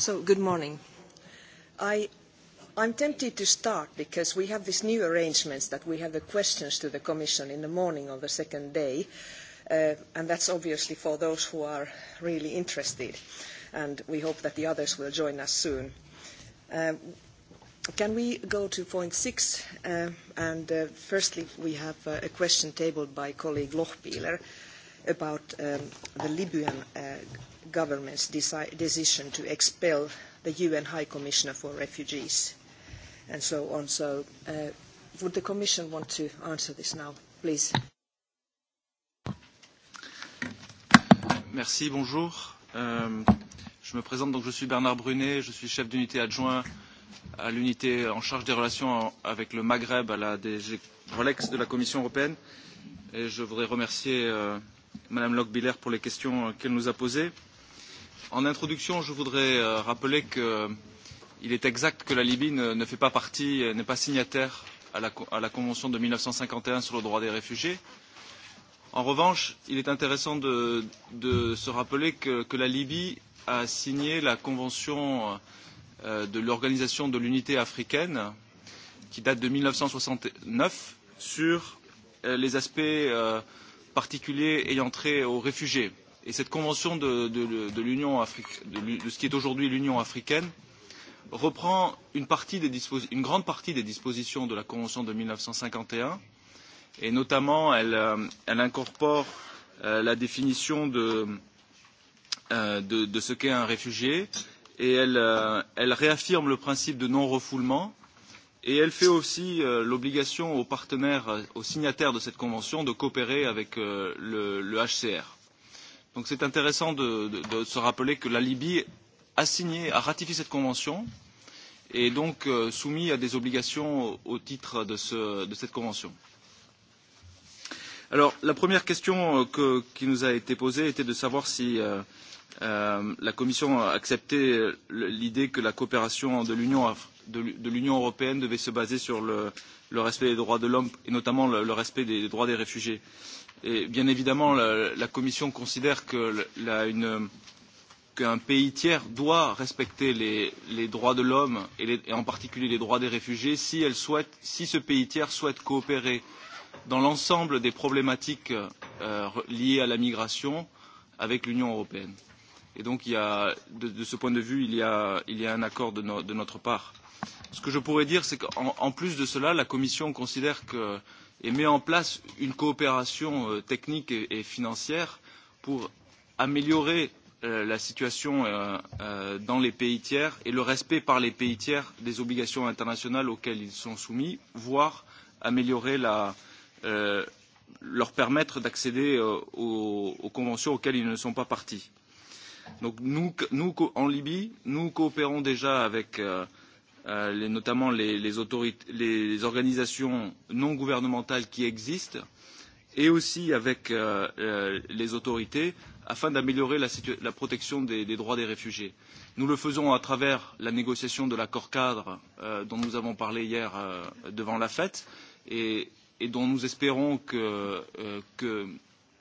So, good morning. I, I'm tempted to start because we have these new arrangements that we have the questions to the Commission in the morning on the second day, and that's obviously for those who are really interested, and we hope that the others will join us soon. Can we go to point six? and Firstly, we have a question tabled by colleague Lochbihler about the Libyan government's decision to expel the UN High Commissioner for Refugees and so on. So would the Commission want to answer this now, please? Merci, bonjour. je me présente, donc je suis Bernard Brunet, je suis chef d'unité adjoint à l'unité en charge des relations avec le Maghreb à la DG Rolex de la Commission européenne. Et je voudrais remercier Madame Biller pour les questions qu'elle nous a posées. En introduction, je voudrais rappeler qu'il est exact que la Libye ne, fait pas partie, n'est pas signataire à la, Convention de mille neuf cent cinquante et un sur le droit des réfugiés. En revanche, il est intéressant de, se rappeler que, la Libye a signé la Convention de l'Organisation de l'Unité africaine, qui date de mille neuf cent soixante neuf, sur les aspects particulier ayant trait aux réfugiés. Et cette convention de, ce qui est aujourd'hui l'Union africaine reprend une, grande partie des dispositions de la Convention de mille neuf cent cinquante et un, et notamment elle, incorpore la définition de, ce qu'est un réfugié et elle réaffirme le principe de non refoulement et elle fait aussi l'obligation aux partenaires, aux signataires de cette convention de coopérer avec le, HCR. Donc c'est intéressant de, se rappeler que la Libye a signé, a ratifié cette convention et est donc soumise à des obligations au titre de, cette convention. Alors la première question qui nous a été posée était de savoir si la Commission acceptait l'idée que la coopération de l'Union africaine de l'Union européenne devait se baser sur le, respect des droits de l'homme et notamment le, respect des, droits des réfugiés. Et bien évidemment, la, Commission considère qu'un pays tiers doit respecter les, droits de l'homme et, en particulier les droits des réfugiés si, ce pays tiers souhaite coopérer dans l'ensemble des problématiques liées à la migration avec l'Union européenne. Et donc, il y a, de, de ce point de vue, il y a, il y a un accord de, no, de notre part. Euh, ce que je pourrais dire, c'est qu'en plus de cela, la Commission considère que, et met en place une coopération technique et, financière pour améliorer la situation dans les pays tiers et le respect par les pays tiers des obligations internationales auxquelles ils sont soumis, voire améliorer la, leur permettre d'accéder aux, conventions auxquelles ils ne sont pas partis. Donc nous, en Libye, nous coopérons déjà avec notamment les, organisations non gouvernementales qui existent, et aussi avec les autorités, afin d'améliorer la, protection des, droits des réfugiés. Nous le faisons à travers la négociation de l'accord cadre dont nous avons parlé hier devant la fête et, dont nous espérons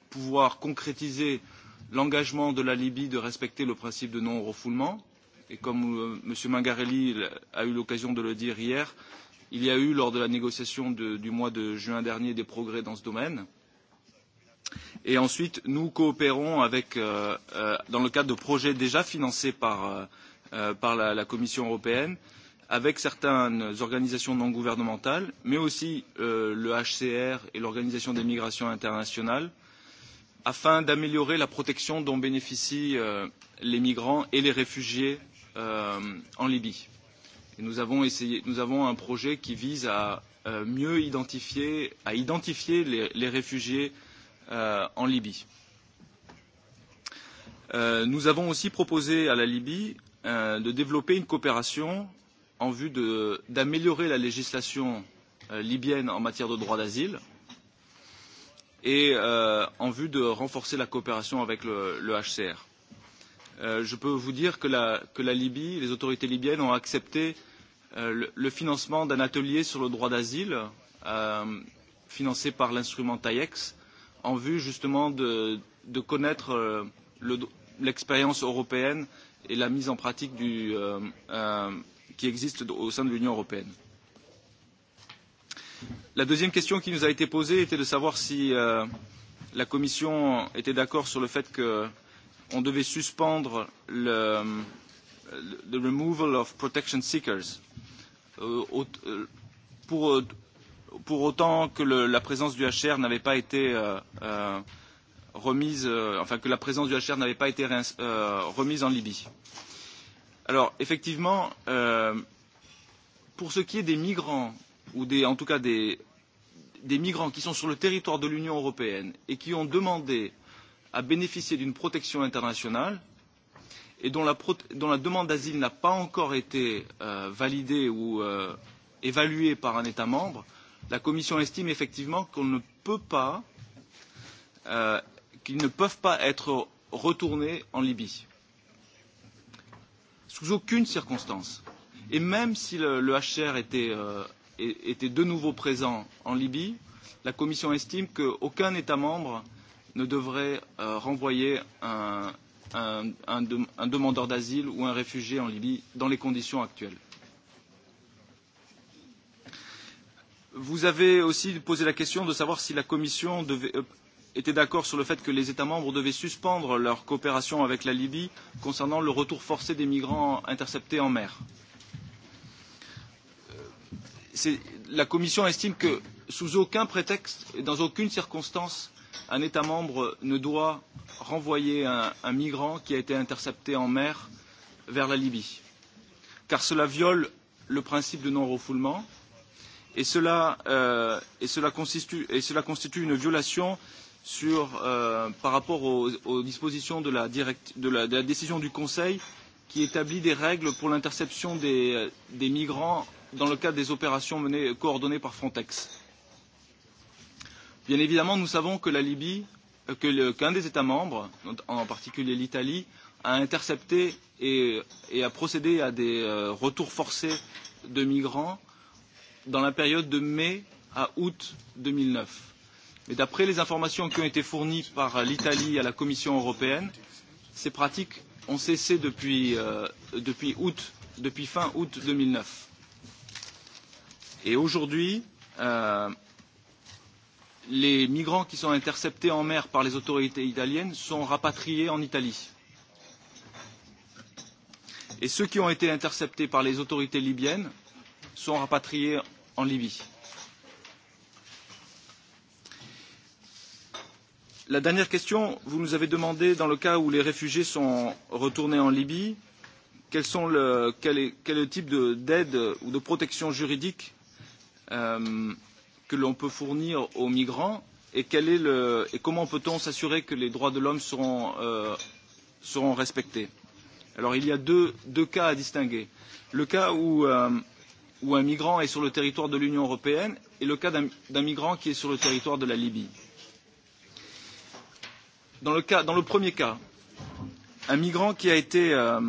pouvoir concrétiser l'engagement de la Libye de respecter le principe de non-refoulement et comme M. Mangarelli a eu l'occasion de le dire hier, il y a eu lors de la négociation du mois de juin dernier des progrès dans ce domaine. Et ensuite, nous coopérons avec, dans le cadre de projets déjà financés par, la, Commission européenne avec certaines organisations non gouvernementales, mais aussi le HCR et l'Organisation des migrations internationales, afin d'améliorer la protection dont bénéficient les migrants et les réfugiés en Libye. Et nous avons essayé, nous avons un projet qui vise à mieux identifier, à identifier les, les réfugiés en Libye. nous avons aussi proposé à la Libye de développer une coopération en vue d'améliorer la législation libyenne en matière de droit d'asile et en vue de renforcer la coopération avec le, HCR je peux vous dire que la, Libye, les autorités libyennes ont accepté le, financement d'un atelier sur le droit d'asile financé par l'instrument TAIEX en vue justement de, connaître l'expérience européenne et la mise en pratique qui existe au sein de l'Union européenne. La deuxième question qui nous a été posée était de savoir si la Commission était d'accord sur le fait que on devait suspendre le, the removal of protection seekers pour, pour autant que le, la présence du HR n'avait pas été euh, euh, remise, euh, enfin que la présence du HR n'avait pas été euh, remise en Libye. Alors effectivement, euh, pour ce qui est des migrants ou des, en tout cas des, des migrants qui sont sur le territoire de l'Union européenne et qui ont demandé euh, à bénéficier d'une protection internationale et dont la, dont la demande d'asile n'a pas encore été euh, validée ou euh, évaluée par un État membre, la Commission estime effectivement qu'on ne peut pas, euh, qu'ils ne peuvent pas être retournés en Libye. Sous aucune circonstance. Et même si le, le HCR était, euh, était de nouveau présent en Libye, la Commission estime qu'aucun État membre euh, ne devrait euh, renvoyer un, un, un, de, un demandeur d'asile ou un réfugié en Libye dans les conditions actuelles. Vous avez aussi posé la question de savoir si la Commission devait, euh, était d'accord sur le fait que les États membres devaient suspendre leur coopération avec la Libye concernant le retour forcé des migrants interceptés en mer. La Commission estime que, sous aucun prétexte et dans aucune circonstance, un État membre ne doit renvoyer un, un migrant qui a été intercepté en mer vers la Libye, car cela viole le principe de non-refoulement et cela, euh, et, cela constitue, et cela constitue une violation sur, euh, par rapport aux, aux dispositions de la, direct, de, la, de la décision du Conseil qui établit des règles pour l'interception des, des migrants dans le cadre des opérations menées, coordonnées par Frontex Bien évidemment, nous savons que la Libye, qu'un des États membres, en particulier l'Italie, a intercepté et, et a procédé à des retours forcés de migrants dans la période de mai à août deux mille neuf. Mais d'après les informations qui ont été fournies par l'Italie à la Commission européenne, ces pratiques ont cessé depuis, fin août deux mille neuf. Et aujourd'hui, les migrants qui sont interceptés en mer par les autorités italiennes sont rapatriés en Italie. Et ceux qui ont été interceptés par les autorités libyennes sont rapatriés en Libye. La dernière question, vous nous avez demandé, dans le cas où les réfugiés sont retournés en Libye, quel, sont le, quel, est, quel est le type d'aide ou de protection juridique euh, que l'on peut fournir aux migrants et, quel est le, et comment peut-on s'assurer que les droits de l'homme seront, euh, seront respectés Alors il y a deux, deux cas à distinguer. Le cas où, euh, où un migrant est sur le territoire de l'Union européenne et le cas d'un migrant qui est sur le territoire de la Libye. Dans le, cas, dans le premier cas, un migrant qui a été, euh,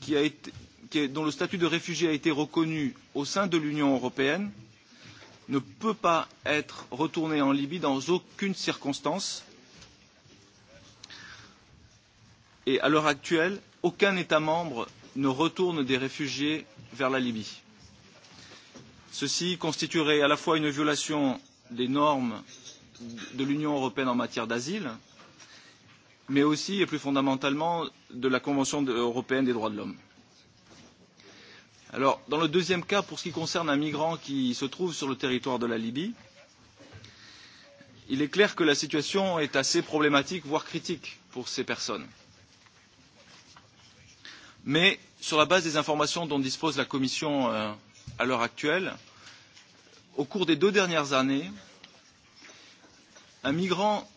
qui a été qui est, dont le statut de réfugié a été reconnu au sein de l'Union européenne ne peut pas être retourné en Libye dans aucune circonstance. Et à l'heure actuelle, aucun État membre ne retourne des réfugiés vers la Libye. Ceci constituerait à la fois une violation des normes de l'Union européenne en matière d'asile, mais aussi et plus fondamentalement de la Convention européenne des droits de l'homme. Alors, dans le deuxième cas, pour ce qui concerne un migrant qui se trouve sur le territoire de la Libye, il est clair que la situation est assez problématique, voire critique pour ces personnes. Mais sur la base des informations dont dispose la Commission à l'heure actuelle, au cours des deux dernières années, un migrant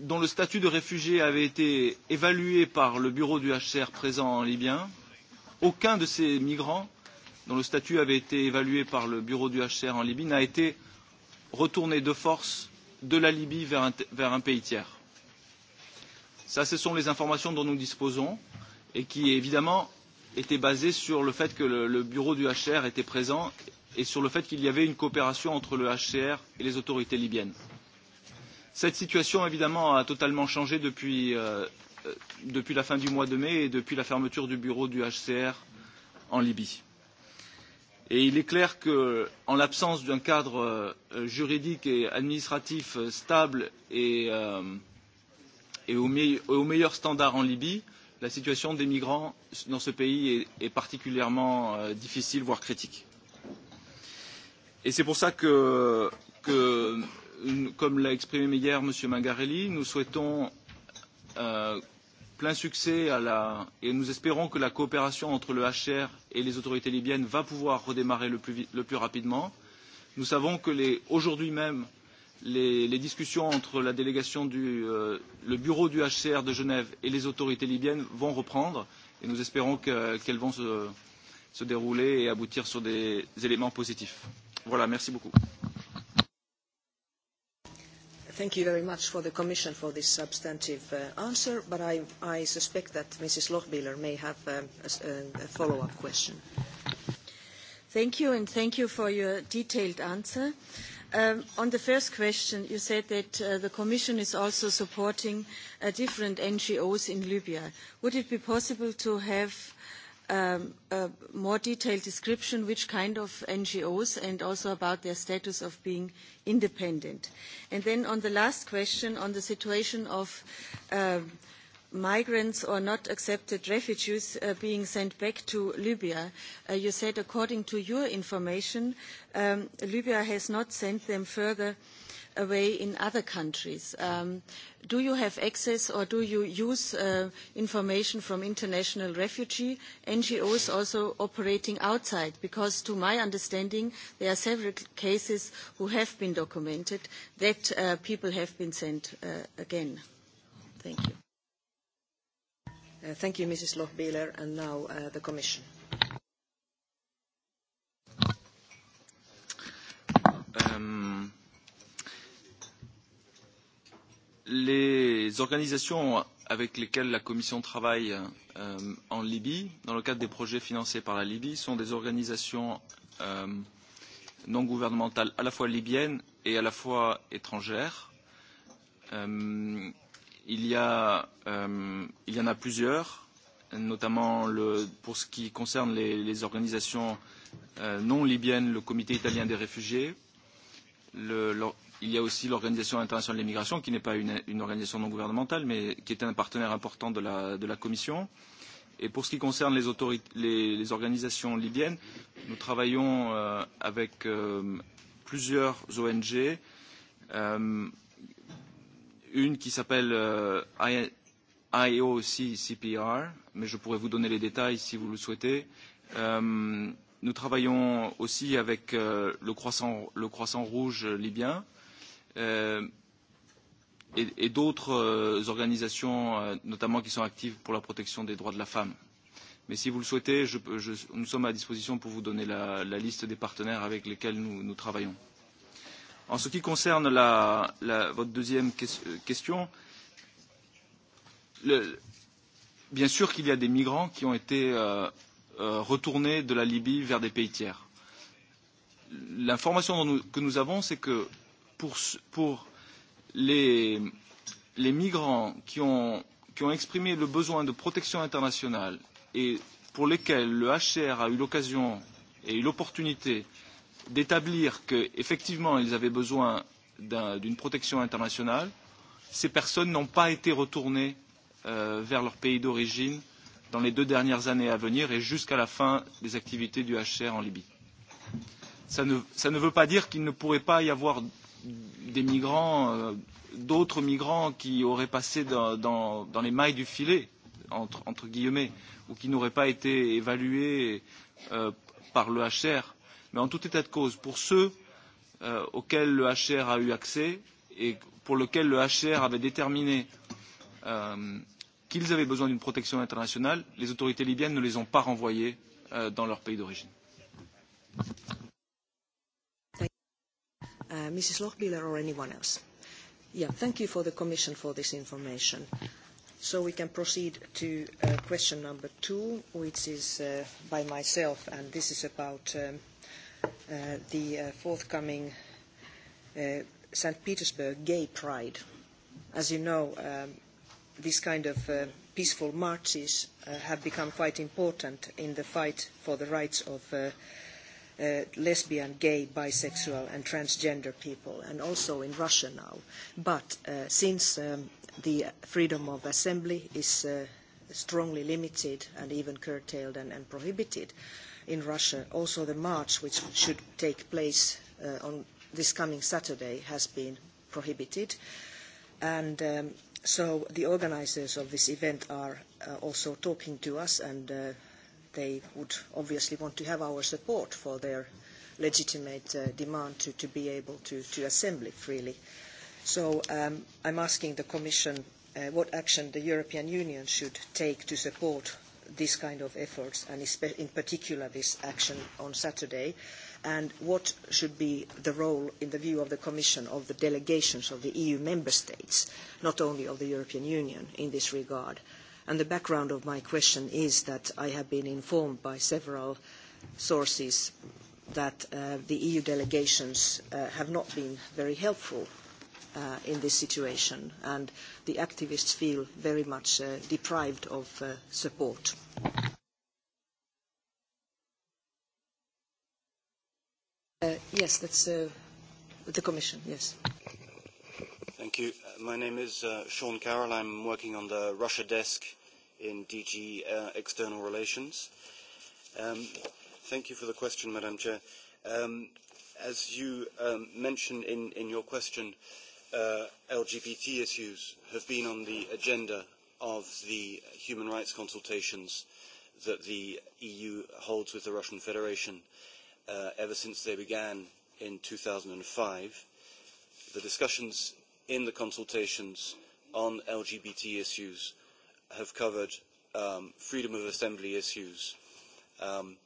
dont le statut de réfugié avait été évalué par le bureau du HCR présent en Libyen Aucun de ces migrants, dont le statut avait été évalué par le bureau du HCR en Libye, n'a été retourné de force de la Libye vers un, vers un pays tiers. Ça, ce sont les informations dont nous disposons et qui, évidemment, étaient basées sur le fait que le, le bureau du HCR était présent et sur le fait qu'il y avait une coopération entre le HCR et les autorités libyennes. Cette situation, évidemment, a totalement changé depuis depuis la fin du mois de mai et depuis la fermeture du bureau du HCR en Libye. Et il est clair qu'en l'absence d'un cadre juridique et administratif stable et, au, meilleur standard en Libye, la situation des migrants dans ce pays est, particulièrement difficile, voire critique. Et c'est pour cela que, comme l'a exprimé hier M. Mangarelli, nous souhaitons plein succès à la, et nous espérons que la coopération entre le HR et les autorités libyennes va pouvoir redémarrer le plus, le plus rapidement. Nous savons que aujourd'hui même, les, les discussions entre la délégation du euh, le bureau du HCR de Genève et les autorités libyennes vont reprendre et nous espérons qu'elles qu vont se, se dérouler et aboutir sur des éléments positifs. Voilà, merci beaucoup. Thank you very much for the Commission for this substantive answer, but I, I suspect that Mrs. Lochbihler may have a, a follow-up question. Thank you, and thank you for your detailed answer. On the first question, you said that the Commission is also supporting different NGOs in Libya. Would it be possible to have a more detailed description which kind of NGOs and also about their status of being independent. And then on the last question on the situation of migrants or not accepted refugees being sent back to Libya. you said according to your information, Libya has not sent them further away in other countries. do you have access or do you use information from international refugee NGOs also operating outside? Because to my understanding, there are several cases who have been documented that people have been sent again. Thank you thank you, Mrs. and now the Commission. les organisations avec lesquelles la Commission travaille en Libye, dans le cadre des projets financés par la Libye, sont des organisations non gouvernementales à la fois libyennes et à la fois étrangères Il y, en a plusieurs, notamment le, pour ce qui concerne les, les organisations euh, non libyennes, le comité italien des réfugiés. Le, le, il y a aussi l'Organisation internationale de l'immigration, qui n'est pas une, une organisation non gouvernementale, mais qui est un partenaire important de la, de la Commission. Et pour ce qui concerne les, les, les organisations libyennes, nous travaillons euh, avec euh, plusieurs ONG. Euh, une qui s'appelle IOCCPR mais je pourrais vous donner les détails si vous le souhaitez. nous travaillons aussi avec le, croissant, rouge libyen et, d'autres organisations, notamment qui sont actives pour la protection des droits de la femme. Mais si vous le souhaitez, nous sommes à disposition pour vous donner la, liste des partenaires avec lesquels nous travaillons. En ce qui concerne la, la, votre deuxième question, le, bien sûr qu'il y a des migrants qui ont été euh, euh, retournés de la Libye vers des pays tiers. L'information que nous avons, c'est que pour, pour les, les migrants qui ont, qui ont exprimé le besoin de protection internationale et pour lesquels le HCR a eu l'occasion et eu l'opportunité euh, d'établir qu'effectivement, ils avaient besoin d'une protection internationale. Ces personnes n'ont pas été retournées vers leur pays d'origine dans les deux dernières années à venir et jusqu'à la fin des activités du HCR en Libye. Ça ne, veut pas dire qu'il ne pourrait pas y avoir des migrants, d'autres migrants qui auraient passé dans, les mailles du filet, entre, guillemets, ou qui n'auraient pas été évalués par le HR Mais en tout état de cause, pour ceux auxquels le HR a eu accès et pour lesquels le HCR avait déterminé qu'ils avaient besoin d'une protection internationale, les autorités libyennes ne les ont pas renvoyés dans leur pays d'origine. Yeah, thank you for the Commission for this information. So we can proceed to question number two, which is by myself, and this is about um, the uh forthcoming uh St. Petersburg Gay Pride. As you know, these kind of uh peaceful marches have become quite important in the fight for the rights of uh lesbian, gay, bisexual and transgender people, and also in Russia now. But uh since the freedom of assembly is uh strongly limited and even curtailed and, prohibited, in Russia. Also the march, which should take place on this coming Saturday, has been prohibited. And so the organisers of this event are also talking to us and they would obviously want to have our support for their legitimate demand to, be able to, to assemble freely. So um, I'm asking the Commission what action the European Union should take to support these kind of efforts, and in particular this action on Saturday? And what should be the role, in the view of the Commission, of the delegations of the EU member states, not only of the European Union, in this regard? And the background of my question is that I have been informed by several sources that the EU delegations have not been very helpful in this situation, and the activists feel very much deprived of support. yes, that's the Commission. Yes. Thank you. My name is Sean Carroll. I'm working on the Russia desk in DG External Relations. thank you for the question, Madam Chair. as you mentioned in, your question, uh, uh, LGBT issues have been on the agenda of the human rights consultations that the EU holds with the Russian Federation uh, ever since they began in 2005. The discussions in the consultations on LGBT issues have covered um, freedom of assembly issues, um,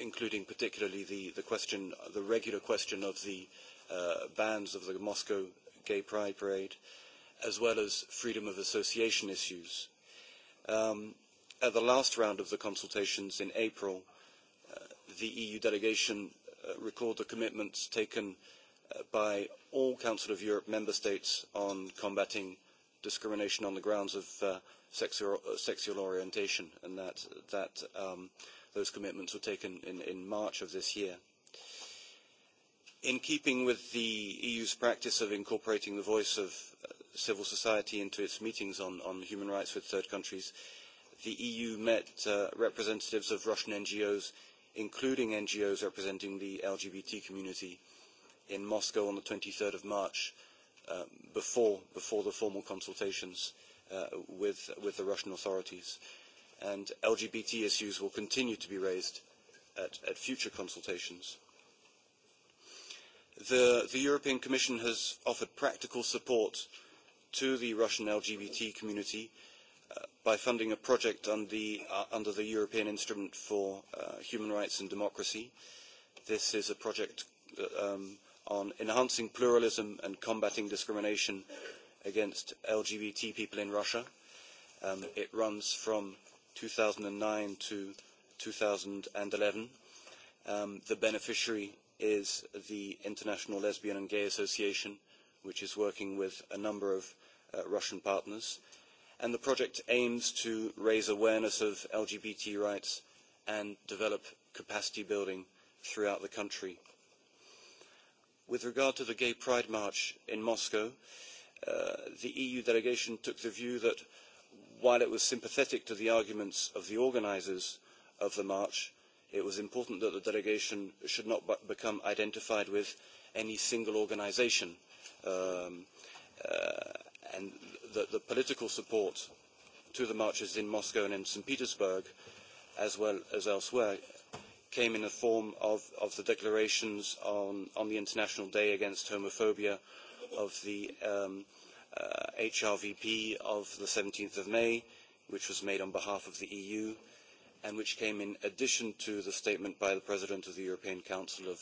including particularly the, the question, the regular question of the uh, bans of the Moscow gay pride parade, as well as freedom of association issues. Um, at the last round of the consultations in April, uh, the EU delegation uh, recalled the commitments taken uh, by all Council of Europe member states on combating discrimination on the grounds of uh, sexual, sexual orientation, and that, that um, those commitments were taken in, in March of this year in keeping with the EU's practice of incorporating the voice of civil society into its meetings on, on human rights with third countries, the EU met uh, representatives of Russian NGOs, including NGOs representing the LGBT community, in Moscow on the 23rd of March, uh, before, before the formal consultations uh, with, with the Russian authorities. And LGBT issues will continue to be raised at, at future consultations the, European Commission has offered practical support to the Russian LGBT community by funding a project under the, European Instrument for Human Rights and Democracy. This is a project on enhancing pluralism and combating discrimination against LGBT people in Russia. it runs from two thousand nine to two thousand eleven. the beneficiary is the International Lesbian and Gay Association, which is working with a number of Russian partners. And the project aims to raise awareness of LGBT rights and develop capacity building throughout the country. With regard to the Gay Pride March in Moscow, the EU delegation took the view that while it was sympathetic to the arguments of the organisers of the march, it was important that the delegation should not become identified with any single organisation and that the political support to the marches in Moscow and in St. Petersburg, as well as elsewhere, came in the form of, of the declarations on, on the International Day Against Homophobia of the um, uh, HRVP of the 17th of May, which was made on behalf of the EU, and which came in addition to the statement by the President of the European Council of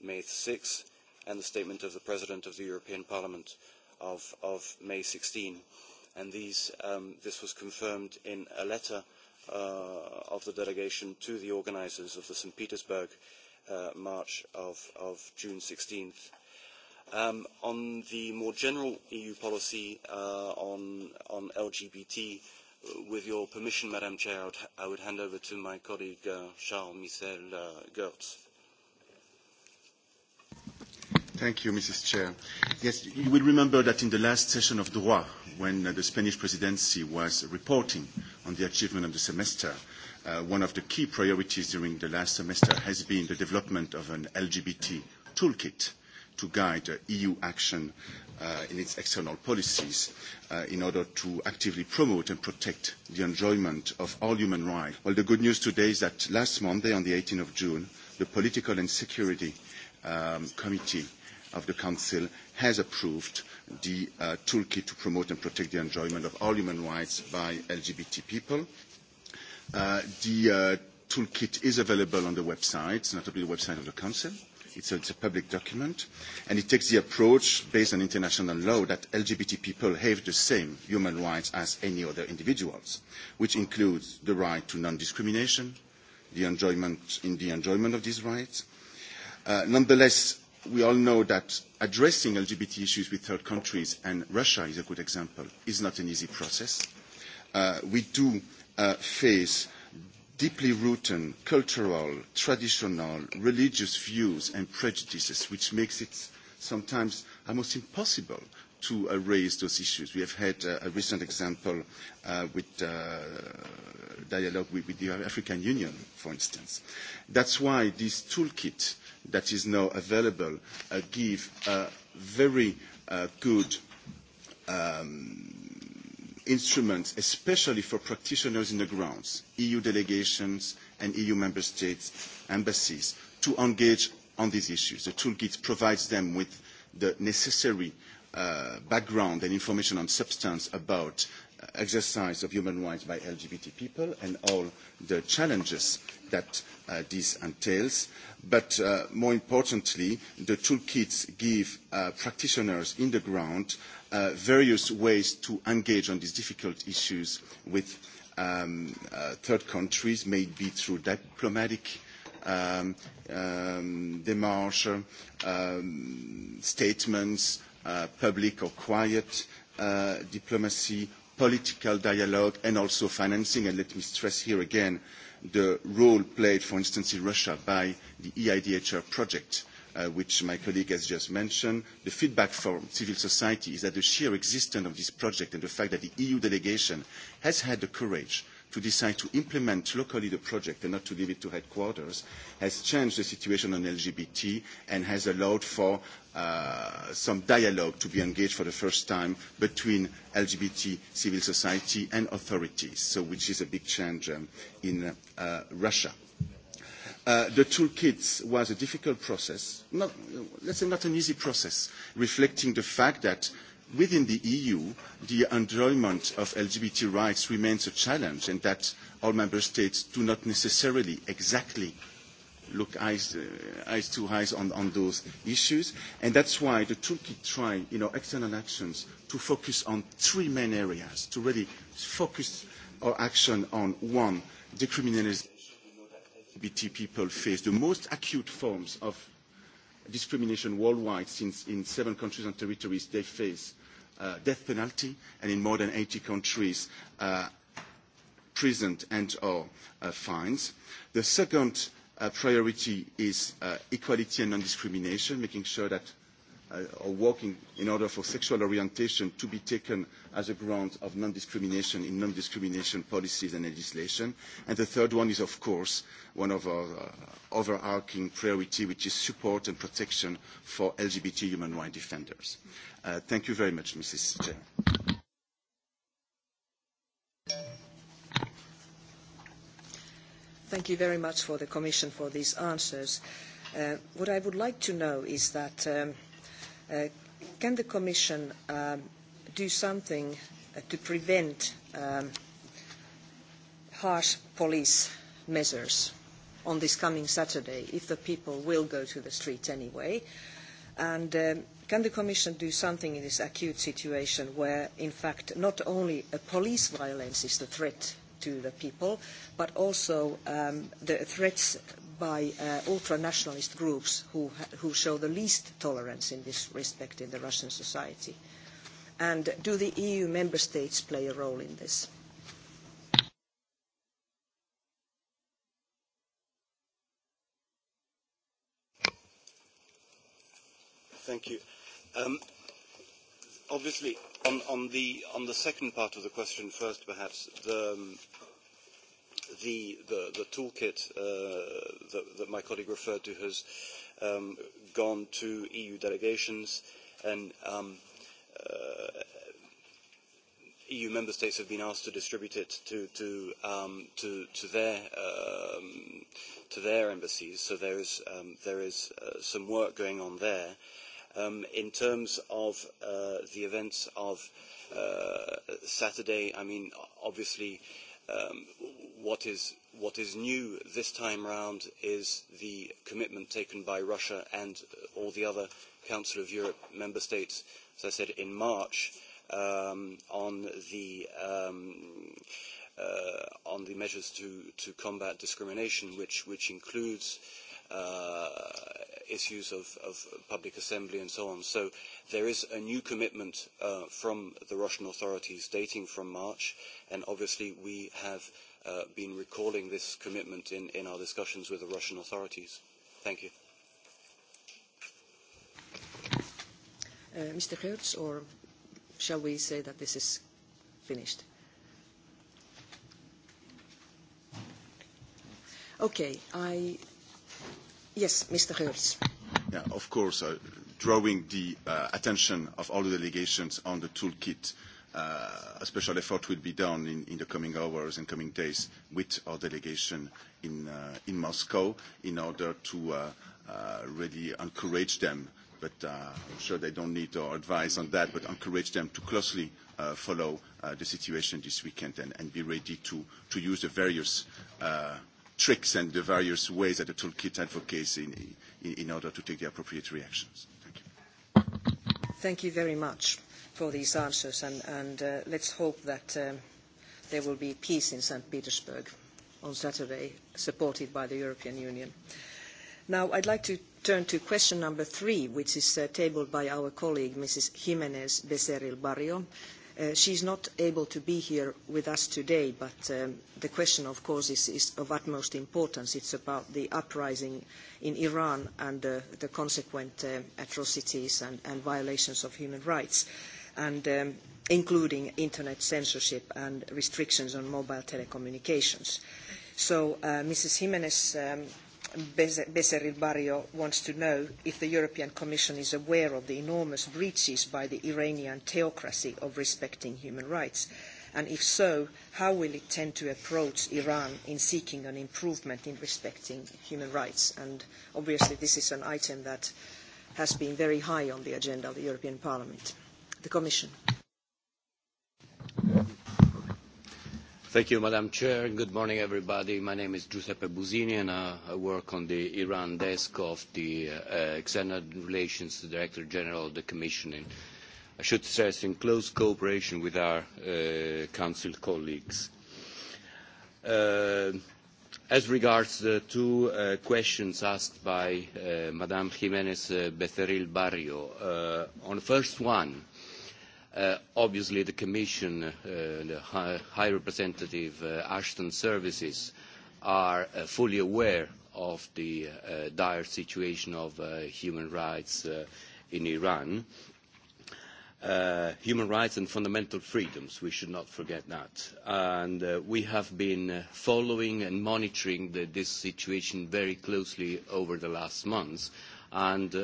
May 6 and the statement of the President of the European Parliament of, of May 16. And these, um, this was confirmed in a letter uh, of the delegation to the organisers of the St. Petersburg uh, March of, of June 16th. Um, on the more general EU policy uh, on, on LGBT with your permission, Madam Chair, I would hand over to my colleague, Charles Michel Gertz. Thank you, Mrs. Chair. Yes, you will remember that in the last session of Droit, when the Spanish presidency was reporting on the achievement of the semester, one of the key priorities during the last semester has been the development of an LGBT toolkit to guide EU action in its external policies in order to actively promote and protect the enjoyment of all human rights. Well, the good news today is that last Monday, on the 18 of June, the Political and Security Committee of the Council has approved the toolkit to promote and protect the enjoyment of all human rights by LGBT people. the toolkit is available on the website, notably the website of the Council It's a, it's a public document, and it takes the approach based on international law that LGBT people have the same human rights as any other individuals, which includes the right to non-discrimination, the enjoyment in the enjoyment of these rights. nonetheless, we all know that addressing LGBT issues with third countries, and Russia is a good example, is not an easy process. we do face deeply rooted cultural, traditional, religious views and prejudices, which makes it sometimes almost impossible to raise those issues. We have had a recent example with dialogue with, the African Union, for instance. That's why this toolkit that is now available gives a very good um, instruments, especially for practitioners in the grounds, EU delegations and EU member states embassies, to engage on these issues. The toolkit provides them with the necessary background and information on substance about exercise of human rights by LGBT people and all the challenges that this entails. But more importantly, the toolkits give practitioners on the ground various ways to engage on these difficult issues with third countries, maybe through diplomatic démarches, statements, public or quiet diplomacy political dialogue and also financing. And let me stress here again the role played, for instance, in Russia by the EIDHR project, which my colleague has just mentioned. The feedback from civil society is that the sheer existence of this project and the fact that the EU delegation has had the courage to decide to implement locally the project and not to leave it to headquarters has changed the situation on LGBT and has allowed for some dialogue to be engaged for the first time between LGBT civil society and authorities, so which is a big change in Russia. the toolkit was a difficult process, not, let's say not an easy process, reflecting the fact that within the EU, the enjoyment of LGBT rights remains a challenge and that all member states do not necessarily exactly look eyes, uh, eyes to eyes on, on those issues. And that's why the toolkit tried, you know, external actions to focus on three main areas, to really focus our action on one, decriminalization. LGBT people face the most acute forms of discrimination worldwide since in seven countries and territories they face uh, death penalty and in more than 80 countries uh, prison and or uh, fines. The second priority is equality and non-discrimination, making sure that or working in order for sexual orientation to be taken as a ground of non-discrimination in non-discrimination policies and legislation. And the third one is, of course, one of our overarching priority, which is support and protection for LGBT human rights defenders. thank you very much, Mrs. Chair. Thank you very much for the Commission for these answers. what I would like to know is that can the Commission do something to prevent harsh police measures on this coming Saturday if the people will go to the streets anyway? And can the Commission do something in this acute situation where, in fact, not only a police violence is the threat to the people, but also the threats by ultranationalist groups who, who show the least tolerance in this respect in the Russian society. And do the EU member states play a role in this? Thank you. obviously, On, on, the, on the second part of the question first, perhaps, the, the, the, the toolkit uh, that, that my colleague referred to has um, gone to EU delegations and um, uh, EU member states have been asked to distribute it to to um, to to their um, to their embassies. So there is um, there is uh, some work going on there. Um in terms of uh the events of uh Saturday, I mean, obviously, um what is what is new this time round is the commitment taken by Russia and all the other Council of Europe member states, as I said, in March um on the um uh on the measures to to combat discrimination, which which includes uh issues of, of public assembly and so on. So there is a new commitment uh, from the Russian authorities dating from March, and obviously we have uh, been recalling this commitment in, in our discussions with the Russian authorities. Thank you. Uh, Mr. Hertz, or shall we say that this is finished? Okay, I Yes, Mr. Goerens. Yeah, of course, uh, drawing the uh, attention of all the delegations on the toolkit a special effort will be done in the coming hours and coming days with our delegation in Moscow in order to really encourage them, but I'm sure they don't need our advice on that, but encourage them to closely follow the situation this weekend and be ready to use the various tricks and the various ways that the toolkit advocates in, in, in order to take the appropriate reactions. Thank you. Thank you very much for these answers, and, and uh, let's hope that um, there will be peace in St. Petersburg on Saturday, supported by the European Union. Now, I'd like to turn to question number three, which is tabled by our colleague, Mrs. Jimenez Becerril Barrio, She is not able to be here with us today, but the question, of course, is, of utmost importance. It is about the uprising in Iran and the consequent atrocities and, violations of human rights, including internet censorship and restrictions on mobile telecommunications. So Ms Jimenez Becerril Barrio wants to know if the European Commission is aware of the enormous breaches by the Iranian theocracy of respecting human rights, and if so, how will it tend to approach Iran in seeking an improvement in respecting human rights? And obviously this is an item that has been very high on the agenda of the European Parliament. The Commission. Thank you, Madam Chair. Good morning, everybody. My name is Giuseppe Busini, and I work on the Iran desk of the External Relations Director General of the Commission. And I should stress in close cooperation with our Council colleagues. As regards the two questions asked by Madam Jimenez Becerril Barrio, on the first one, Obviously, the Commission, the High Representative Ashton Services are fully aware of the dire situation of human rights in Iran. Human rights and fundamental freedoms, we should not forget that. And we have been following and monitoring this situation very closely over the last months. And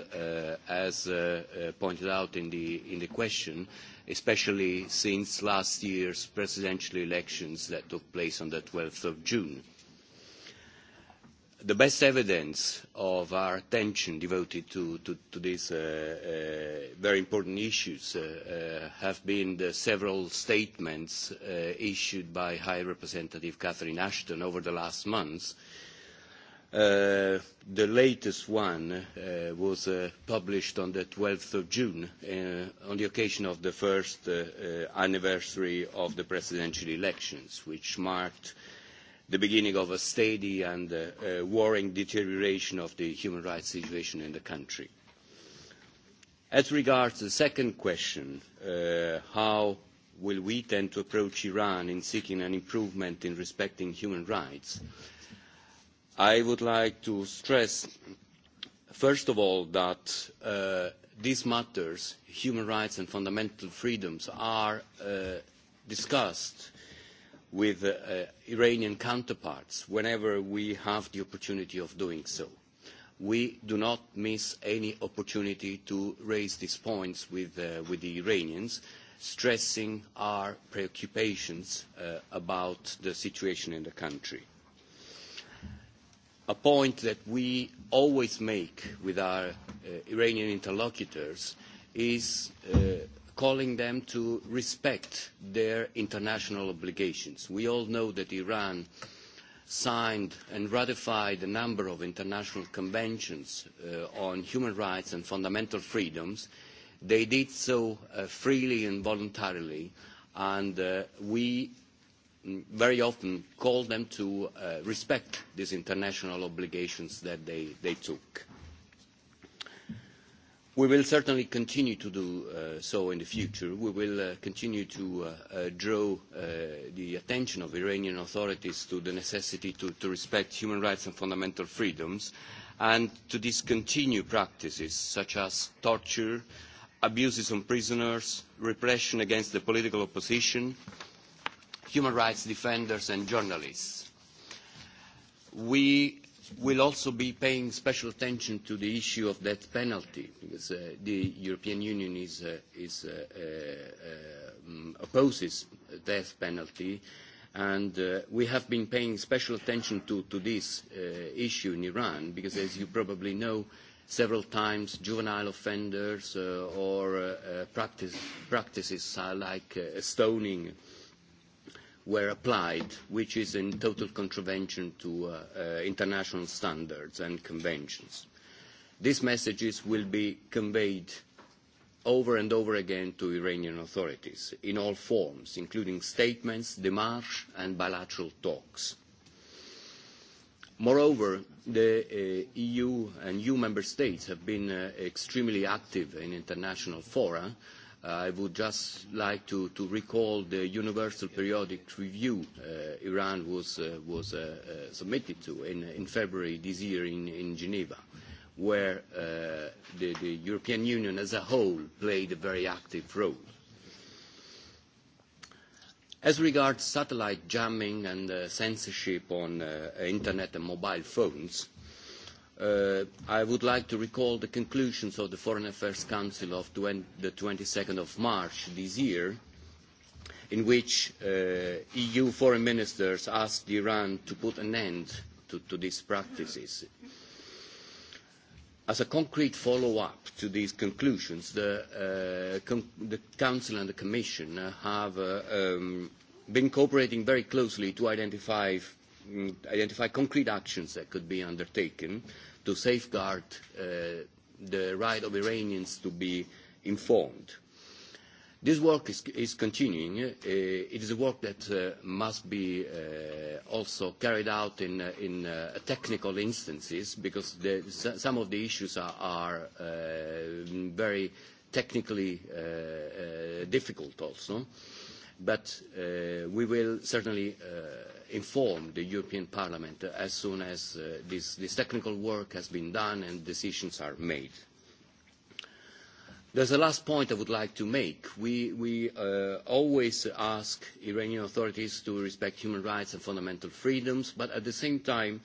as pointed out in the question, especially since last year's presidential elections that took place on the 12th of June. The best evidence of our attention devoted to, to, to these uh, uh, very important issues uh, uh, have been the several statements uh, issued by High Representative Catherine Ashton over the last months uh, The latest one was published on the 12th of June on the occasion of the first anniversary of the presidential elections, which marked the beginning of a steady and worrying deterioration of the human rights situation in the country. As regards the second question, how will we tend to approach Iran in seeking an improvement in respecting human rights? I would like to stress, first of all, that these matters, human rights and fundamental freedoms, are discussed with Iranian counterparts whenever we have the opportunity of doing so. We do not miss any opportunity to raise these points with the Iranians, stressing our preoccupations about the situation in the country a point that we always make with our Iranian interlocutors is calling them to respect their international obligations. We all know that Iran signed and ratified a number of international conventions on human rights and fundamental freedoms. They did so freely and voluntarily, and we very often called them to respect these international obligations that they, took. We will certainly continue to do so in the future. We will continue to draw the attention of Iranian authorities to the necessity to respect human rights and fundamental freedoms and to discontinue practices such as torture, abuses on prisoners, repression against the political opposition, uh, human rights defenders and journalists. We will also be paying special attention to the issue of death penalty because uh, the European Union is, uh, is, uh, uh, opposes death penalty and uh, we have been paying special attention to, to this uh, issue in Iran because as you probably know several times juvenile offenders uh, or uh, practice, practices like uh, stoning were applied, which is in total contravention to international standards and conventions. These messages will be conveyed over and over again to Iranian authorities in all forms, including statements, démarches, and bilateral talks. Moreover, the EU and EU member states have been extremely active in international fora, I would just like to, to recall the Universal Periodic Review uh, Iran was, uh, was uh, uh, submitted to in, in February this year in, in Geneva, where uh, the, the European Union as a whole played a very active role. As regards satellite jamming and uh, censorship on uh, internet and mobile phones, I would like to recall the conclusions of the Foreign Affairs Council of the 22nd of March this year, in which EU foreign ministers asked Iran to put an end to these practices. As a concrete follow-up to these conclusions, the, Council and the Commission have been cooperating very closely to identify identify concrete actions that could be undertaken to safeguard the right of Iranians to be informed. This work is, is continuing. it is a work that must be also carried out in, in technical instances because the, some of the issues are, are very technically difficult also. But we will certainly inform the European Parliament as soon as this, technical work has been done and decisions are made. There's a last point I would like to make. We, always ask Iranian authorities to respect human rights and fundamental freedoms, but at the same time,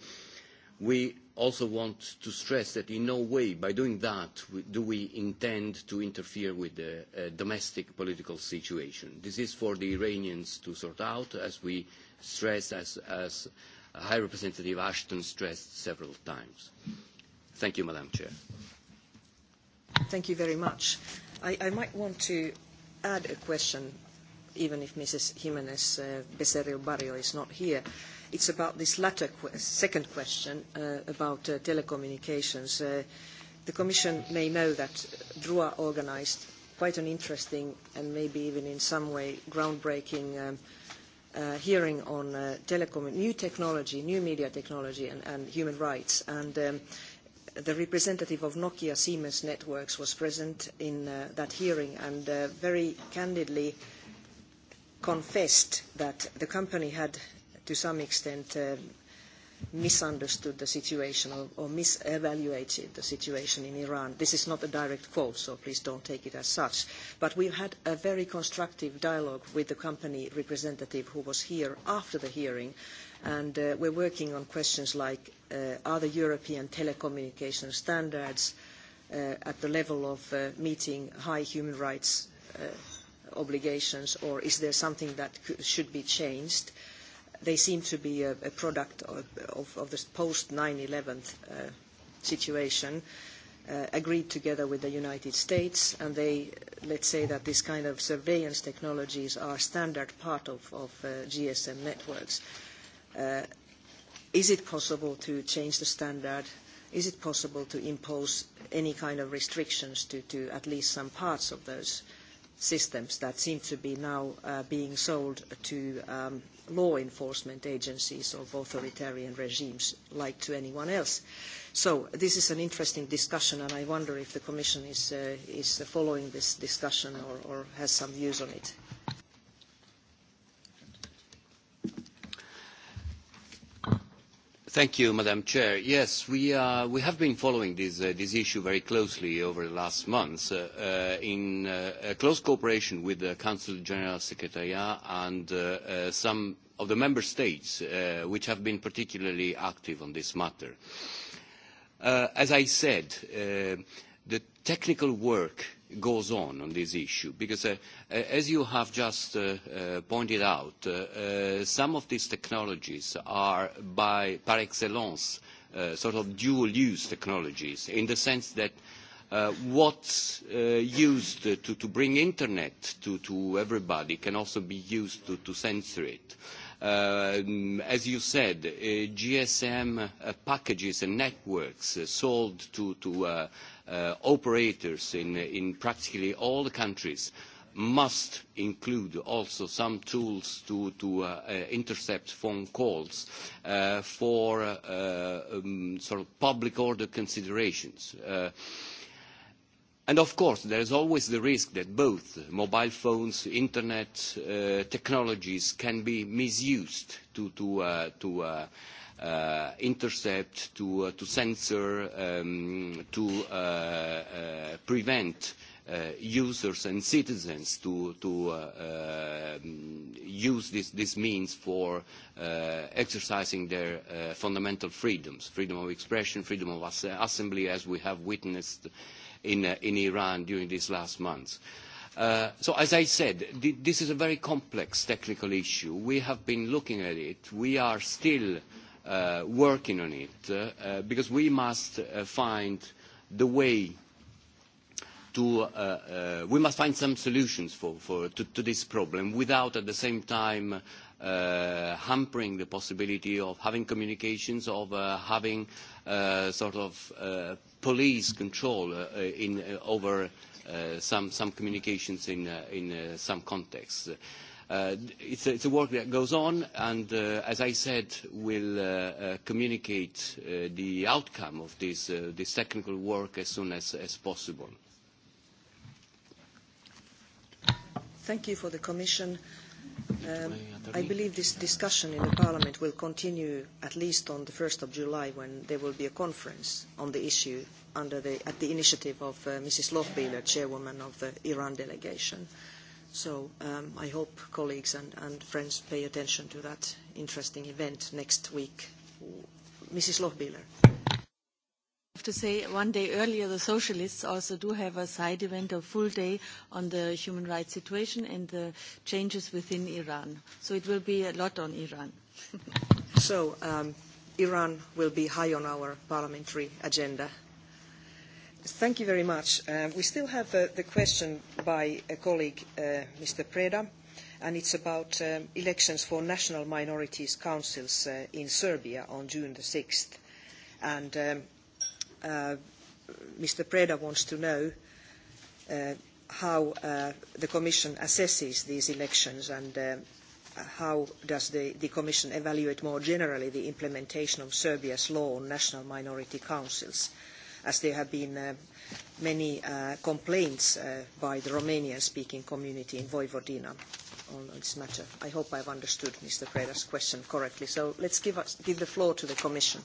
we also want to stress that in no way, by doing that, do we intend to interfere with the domestic political situation. This is for the Iranians to sort out as we stressed as, as High Representative Ashton stressed several times. Thank you, Madam Chair. Thank you very much. I, I might want to add a question, even if Mrs. Jimenez uh, Becerril Barrio is not here. It's about this latter qu- second question uh, about uh, telecommunications. Uh, the Commission may know that DRUA organised quite an interesting and maybe even in some way groundbreaking um, hearing on telecom, new technology, new media technology and, human rights. And the representative of Nokia Siemens Networks was present in that hearing and very candidly confessed that the company had to some extent misunderstood the situation or, or evaluated the situation in Iran. This is not a direct quote, so please don't take it as such. But we've had a very constructive dialogue with the company representative who was here after the hearing, and uh, we're working on questions like uh, are the European telecommunication standards uh, at the level of uh, meeting high human rights uh, obligations, or is there something that should be changed? they seem to be a, a product of, of, of the post 9-11 uh, situation agreed together with the United States, and they, let's say that this kind of surveillance technologies are standard part of, of GSM networks. is it possible to change the standard? Is it possible to impose any kind of restrictions to, to at least some parts of those systems that seem to be now being sold to law enforcement agencies of authoritarian regimes like to anyone else. So this is an interesting discussion, and I wonder if the Commission is, following this discussion or, has some views on it. Thank you, Madam Chair. Yes, we have been following this issue very closely over the last months in close cooperation with the Council General Secretariat and some of the member states, which have been particularly active on this matter. As I said, the technical work goes on on this issue? Because as you have just pointed out, some of these technologies are by par excellence sort of dual-use technologies in the sense that what's used to bring internet to everybody can also be used to censor it. As you said, GSM packages and networks sold to operators in practically all the countries must include also some tools to intercept phone calls for sort of public order considerations. And Of course, there is always the risk that both mobile phones, internet technologies can be misused to intercept, to, censor, to prevent users and citizens to, use this, means for exercising their fundamental freedoms, freedom of expression, freedom of assembly, as we have witnessed in, Iran during these last months. So As I said, this is a very complex technical issue. We have been looking at it. We are still working on it, because we must find the way to, we must find some solutions for to this problem without, at the same time, hampering the possibility of having communications, of having sort of police control over some communications in some contexts It's a work that goes on, and as I said, we'll communicate the outcome of this technical work as soon as possible. Thank you for the Commission. I believe this discussion in the Parliament will continue at least on the 1st of July when there will be a conference on the issue under the, at the initiative of uh, Mrs. Lochbihler, chairwoman of the Iran delegation. Uh, So um, I hope colleagues and, and friends pay attention to that interesting event next week. Mrs. Lochbieler. I have to say, one day earlier, the socialists also do have a side event, a full day on the human rights situation and the changes within Iran. So it will be a lot on Iran. so um, Iran will be high on our parliamentary agenda Thank you very much. We still have the question by a colleague, Mr. Preda, and it's about elections for national minorities councils in Serbia on June the 6th. Mr. Preda wants to know how the Commission assesses these elections and how does the Commission evaluate more generally the implementation of Serbia's law on national minority councils – as there have been many complaints by the Romanian-speaking community in Vojvodina on this matter. I hope I've understood Mr. Preda's question correctly. So let's give, us, give the floor to the Commission.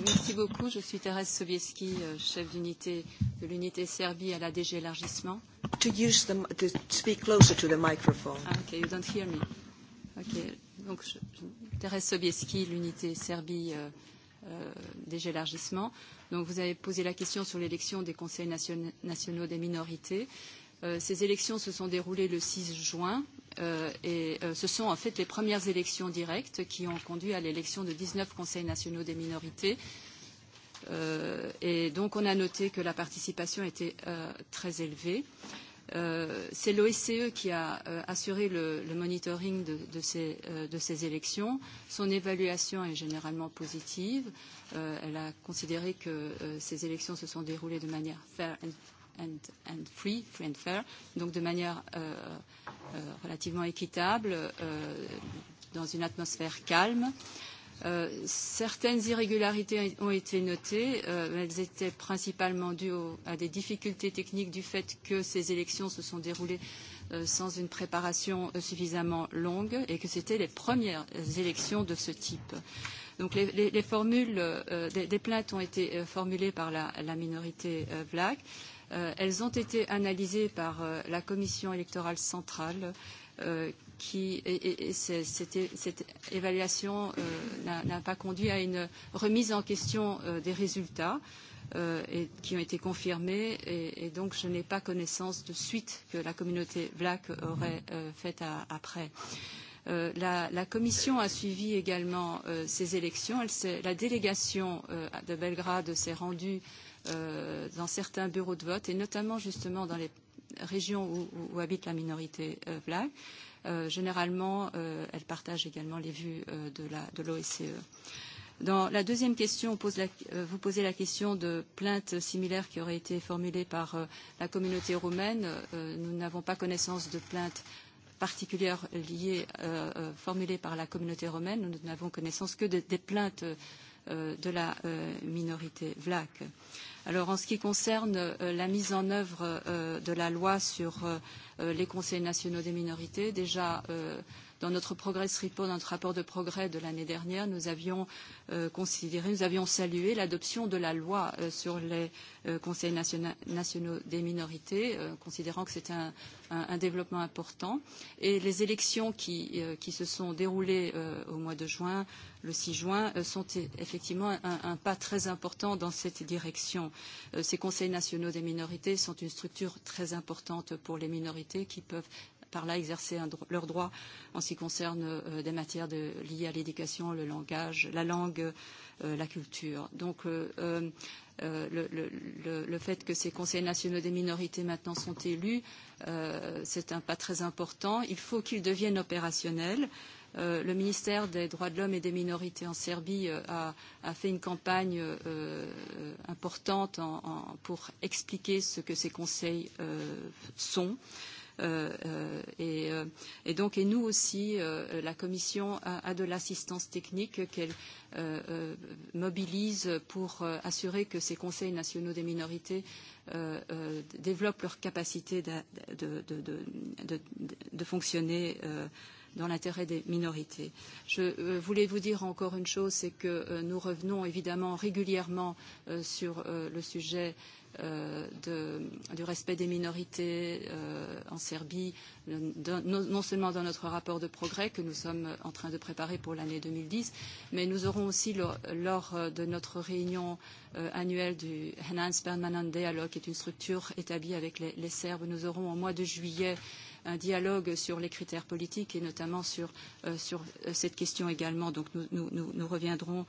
Merci beaucoup. Je suis Thérèse Sobieski, chef d'unité de l'unité Serbie à la DG Élargissement. To use the, to speak closer to the microphone. Ah, okay, you don't hear me. Okay donc Thérèse Sobieski, l'unité Serbie euh, des élargissements. Donc vous avez posé la question sur l'élection des conseils nationaux des minorités. Euh, ces élections se sont déroulées le 6 juin euh, et euh, ce sont en fait les premières élections directes qui ont conduit à l'élection de 19 conseils nationaux des minorités. Euh, et donc on a noté que la participation était euh, très élevée. Euh, c'est l'OSCE qui a assuré le, monitoring de, ces, élections. Son évaluation est généralement positive. elle a considéré que ces élections se sont déroulées de manière fair and, free, free and fair, donc de manière relativement équitable, dans une atmosphère calme. Euh, certaines irrégularités ont été notées. elles étaient principalement dues à des difficultés techniques du fait que ces élections se sont déroulées sans une préparation suffisamment longue et que c'était les premières élections de ce type. Donc les, les, formules, des, plaintes ont été formulées par la, minorité black. elles ont été analysées par la Commission électorale centrale qui, et, et, cette, évaluation n'a pas conduit à une remise en question des résultats et, qui ont été confirmés et, donc je n'ai pas connaissance de suite que la communauté black aurait faite après. la, Commission a suivi également ces élections. la délégation de Belgrade s'est rendue dans certains bureaux de vote et notamment justement dans les régions où, habite la minorité vlache généralement, elle partage également les vues de l'OSCE. Dans la deuxième question, vous posez la question de plaintes similaires qui auraient été formulées par la communauté roumaine. Nous n'avons pas connaissance de plaintes particulières liées, formulées par la communauté romaine. Nous n'avons connaissance que des plaintes de la minorité vlaque. Alors, en ce qui concerne la mise en œuvre de la loi sur les conseils nationaux des minorités, déjà, Dans notre progress report, notre rapport de progrès de l'année dernière, nous avions considéré, nous avions salué l'adoption de la loi sur les conseils nationaux des minorités, considérant que c'était un, développement important. Et les élections qui, se sont déroulées au mois de juin, le six juin, sont effectivement un, pas très important dans cette direction. Ces conseils nationaux des minorités sont une structure très importante pour les minorités qui peuvent par là exercer un, leur droit en ce qui concerne euh, des matières de, liées à l'éducation, le langage, la langue, euh, la culture. Donc euh, euh, le, le, le fait que ces conseils nationaux des minorités maintenant sont élus, euh, c'est un pas très important. Il faut qu'ils deviennent opérationnels. Euh, le ministère des droits de l'homme et des minorités en Serbie euh, a, a fait une campagne euh, importante en, en, pour expliquer ce que ces conseils euh, sont. Euh, et, et donc, et nous aussi, la Commission a, de l'assistance technique qu'elle mobilise pour assurer que ces conseils nationaux des minorités développent leur capacité de, fonctionner dans l'intérêt des minorités. Je voulais vous dire encore une chose, c'est que nous revenons évidemment régulièrement sur le sujet du respect des minorités en Serbie, non seulement dans notre rapport de progrès que nous sommes en train de préparer pour l'année deux mille dix, mais nous aurons aussi lors de notre réunion annuelle du Enhanced Permanent Dialogue, qui est une structure établie avec les Serbes, nous aurons au mois de juillet euh, un dialogue sur les critères politiques et notamment sur, euh, sur cette question également. Donc nous, nous, nous, reviendrons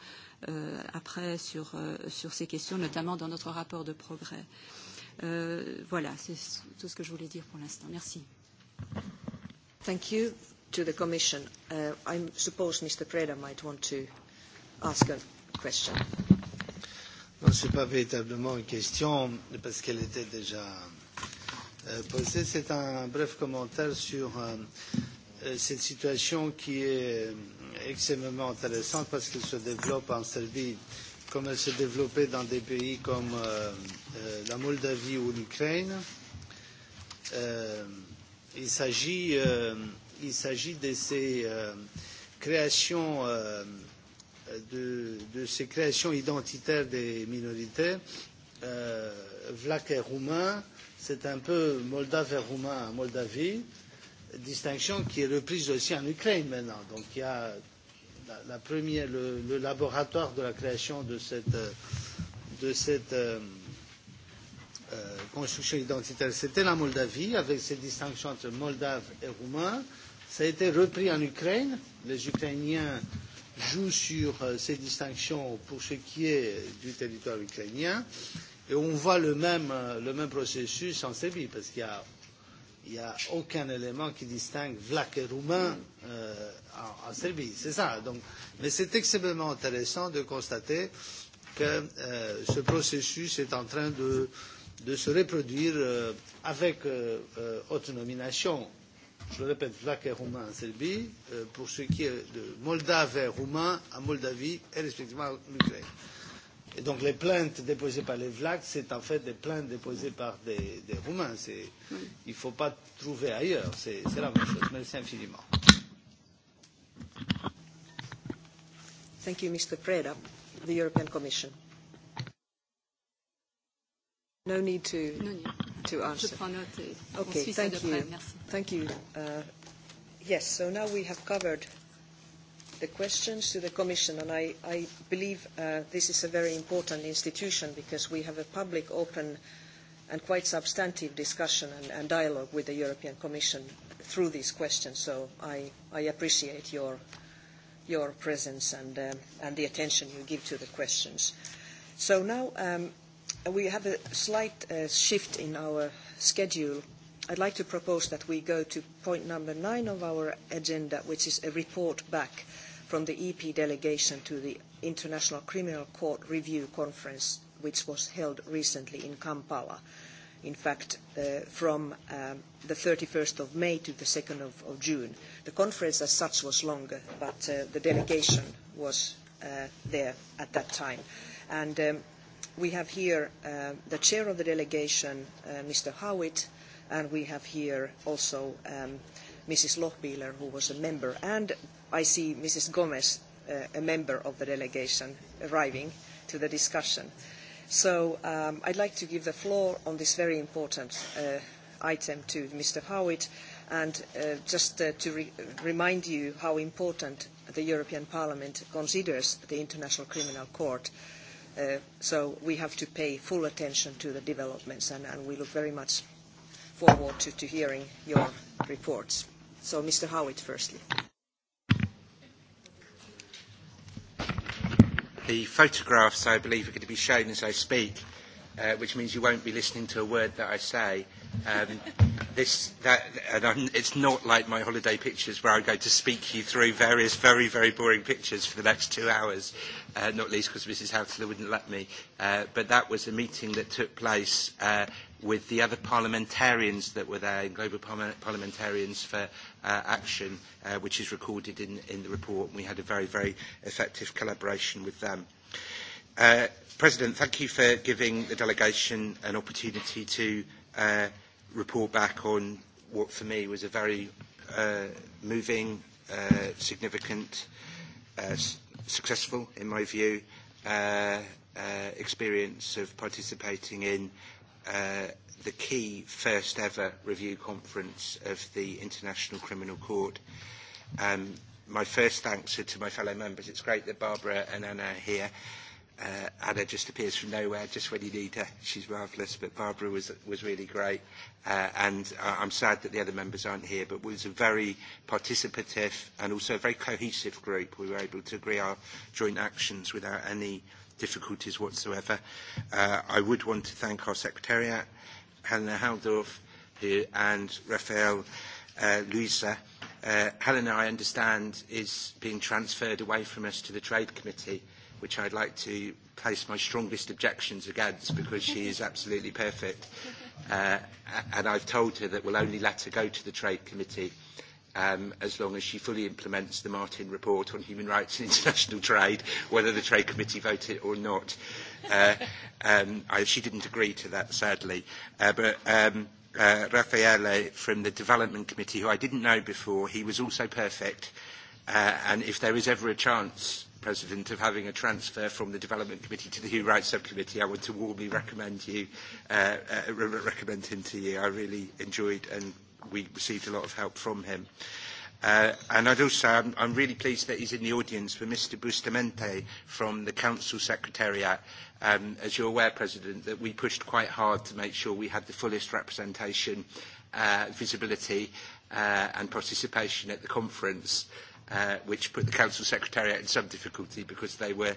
euh, après sur, euh, sur ces questions, notamment dans notre rapport de progrès. Euh, voilà, c'est tout ce que je voulais dire pour l'instant. Merci. Thank you to the Commission. Uh, I suppose Mr. Preda might want to ask a question. Non, ce n'est pas véritablement une question, parce qu'elle était déjà poser. C'est un bref commentaire sur cette situation qui est extrêmement intéressante parce qu'elle se développe en Serbie comme elle s'est développée dans des pays comme la Moldavie ou l'Ukraine. il s'agit de ces créations de, de ces créations identitaires des minorités, euh, vlaques et roumains, C'est un peu moldave et roumain en Moldavie, distinction qui est reprise aussi en Ukraine maintenant. Donc il y a la, la première, le, le laboratoire de la création de cette, de cette euh, euh, construction identitaire, c'était la Moldavie, avec cette distinction entre moldave et roumain. Ça a été repris en Ukraine. Les Ukrainiens jouent sur euh, ces distinctions pour ce qui est du territoire ukrainien. Euh, Et on voit le même, le même processus en Serbie, parce qu'il n'y a n'y a aucun élément qui distingue vlach et roumain euh, en, en Serbie. C'est ça. Donc, mais c'est extrêmement intéressant de constater que euh, ce processus est en train de, de se reproduire euh, avec euh, euh, nomination. Je le répète, vlach et roumain en Serbie, euh, pour ce qui est de moldave et roumain en Moldavie et respectivement en Ukraine. Et donc les plaintes déposées par les Vlachs, c'est en fait des plaintes déposées par des, des Roumains. Oui. il ne faut pas trouver ailleurs. C'est, la même chose. Merci infiniment. Thank you, Mr. Preda, the European Commission. No need to, no need. to answer. Je prends note et okay, on thank you. Merci. Thank you. Uh, yes, so now we have covered the questions to the Commission, and I, I believe uh, this is a very important institution because we have a public, open, and quite substantive discussion and, and dialogue with the European Commission through these questions. So I, I appreciate your, your presence and, um, and the attention you give to the questions. So now um, we have a slight uh, shift in our schedule. I'd like to propose that we go to point number nine of our agenda, which is a report back from the EP delegation to the International Criminal Court Review Conference, which was held recently in Kampala. In fact, from the 31st of May to the 2nd of, June. The conference as such was longer, but the delegation was there at that time. And we have here the chair of the delegation, Mr. Howitt, and we have here also Mrs. Lochbieler, who was a member, and I see Mrs. Gomez, a member of the delegation, arriving to the discussion. So um, I'd like to give the floor on this very important item to Mr. Howitt, and just to remind you how important the European Parliament considers the International Criminal Court. so we have to pay full attention to the developments, and, we look very much forward to, hearing your reports. So Mr. Howitt, firstly. The photographs, I believe, are going to be shown as I speak, uh, which means you won't be listening to a word that I say. Um, this, that, and I'm, it's not like my holiday pictures where I'm going to speak you through various very, very boring pictures for the next two hours, uh, not least because Mrs. Hansler wouldn't let me. Uh, but that was a meeting that took place uh, with the other parliamentarians that were there, Global Parliamentarians for uh, Action, uh, which is recorded in, in the report. We had a very, very effective collaboration with them. Uh, President, thank you for giving the delegation an opportunity to uh, report back on what for me was a very uh, moving, uh, significant, uh, successful, in my view, uh, uh, experience of participating in uh, the key first ever review conference of the International Criminal Court. Um, my first thanks are to my fellow members. It's great that Barbara and Anna are here uh, Anna just appears from nowhere just when you need her. She's marvellous, but Barbara was, was really great. Uh, and uh, I'm sad that the other members aren't here, but it was a very participative and also a very cohesive group. We were able to agree our joint actions without any difficulties whatsoever. Uh, I would want to thank our Secretariat, Helena Haldorf, who, and Rafael uh, Luisa, uh, Helena, I understand, is being transferred away from us to the Trade Committee which I'd like to place my strongest objections against because she is absolutely perfect. Uh, and I've told her that we'll only let her go to the Trade Committee um, as long as she fully implements the Martin Report on Human Rights and International Trade, whether the Trade Committee voted or not. Uh, um, I, she didn't agree to that, sadly. Uh, but um, uh, Raffaele from the Development Committee, who I didn't know before, he was also perfect. Uh, and if there is ever a chance President, of having a transfer from the Development Committee to the Human Rights Subcommittee. I want to warmly recommend you, uh, uh, recommend him to you. I really enjoyed and we received a lot of help from him. Uh, and I'd also, I'm, I'm really pleased that he's in the audience for Mr Bustamente from the Council Secretariat. Um, as you're aware, President, that we pushed quite hard to make sure we had the fullest representation, uh, visibility uh, and participation at the conference uh, which put the Council Secretariat in some difficulty because they were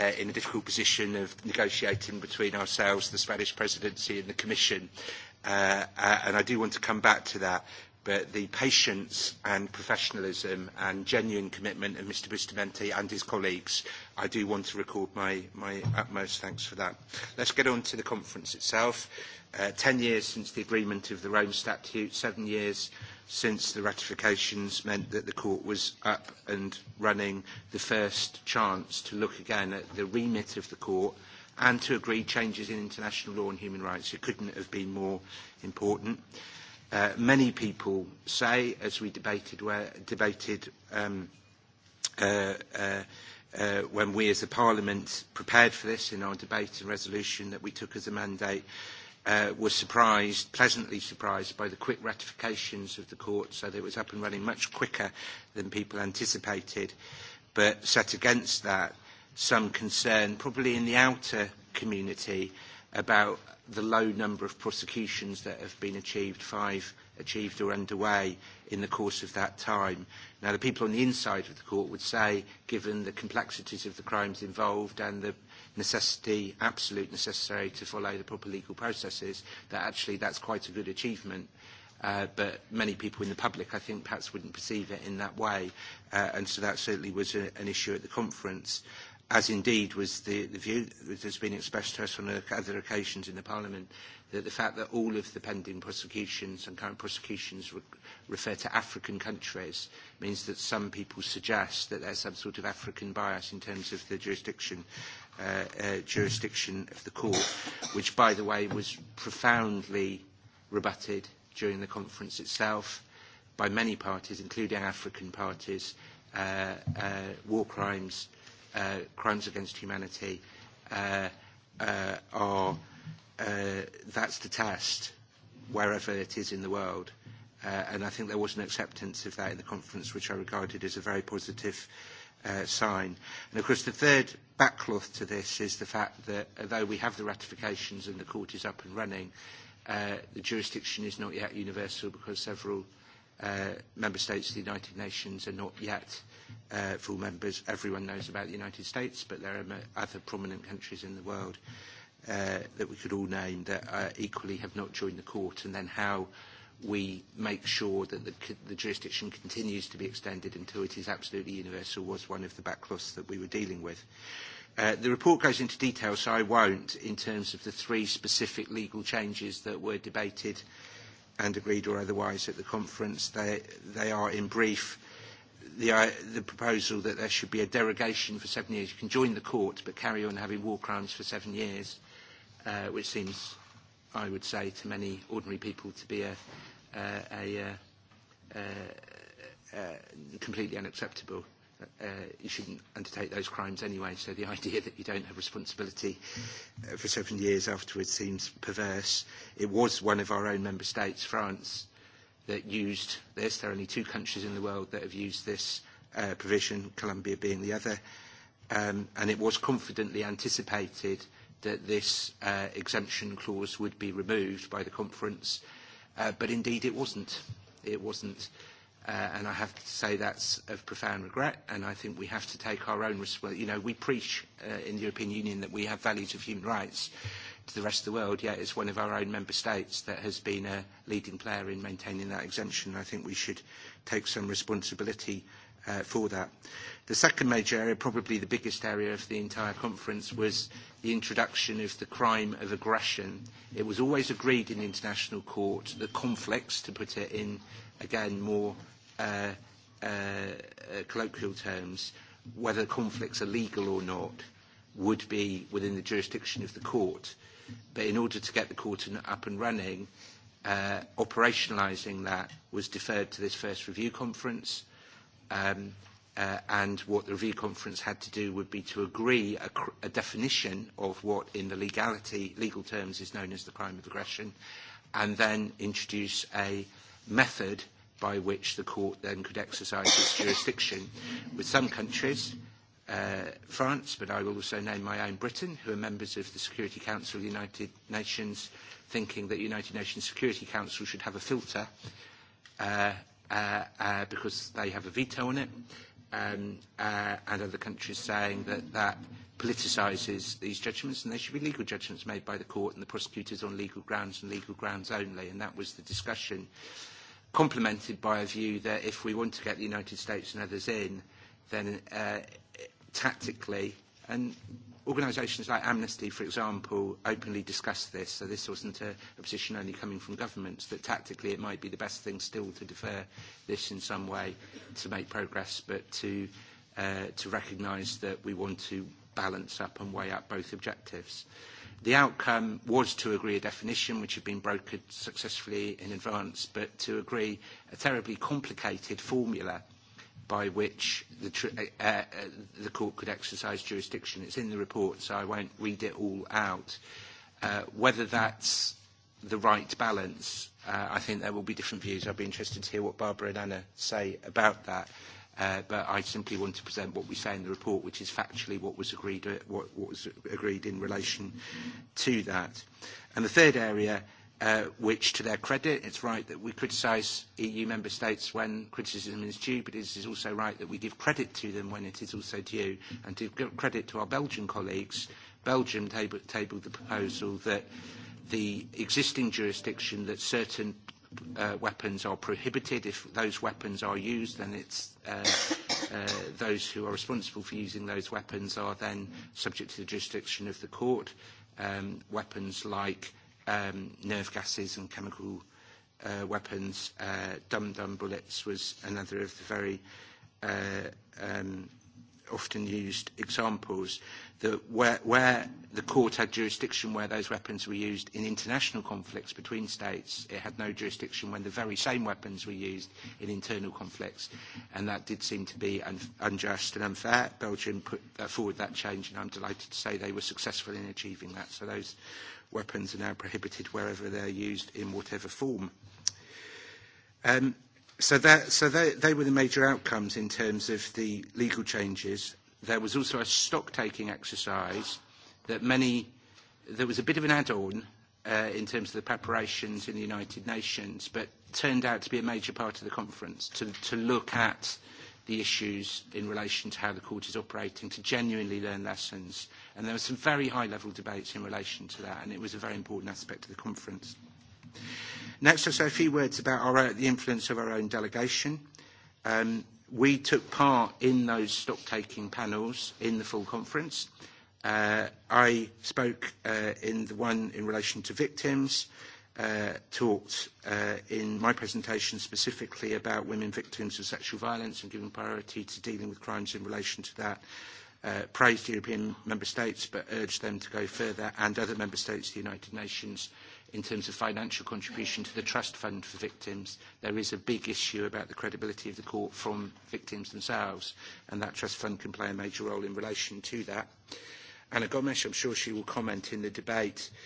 uh, in a difficult position of negotiating between ourselves, the Spanish Presidency and the Commission. Uh, uh, and I do want to come back to that but the patience and professionalism and genuine commitment of Mr Bustamante and his colleagues, I do want to record my, my utmost thanks for that. Let's get on to the conference itself. Uh, ten years since the agreement of the Rome Statute, seven years since the ratifications meant that the court was up and running the first chance to look again at the remit of the court and to agree changes in international law and human rights. It couldn't have been more important. Uh, many people say, as we debated, where, debated um, uh, uh, uh, when we as a Parliament prepared for this in our debate and resolution that we took as a mandate was surprised, pleasantly surprised by the quick ratifications of the court, so that it was up and running much quicker than people anticipated, but set against that some concern, probably in the outer community, about the low number of prosecutions that have been achieved, five achieved or underway in the course of that time. Now, the people on the inside of the court would say, given the complexities of the crimes involved and the necessity, absolute necessity to follow the proper legal processes, that actually that's quite a good achievement. Uh, but many people in the public, I think, perhaps wouldn't perceive it in that way. Uh, and so that certainly was a, an issue at the conference, as indeed was the, the view that has been expressed to us on other occasions in the Parliament, that the fact that all of the pending prosecutions and current prosecutions re- refer to African countries means that some people suggest that there's some sort of African bias in terms of the jurisdiction jurisdiction of the court, which, by the way, was profoundly rebutted during the conference itself by many parties, including African parties, uh, uh, war crimes, uh, crimes against humanity, uh, uh, are uh, that's the test wherever it is in the world. Uh, and I think there was an acceptance of that in the conference, which I regarded as a very positive uh, sign. And of course, the third backcloth to this is the fact that although we have the ratifications and the court is up and running, uh, the jurisdiction is not yet universal because several uh, member states of the United Nations are not yet uh, full members. Everyone knows about the United States, but there are other prominent countries in the world uh, that we could all name that uh, equally have not joined the court, and then how we make sure that the, the jurisdiction continues to be extended until it is absolutely universal was one of the backlogs that we were dealing with. Uh, the report goes into detail, so I won't, in terms of the three specific legal changes that were debated and agreed or otherwise at the conference. They, they are, in brief, the, uh, the proposal that there should be a derogation for seven years. You can join the court but carry on having war crimes for seven years, uh, which seems I would say, to many ordinary people to be a, a, a, a, a, a completely unacceptable. Uh, you shouldn't undertake those crimes anyway, so the idea that you don't have responsibility uh, for seven years afterwards seems perverse. It was one of our own member states, France, that used this. There are only two countries in the world that have used this uh, provision, Colombia being the other. Um, and it was confidently anticipated uh, that this uh, exemption clause would be removed by the conference, uh, but indeed it wasn't. It wasn't. Uh, and I have to say that's of profound regret, and I think we have to take our own responsibility. You know, we preach uh, in the European Union that we have values of human rights to the rest of the world, yet it's one of our own member states that has been a leading player in maintaining that exemption. I think we should take some responsibility uh, for that. The second major area, probably the biggest area of the entire conference, was the introduction of the crime of aggression. It was always agreed in the international court that conflicts, to put it in, again, more uh, uh, colloquial terms, whether conflicts are legal or not, would be within the jurisdiction of the court. But in order to get the court up and running, uh, operationalising that was deferred to this first review conference. Um, uh, and what the review conference had to do would be to agree a, a definition of what in the legality, legal terms is known as the crime of aggression, and then introduce a method by which the court then could exercise its jurisdiction. With some countries, uh, France, but I will also name my own Britain, who are members of the Security Council of the United Nations, thinking that the United Nations Security Council should have a filter uh, uh, uh, because they have a veto on it. Uh, um, uh, and other countries saying that that politicises these judgments, and they should be legal judgments made by the court and the prosecutors on legal grounds and legal grounds only. And that was the discussion, complemented by a view that if we want to get the United States and others in, then uh, tactically and Organisations like Amnesty, for example, openly discussed this, so this wasn't a, a position only coming from governments, that tactically it might be the best thing still to defer this in some way to make progress, but to, uh, to recognise that we want to balance up and weigh up both objectives. The outcome was to agree a definition which had been brokered successfully in advance, but to agree a terribly complicated formula by which the, tr- uh, uh, the court could exercise jurisdiction. It's in the report, so I won't read it all out. Uh, whether that's the right balance, uh, I think there will be different views. I'd be interested to hear what Barbara and Anna say about that. Uh, but I simply want to present what we say in the report, which is factually what was agreed, what, what was agreed in relation to that. And the third area which, to their credit, it's right that we criticise EU member states when criticism is due, but it is also right that we give credit to them when it is also due, and to give credit to our Belgian colleagues. Belgium tabled, the proposal that the existing jurisdiction that certain uh, weapons are prohibited. If those weapons are used, then it's uh, uh, those who are responsible for using those weapons are then subject to the jurisdiction of the court. Um, weapons like um, nerve gases and chemical uh, weapons. Uh, dum-dum bullets was another of the very uh, um, often used examples The, where, where the court had jurisdiction where those weapons were used in international conflicts between states, it had no jurisdiction when the very same weapons were used in internal conflicts. And that did seem to be un- unjust and unfair. Belgium put forward that change, and I'm delighted to say they were successful in achieving that. So those weapons are now prohibited wherever they're used in whatever form. Um, so that, so they, they were the major outcomes in terms of the legal changes. There was also a stock-taking exercise that many, there was a bit of an add-on uh, in terms of the preparations in the United Nations, but turned out to be a major part of the conference to, to look at uh, the issues in relation to how the court is operating to genuinely learn lessons. And there were some very high-level debates in relation to that, and it was a very important aspect of the conference. Next, I'll say a few words about our, the influence of our own delegation. Um, we took part in those stock-taking panels in the full conference. Uh, I spoke uh, in the one in relation to victims uh talked uh in my presentation specifically about women victims of sexual violence and giving priority to dealing with crimes in relation to that. Uh, praised European member states, but urged them to go further and other member states, the United Nations, in terms of financial contribution to the trust fund for victims. There is a big issue about the credibility of the court from victims themselves, and that trust fund can play a major role in relation to that. Anna Gomes, I'm sure she will comment in the debate. Uh,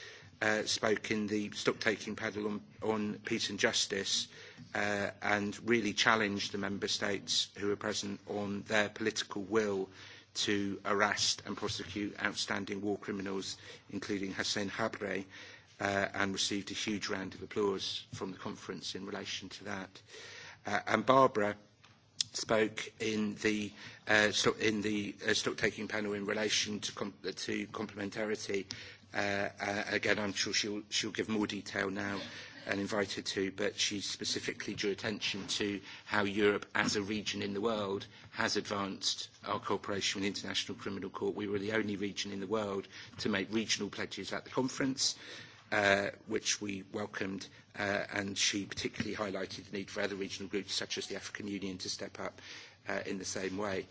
uh, spoke in the stock-taking panel on, on peace and justice uh, and really challenged the member states who were present on their political will to arrest and prosecute outstanding war criminals, including Hussein Habre, uh, and received a huge round of applause from the conference in relation to that. Uh, and Barbara spoke in the, uh, in the uh, stock-taking panel in relation to, com- to complementarity Uh, again, I'm sure she'll, she'll give more detail now and invited to, but she specifically drew attention to how Europe as a region in the world has advanced our cooperation with the International Criminal Court. We were the only region in the world to make regional pledges at the conference, uh, which we welcomed, uh, and she particularly highlighted the need for other regional groups such as the African Union to step up uh, in the same way.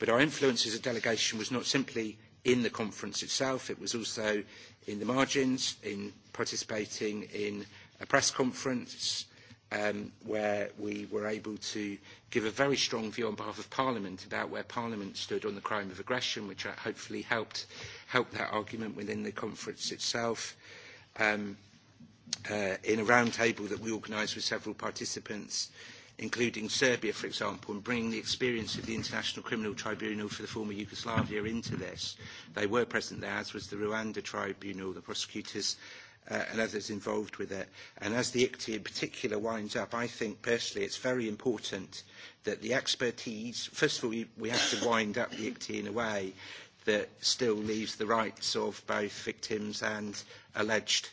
But our influence as a delegation was not simply in the conference itself. It was also in the margins, in participating in a press conference um, where we were able to give a very strong view on behalf of Parliament about where Parliament stood on the crime of aggression, which hopefully helped help that argument within the conference itself. Um, uh, in a roundtable that we organised with several participants including Serbia, for example, and bringing the experience of the International Criminal Tribunal for the former Yugoslavia into this. They were present there, as was the Rwanda Tribunal, the prosecutors uh, and others involved with it. And as the ICTI in particular winds up, I think personally it's very important that the expertise, first of all, we, we have to wind up the ICTI in a way that still leaves the rights of both victims and alleged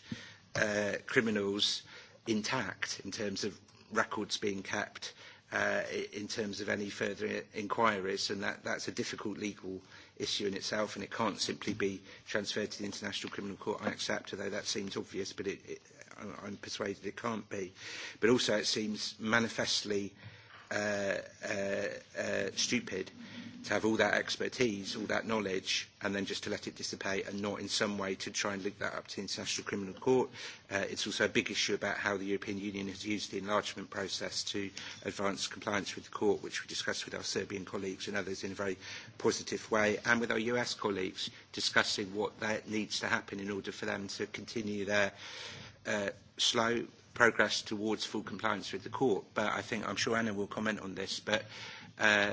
uh, criminals intact in terms of records being kept uh, in terms of any further inquiries, and that, that's a difficult legal issue in itself, and it can't simply be transferred to the International Criminal Court. I accept, although that seems obvious, but it, it, I'm persuaded it can't be. But also, it seems manifestly uh, uh, uh, uh, stupid to have all that expertise, all that knowledge, and then just to let it dissipate and not in some way to try and link that up to the International Criminal Court. Uh, it's also a big issue about how the European Union has used the enlargement process to advance compliance with the court, which we discussed with our Serbian colleagues and others in a very positive way, and with our US colleagues discussing what that needs to happen in order for them to continue their uh, slow progress towards full compliance with the court. But I think I'm sure Anna will comment on this. But uh,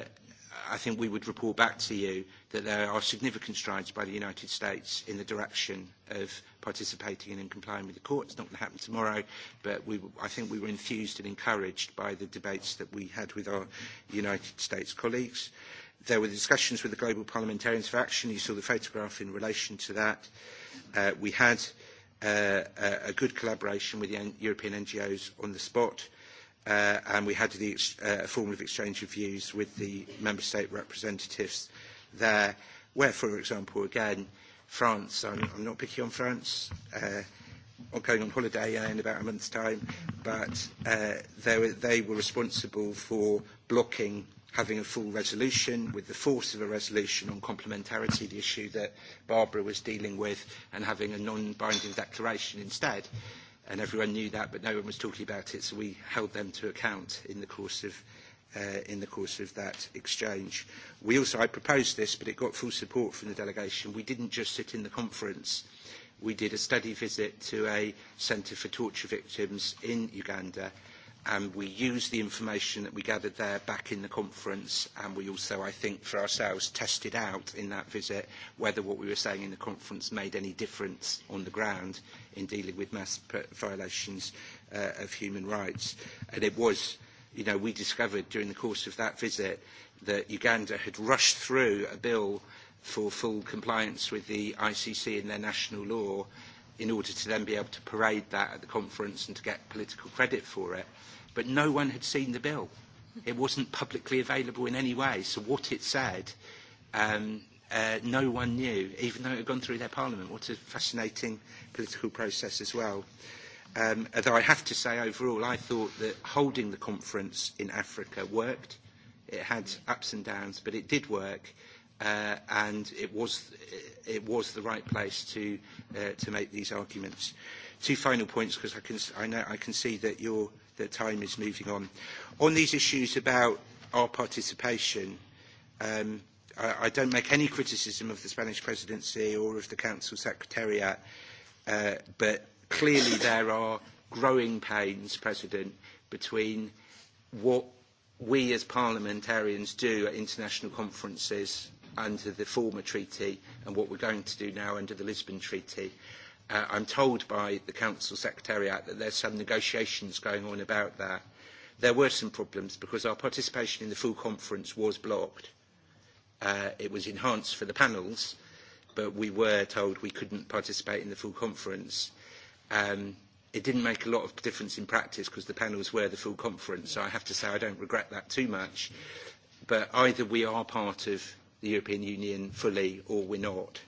I think we would report back to you that there are significant strides by the United States in the direction of participating in and complying with the court. It's not going to happen tomorrow, but we, I think we were enthused and encouraged by the debates that we had with our United States colleagues. There were discussions with the Global Parliamentarians for Action. You saw the photograph in relation to that. Uh, we had uh, a good collaboration with the European NGOs on the spot, and we had the, a formal exchange of views with the member state representatives there, where, for example, again, France, I'm, I'm not picking on France, uh, I'm going on holiday in about a month's time, but uh, they, were, they were responsible for blocking having a full resolution with the force of a resolution on complementarity, the issue that Barbara was dealing with, and having a non-binding declaration instead. And everyone knew that, but no one was talking about it, so we held them to account in the course of uh, in the course of that exchange. We also, I proposed this, but it got full support from the delegation. We didn't just sit in the conference. We did a study visit to a centre for torture victims in Uganda and we used the information that we gathered there back in the conference and we also, I think, for ourselves tested out in that visit whether what we were saying in the conference made any difference on the ground in dealing with mass violations uh, of human rights. And it was, you know, we discovered during the course of that visit that Uganda had rushed through a bill for full compliance with the ICC and their national law in order to then be able to parade that at the conference and to get political credit for it. But no one had seen the bill. It wasn't publicly available in any way. So what it said, um, uh, no one knew, even though it had gone through their parliament. What a fascinating political process as well. Um, although I have to say, overall, I thought that holding the conference in Africa worked. It had ups and downs, but it did work uh, and it was, it was the right place to, uh, to make these arguments. Two final points, because I can, I, know, I can see that your that time is moving on. On these issues about our participation, um, I, I don't make any criticism of the Spanish presidency or of the Council Secretariat, uh, but clearly there are growing pains, President, between what we as parliamentarians do at international conferences under the former treaty and what we're going to do now under the Lisbon Treaty. Uh, I'm told by the Council Secretariat that there's some negotiations going on about that. There were some problems because our participation in the full conference was blocked. Uh, it was enhanced for the panels, but we were told we couldn't participate in the full conference. Um, it didn't make a lot of difference in practice because the panels were the full conference, so I have to say I don't regret that too much. But either we are part of the European Union fully or we're not.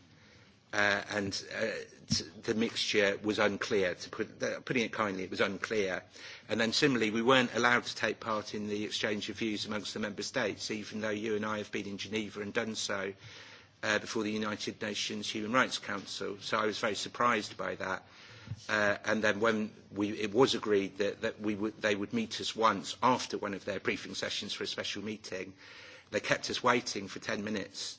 Uh, and uh, t- the mixture was unclear. To put, putting it kindly, it was unclear. And then similarly, we weren't allowed to take part in the exchange of views amongst the member states, even though you and I have been in Geneva and done so uh, before the United Nations Human Rights Council. So I was very surprised by that. Uh, and then when we, it was agreed that, that we would, they would meet us once after one of their briefing sessions for a special meeting, uh, They kept us waiting for 10 minutes.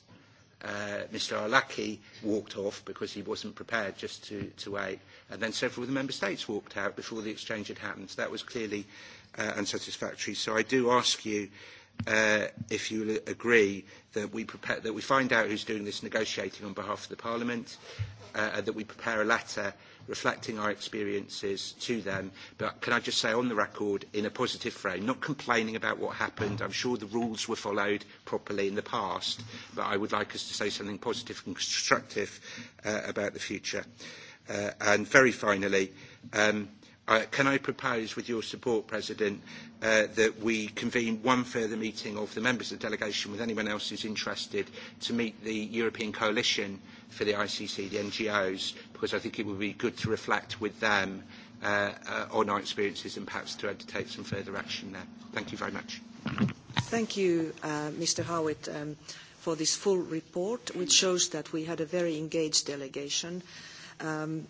Uh, Mr. Arlaki walked off because he wasn't prepared just to, to wait. And then several of the member states walked out before the exchange had happened. So that was clearly uh, unsatisfactory. So I do ask you uh, if you agree that we, prepare, that we find out who's doing this negotiating on behalf of the Parliament, uh, and that we prepare a letter reflecting our experiences to them. But can I just say on the record, in a positive frame, not complaining about what happened. I'm sure the rules were followed properly in the past, but I would like us to say something positive and constructive uh, about the future. Uh, and very finally, um, can I propose, with your support, President, that we convene one further meeting of the members of the delegation with anyone else who's interested to meet the European Coalition for the ICC, the NGOs, because I think it would be good to reflect with them uh, uh, on our experiences and perhaps to undertake some further action there. Thank you very much. Thank you, uh, Mr. Howitt, um, for this full report, which shows that we had a very engaged delegation. Um,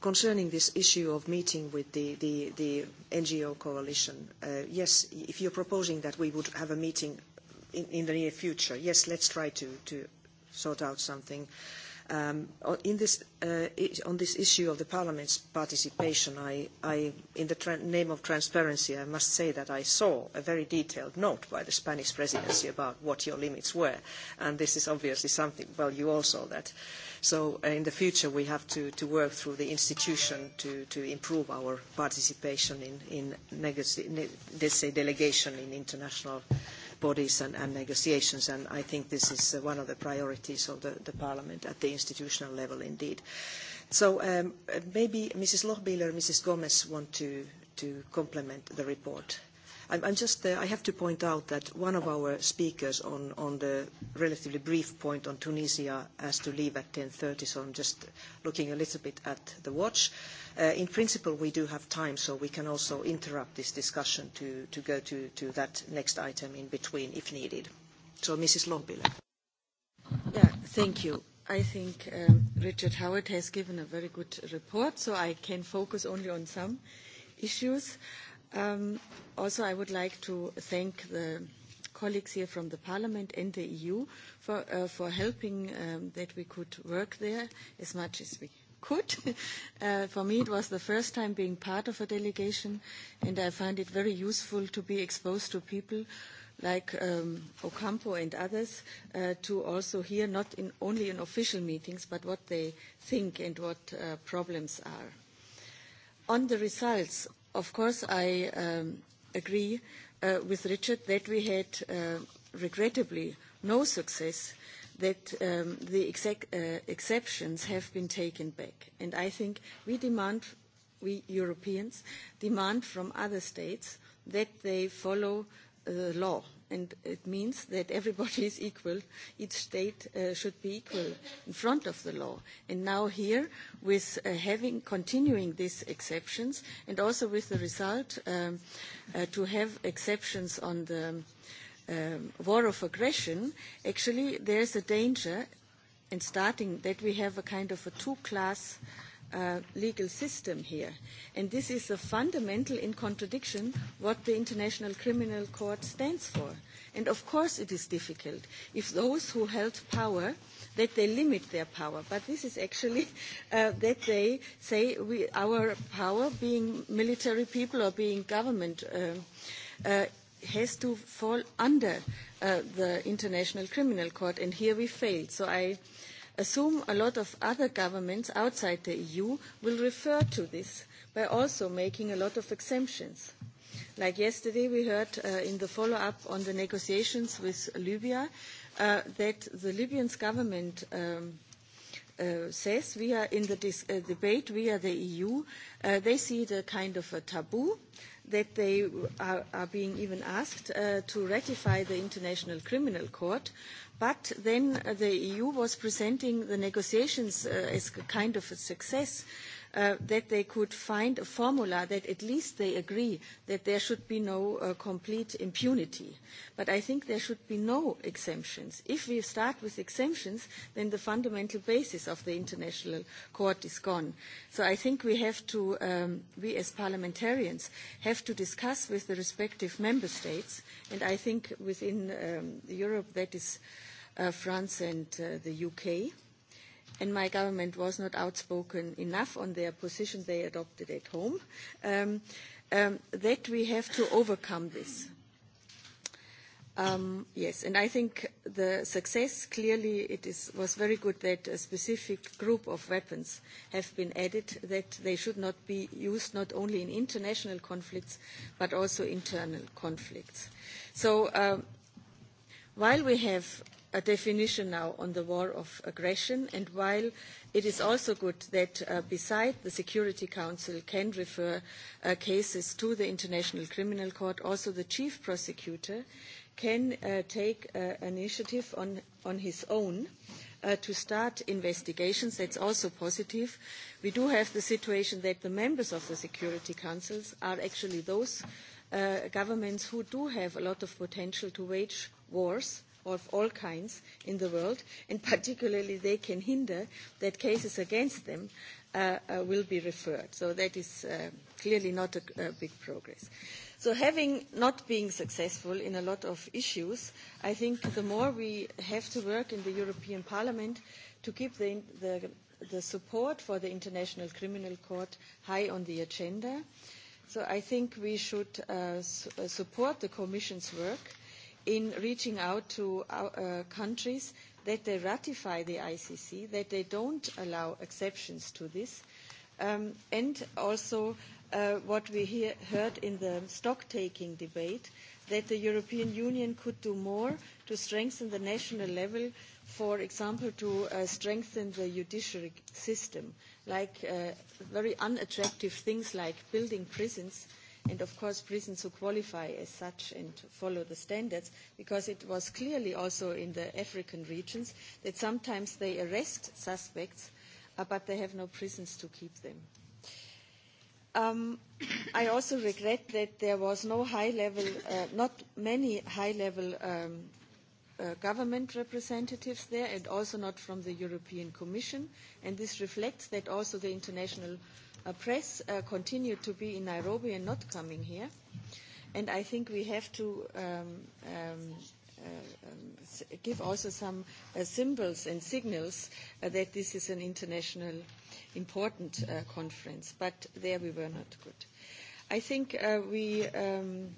concerning this issue of meeting with the, the, the NGO coalition, yes, if you're proposing that we would have a meeting in, in the near future, yes, let's try to, to sort out something. on this issue of the Parliament's participation, I, I, in the name of transparency, I must say that I saw a very detailed note by the Spanish presidency about what your limits were, and this is obviously something, well, you all saw that. Uh, So in the future, we have to, to work through the institution to, to improve our participation in, in let's say delegation in international bodies and, and negotiations. And I think this is one of the priorities of the, the Parliament at the institutional level indeed. So um, maybe Mrs. Lochbihler and Mrs. Gomez want to, to complement the report. I'm, I'm just, uh, I have to point out that one of our speakers on, on the relatively brief point on Tunisia has to leave at 10.30, so I'm just looking a little bit at the watch. Uh, in principle, we do have time, so we can also interrupt this discussion to, to go to, to that next item in between if needed. So, Mrs. Lompile. Yeah, thank you. I think Richard Howard has given a very good report, so I can focus only on some issues also, I would like to thank the colleagues here from the Parliament and the EU for, uh, for helping um, that we could work there as much as we could. uh, for me, it was the first time being part of a delegation, and I find it very useful to be exposed to people like um, Ocampo and others uh, to also hear not in, only in official meetings, but what they think and what uh, problems are. On the results, of course, I um, agree uh, with Richard that we had, uh, regrettably, no success that um, the exec, uh, exceptions have been taken back. And I think we demand, we Europeans, demand from other states that they follow the law and it means that everybody is equal. Each state uh, should be equal in front of the law. And now here, with uh, having continuing these exceptions, and also with the result um, uh, to have exceptions on the um, war of aggression, actually there is a danger, and starting that we have a kind of a two-class uh, legal system here. And this is a fundamental in contradiction what the International Criminal Court stands for. And of course it is difficult if those who held power that they limit their power. But this is actually that they say we, our power being military people or being government has to fall under the International Criminal Court. And here we failed. So I assume a lot of other governments outside the EU will refer to this by also making a lot of exemptions. Like yesterday we heard in the follow-up on the negotiations with Libya that the Libyan government says we are in the dis- uh, debate via the EU, uh, they see it a kind of a taboo that they are, are being even asked uh, to ratify the International Criminal Court But then the EU was presenting the negotiations as a kind of a success that they could find a formula that at least they agree that there should be no complete impunity. But I think there should be no exemptions. If we start with exemptions, then the fundamental basis of the International Court is gone. So I think we have to, we as parliamentarians, have to discuss with the respective member states, and I think within Europe that is uh, France and uh, the UK. And my government was not outspoken enough on their position they adopted at home, um, um, that we have to overcome this. Um, yes, and I think the success clearly it is, was very good that a specific group of weapons have been added, that they should not be used not only in international conflicts but also internal conflicts. So um, while we have a definition now on the war of aggression, and while it is also good that uh, beside the Security Council can refer uh, cases to the International Criminal Court, also the chief prosecutor can uh, take uh, initiative on, on his own uh, to start investigations. That's also positive. We do have the situation that the members of the Security Councils are actually those uh, governments who do have a lot of potential to wage wars of all kinds in the world, and particularly they can hinder that cases against them uh, uh, will be referred. So that is uh, clearly not a, a big progress. So having not been successful in a lot of issues, I think the more we have to work in the European Parliament to keep the, the, the support for the International Criminal Court high on the agenda. So I think we should uh, su- support the Commission's work in reaching out to countries that they ratify the ICC, that they don't allow exceptions to this, and also what we heard in the stock-taking debate, that the European Union could do more to strengthen the national level, for example, to strengthen the judiciary system, like very unattractive things like building prisons – and of course prisons who qualify as such and follow the standards, because it was clearly also in the African regions that sometimes they arrest suspects, but they have no prisons to keep them. I also regret that there was no high-level, not many high-level government representatives there and also not from the European Commission. And this reflects that also the international uh, press uh, continued to be in Nairobi and not coming here. And I think we have to um, um, uh, give also some uh, symbols and signals uh, that this is an international important uh, conference. But there we were not good. I think uh, we. Um,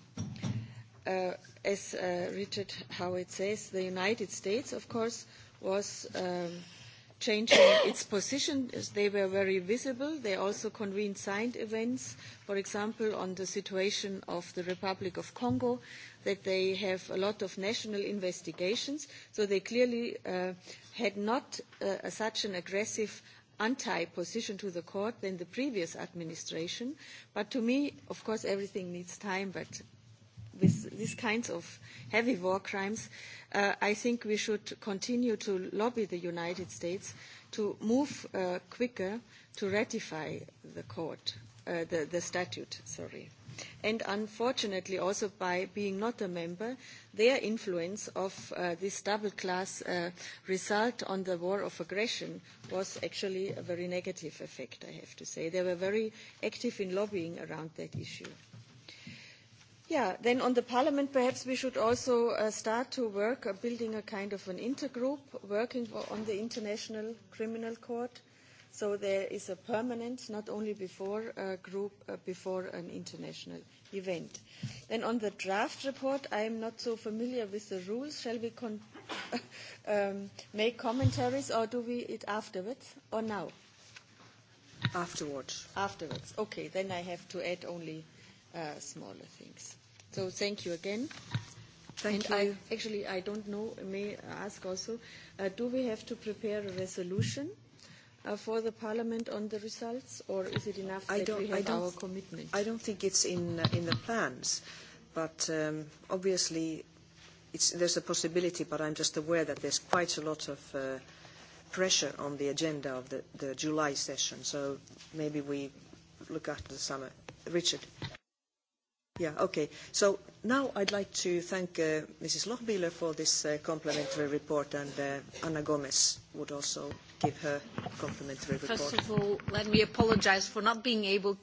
uh, as uh, Richard Howard says, the United States, of course, was um, changing its position as they were very visible. They also convened signed events, for example, on the situation of the Republic of Congo, that they have a lot of national investigations. So they clearly had not such an aggressive anti-position to the court than the previous administration. But to me, of course, everything needs time, but with these kinds of heavy war crimes, I think we should continue to lobby the United States to move quicker to ratify the court, the, the statute, sorry. And unfortunately, also by being not a member, their influence of this double class result on the war of aggression was actually a very negative effect, I have to say. They were very active in lobbying around that issue. Yeah, then on the Parliament, perhaps we should also uh, start to work on building a kind of an intergroup working on the International Criminal Court. So there is a permanent, not only before a group, uh, before an international event. Then on the draft report, I am not so familiar with the rules. Shall we con- um, make commentaries or do we it afterwards or now? Afterwards. Afterwards. Okay, then I have to add only uh, smaller things. So thank you again. Thank and you. I, actually, I don't know, may I ask also, uh, do we have to prepare a resolution uh, for the Parliament on the results, or is it enough I that we have I don't, our commitment? I don't think it's in, in the plans, but um, obviously it's, there's a possibility, but I'm just aware that there's quite a lot of uh, pressure on the agenda of the, the July session, so maybe we look after the summer. Richard. Yeah, okay. So now I'd like to thank uh, Mrs. Lochbieler for this uh, complimentary report, and uh, Anna Gomez would also give her complimentary report. First of all, let me apologize for not being able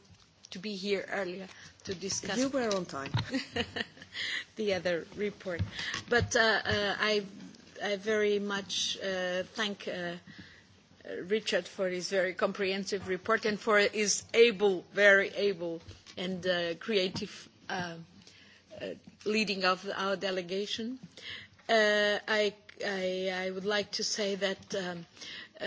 to be here earlier to discuss. You were on time. the other report, but uh, uh, I, I very much uh, thank. Uh, Richard for his very comprehensive report and for his able, very able and uh, creative uh, leading of our delegation. Uh, I, I, I would like to say that um, uh,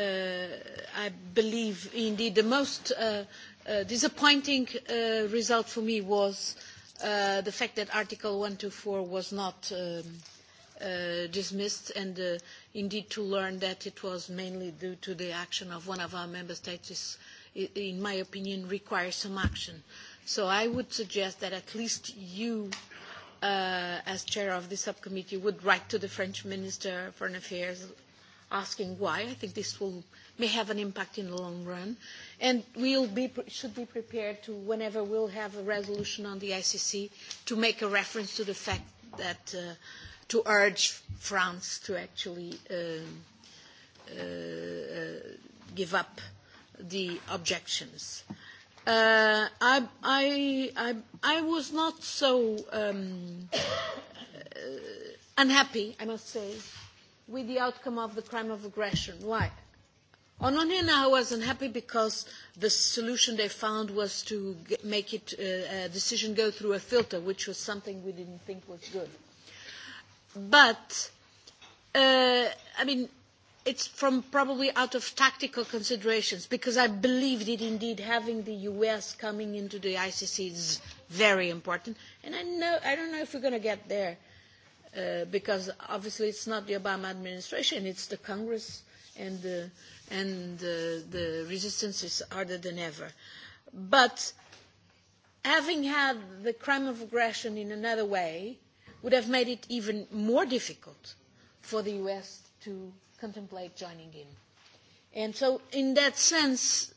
I believe indeed the most uh, uh, disappointing uh, result for me was uh, the fact that Article 124 was not um, uh, dismissed and uh, indeed to learn that it was mainly due to the action of one of our member states is, in my opinion, requires some action. Uh, So I would suggest that at least you, as chair of the subcommittee, would write to the French Minister of Foreign Affairs asking why. I think this will may have an impact in the long run, and we'll be should be prepared to whenever we'll have a resolution on the ICC to make a reference to the fact that uh, to urge France to actually uh, uh, give up the objections. Uh, Uh, I, I, I, I was not so um, uh, unhappy, I must say, with the outcome of the crime of aggression. Why? On one hand, I was unhappy because the solution they found was to get, make it uh, a decision go through a filter, which was something we didn't think was good. But, uh, I mean, it's from probably out of tactical considerations because I believe that indeed having the US coming into the ICC is very important. And I know I don't know if we're going to get there uh, because obviously it's not the Obama administration; it's the Congress and the and the, the resistance is harder than ever. But having had the crime of aggression in another way would have made it even more difficult for the US to contemplate joining in. And so, in that sense,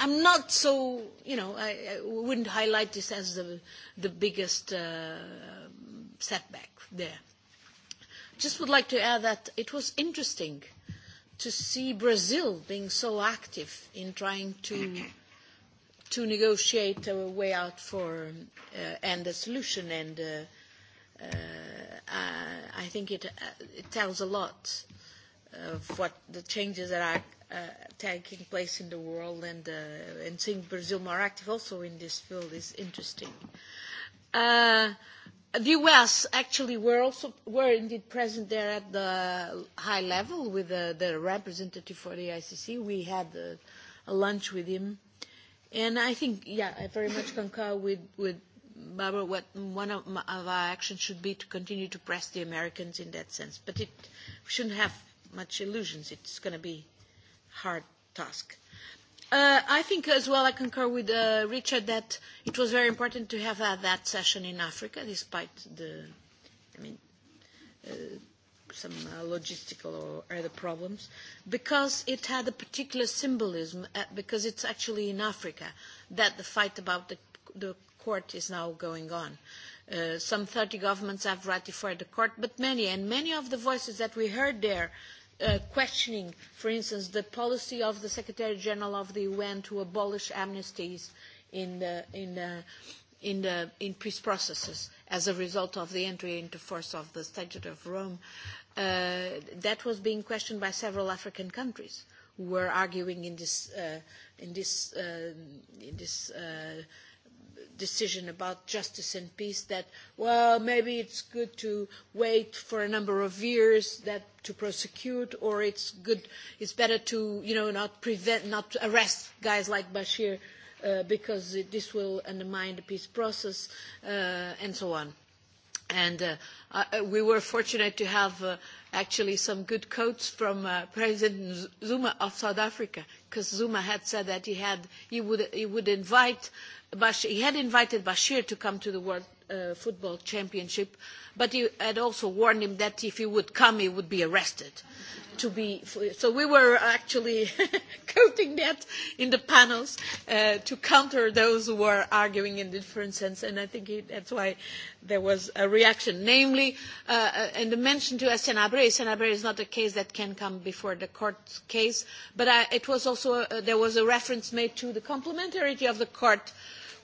I'm not so, you know, I, I wouldn't highlight this as the, the biggest uh, setback there. Just would like to add that it was interesting to see Brazil being so active in trying to to negotiate a way out for uh, and a solution, and uh, uh, I think it, uh, it tells a lot of what the changes that are uh, taking place in the world and uh, and seeing Brazil more active also in this field is interesting. Uh, the U.S. actually were also were indeed present there at the high level with the, the representative for the ICC. We had a, a lunch with him, and I think yeah, I very much concur with with Barbara. What one of, my, of our actions should be to continue to press the Americans in that sense, but it we shouldn't have much illusions. It's going to be a hard task. Uh, I think as well I concur with uh, Richard that it was very important to have uh, that session in Africa despite the, I mean, uh, some uh, logistical or other problems because it had a particular symbolism uh, because it's actually in Africa that the fight about the, the court is now going on. Uh, some 30 governments have ratified the court, but many, and many of the voices that we heard there questioning, for instance, the policy of the Secretary General of the UN to abolish amnesties in the, in the, in the in peace processes as a result of the entry into force of the Statute of Rome. Uh, that was being questioned by several African countries who were arguing in this, uh, in this, uh, in this uh, decision about justice and peace that, well, maybe it's good to wait for a number of years that to prosecute, or it's good, it's better to, you know, not prevent, not to arrest guys like Bashir uh, because it, this will undermine the peace process, uh, and so on. And we were fortunate to have actually some good quotes from President Zuma of South Africa, because Zuma had said that he had he would he would invite Bashir, he had invited Bashir to come to the World Football Championship, but he had also warned him that if he would come, he would be arrested. To be so, we were actually quoting that in the panels to counter those who were arguing in different sense, and I think he, that's why there was a reaction, namely, and the mention to Senabre. Senabre is not a case that can come before the court case, but I, it was also there was a reference made to the complementarity of the court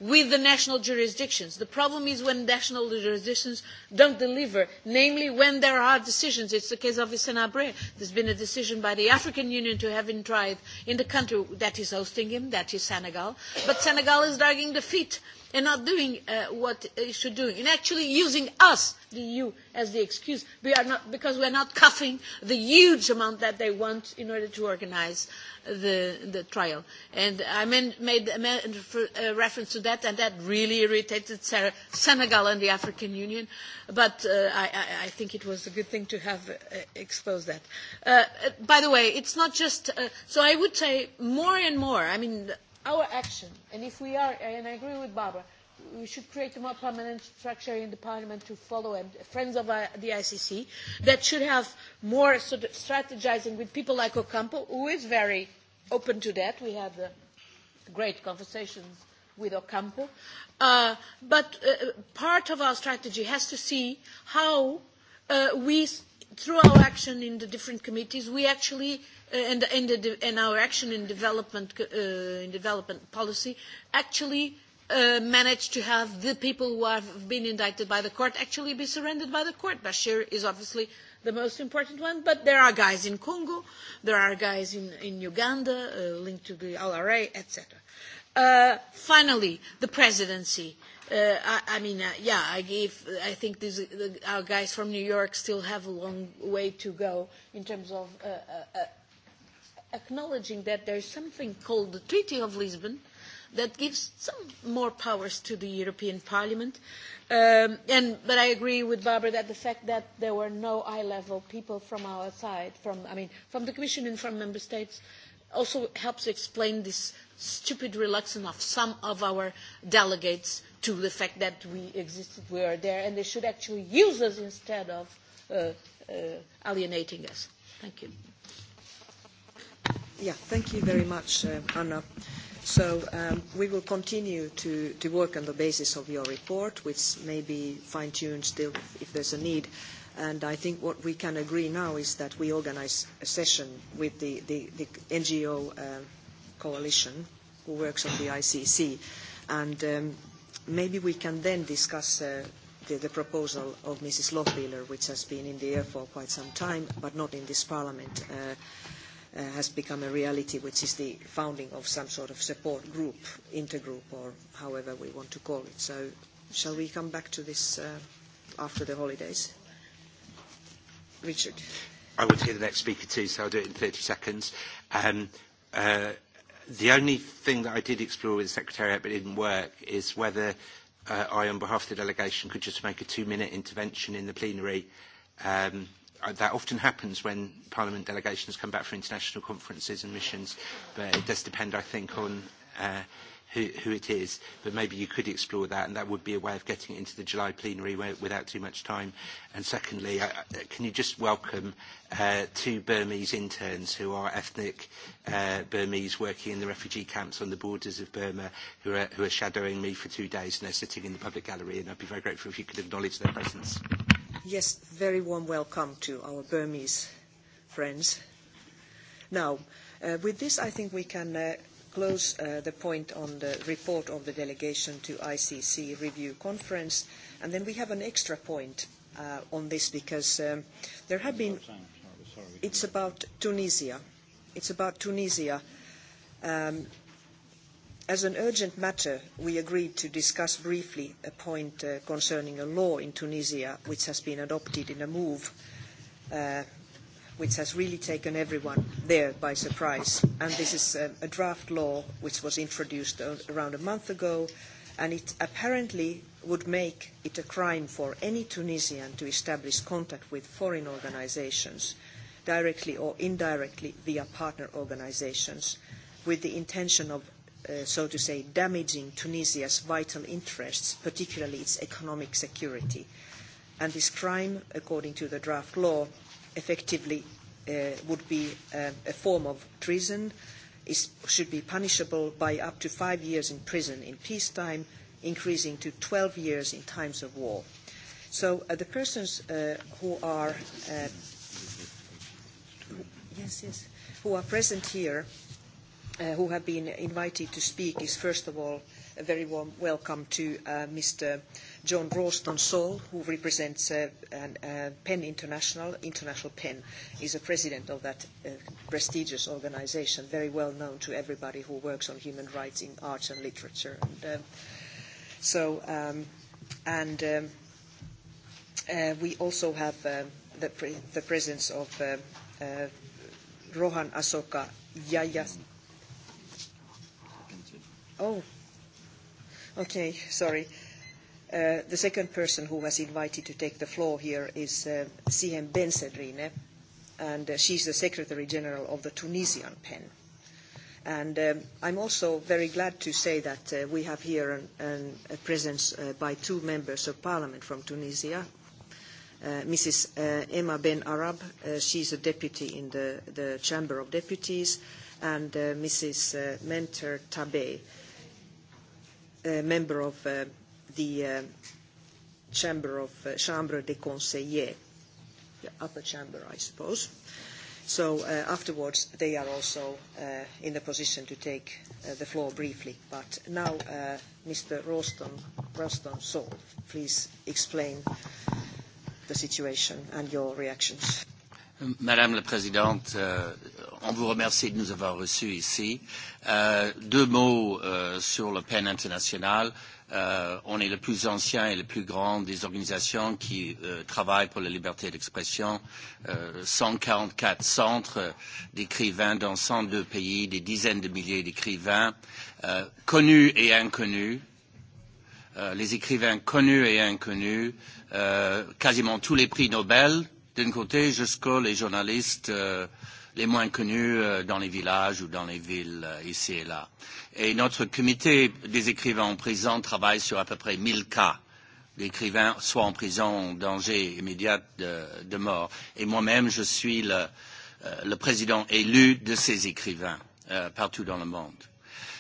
with the national jurisdictions. The problem is when national jurisdictions do not deliver, namely when there are decisions. it's the case of There has been a decision by the African Union to have him tried in the country that is hosting him, that is Senegal. But Senegal is dragging the feet and not doing what they should do, and actually using us, the EU, as the excuse we are not, because we are not coughing the huge amount that they want in order to organise the, the trial. And I made a reference to that, and that really irritated Sarah, Senegal and the African Union, but I, I think it was a good thing to have exposed that. by the way, it's not just, so I would say more and more, I mean, our action, and if we are, and I agree with Barbara, we should create a more permanent structure in the parliament to follow and friends of the ICC that should have more sort of strategizing with people like Ocampo, who is very open to that. We had uh, great conversations with Ocampo. Uh, but uh, part of our strategy has to see how uh, we, through our action in the different committees, we actually and in, the, in our action in development, uh, in development policy actually uh, managed to have the people who have been indicted by the court actually be surrendered by the court. Bashir is obviously the most important one, but there are guys in Congo, there are guys in, in Uganda uh, linked to the LRA, etc. Uh, finally, the presidency. Uh, I, I mean, uh, yeah, I give. I think these, the, our guys from New York still have a long way to go in terms of uh, uh, acknowledging that there is something called the Treaty of Lisbon that gives some more powers to the European Parliament. and, but I agree with Barbara that the fact that there were no high-level people from our side, from, I mean, from the Commission and from Member States, also helps explain this stupid reluctance of some of our delegates to the fact that we existed, we are there, and they should actually use us instead of alienating us. Thank you. Yeah, thank you very much, Anna. So we will continue to, to work on the basis of your report, which may be fine-tuned still if there's a need. And I think what we can agree now is that we organise a session with the, the, the NGO uh, coalition who works on the ICC. And um, maybe we can then discuss uh, the, the proposal of Mrs. Lochbihler, which has been in the air for quite some time, but not in this parliament. Uh, has become a reality, which is the founding of some sort of support group, intergroup, or however we want to call it. So shall we come back to this after the holidays? Richard. I would hear the next speaker too, so I'll do it in 30 seconds. Um, uh, the only thing that I did explore with the Secretariat but it didn't work is whether uh, I, on behalf of the delegation, could just make a two-minute intervention in the plenary um, that often happens when Parliament delegations come back from international conferences and missions, but it does depend, I think, on uh, who, who it is. But maybe you could explore that, and that would be a way of getting it into the July plenary without too much time. And secondly, uh, can you just welcome uh, two Burmese interns who are ethnic uh, Burmese working in the refugee camps on the borders of Burma, who are, who are shadowing me for two days, and they're sitting in the public gallery, and I'd be very grateful if you could acknowledge their presence. Thank you. Yes, very warm welcome to our Burmese friends. Now, with this, I think we can close the point on the report of the delegation to ICC review conference. And then we have an extra point on this because there have been. It's about Tunisia. It's about Tunisia. As an urgent matter, we agreed to discuss briefly a point concerning a law in Tunisia which has been adopted in a move which has really taken everyone there by surprise. And this is a draft law which was introduced around a month ago, and it apparently would make it a crime for any Tunisian to establish contact with foreign organisations, directly or indirectly via partner organisations, with the intention of so to say, damaging Tunisia's vital interests, particularly its economic security. And this crime, according to the draft law, effectively would be a form of treason, is, should be punishable by up to five years in prison in peacetime, increasing to twelve years in times of war. So the persons who are yes, yes, who are present here who have been invited to speak is, first of all, a very warm welcome to Mr. John rawston Saul, who represents PEN International. International PEN is the president of that prestigious organisation, very well known to everybody who works on human rights in arts and literature. And we also have the presence of Rohan Asoka Yayas Oh, okay, sorry. Uh, the second person who was invited to take the floor here is uh, CM Ben Sedrine, and uh, she's the Secretary General of the Tunisian PEN. And um, I'm also very glad to say that uh, we have here an, an, a presence uh, by two members of parliament from Tunisia, uh Mrs. uh Emma Ben Arab, uh, she's a deputy in the, the Chamber of Deputies, and uh Mrs. Mentor Tabe member of the Chamber of Chambre des Conseillers, the upper chamber, I suppose. So afterwards, they are also in the position to take the floor briefly. But now, Mr. Roston Saul, please explain the situation and your reactions. Madame la Présidente, on vous remercie de nous avoir reçus ici. deux mots sur le PEN international. on est le plus ancien et le plus grand des organisations qui travaillent pour la liberté d'expression. cent quarante quatre centres d'écrivains dans cent deux pays, des dizaines de milliers d'écrivains, connus et inconnus, les écrivains connus et inconnus, quasiment tous les prix Nobel, D'un côté, jusqu'à les journalistes les moins connus dans les villages ou dans les villes ici et là. Et notre comité des écrivains en prison travaille sur à peu près 1000 cas d'écrivains, soit en prison, en danger immédiat de, de mort. Et moi-même, je suis le, le président élu de ces écrivains euh, partout dans le monde.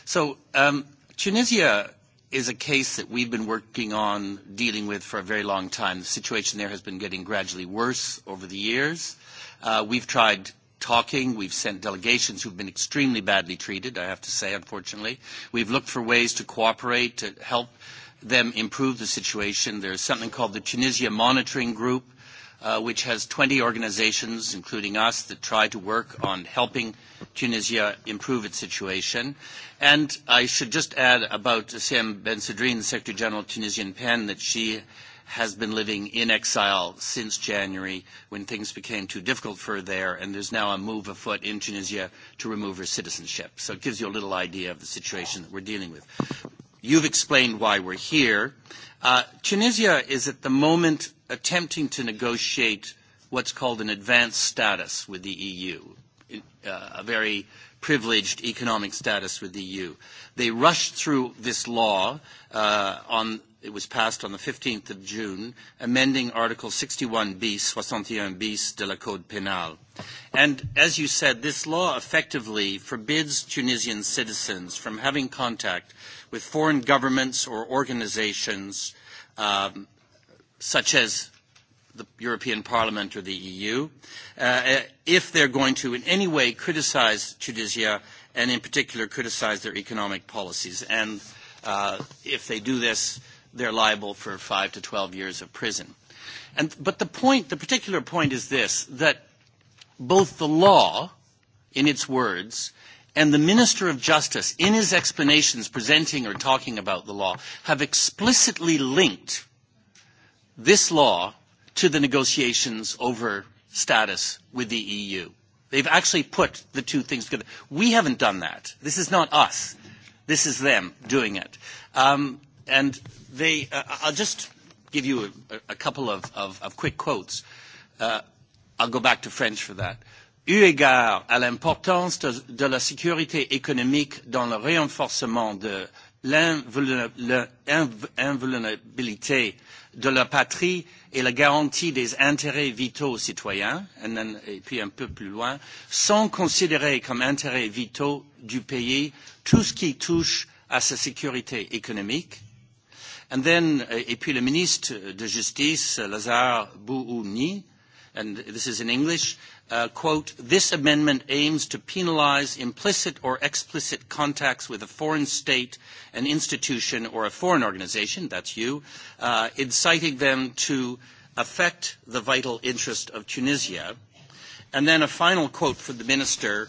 So, um, Tunisia is a case that we've been working on dealing with for a very long time. The situation there has been getting gradually worse over the years. Uh, we've tried talking. We've sent delegations who've been extremely badly treated, I have to say, unfortunately. We've looked for ways to cooperate, to help them improve the situation. There's something called the Tunisia Monitoring Group, which has 20 organizations, including us, that try to work on helping Tunisia improve its situation. And I should just add about Sam Ben Sedrine, the Secretary General of Tunisian PEN, that she has been living in exile since January when things became too difficult for her there, and there's now a move afoot in Tunisia to remove her citizenship. So it gives you a little idea of the situation that we're dealing with. You've explained why we're here. Uh, Tunisia is at the moment attempting to negotiate what's called an advanced status with the EU, uh, a very privileged economic status with the EU. They rushed through this law uh, on it was passed on the 15th of June, amending Article 61 bis, 61 bis de la Code Penal. And as you said, this law effectively forbids Tunisian citizens from having contact with foreign governments or organizations um, such as the European Parliament or the EU, uh, if they're going to in any way criticize Tunisia and in particular criticize their economic policies. And uh, if they do this, they're liable for five to 12 years of prison. And, but the point, the particular point is this, that both the law, in its words, and the Minister of Justice, in his explanations presenting or talking about the law, have explicitly linked this law to the negotiations over status with the EU. They've actually put the two things together. We haven't done that. This is not us. This is them doing it. Um, and they, uh, I'll just give you a, a couple of, of, of quick quotes. Uh, I'll go back to French for that. Uh, eu égard à l'importance de, la sécurité économique dans le renforcement de l'invulnérabilité de la patrie et la garantie des intérêts vitaux citoyens, et puis un peu plus loin, sont considérés comme intérêts vitaux du pays tout ce qui touche à sa sécurité économique. et puis le ministre de Justice, Lazare Bouhouni, and this is in English, quote, this amendment aims to penalize implicit or explicit contacts with a foreign state, an institution, or a foreign organization, that's you, inciting them to affect the vital interest of Tunisia. And then a final quote from the minister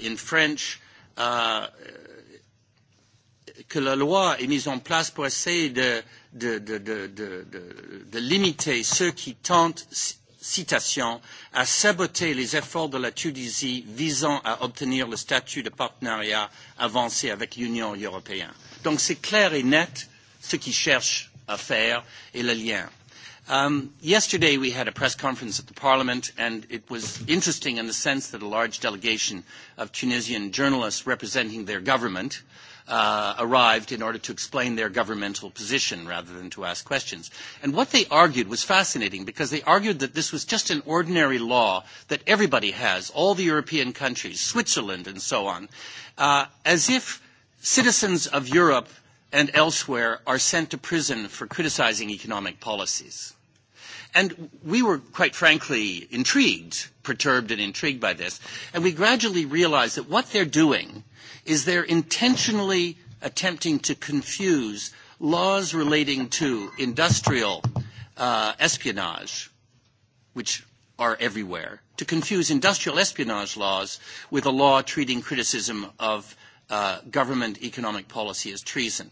in French, que la loi est mise en place pour essayer de, de, de, de, de, de limiter ceux qui tentent citation, a saboté les efforts de la Tunisie visant à obtenir le statut de partenariat avancé avec l'Union européenne. Donc c'est clair et net ce qu'ils cherchent à faire et le lien. Um, yesterday we had a press conference at the Parliament and it was interesting in the sense that a large delegation of Tunisian journalists representing their government uh, arrived in order to explain their governmental position rather than to ask questions. And what they argued was fascinating because they argued that this was just an ordinary law that everybody has, all the European countries, Switzerland and so on, uh, as if citizens of Europe and elsewhere are sent to prison for criticizing economic policies. And we were quite frankly intrigued perturbed and intrigued by this. And we gradually realize that what they're doing is they're intentionally attempting to confuse laws relating to industrial uh, espionage, which are everywhere, to confuse industrial espionage laws with a law treating criticism of uh, government economic policy as treason.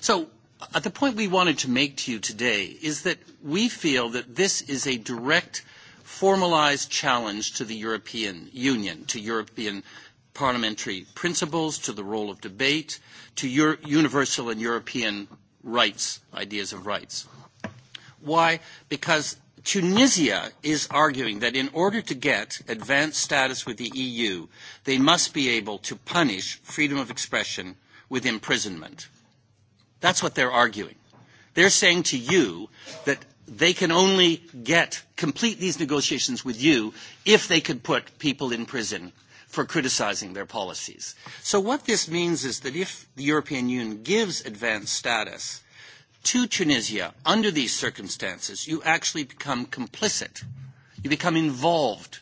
So uh, the point we wanted to make to you today is that we feel that this is a direct – formalized challenge to the European Union, to European parliamentary principles, to the role of debate, to Euro- universal and European rights, ideas of rights. Why? Because Tunisia is arguing that in order to get advanced status with the EU, they must be able to punish freedom of expression with imprisonment. That's what they're arguing. They're saying to you that they can only get complete these negotiations with you if they could put people in prison for criticizing their policies. So what this means is that if the European Union gives advanced status to Tunisia under these circumstances, you actually become complicit. You become involved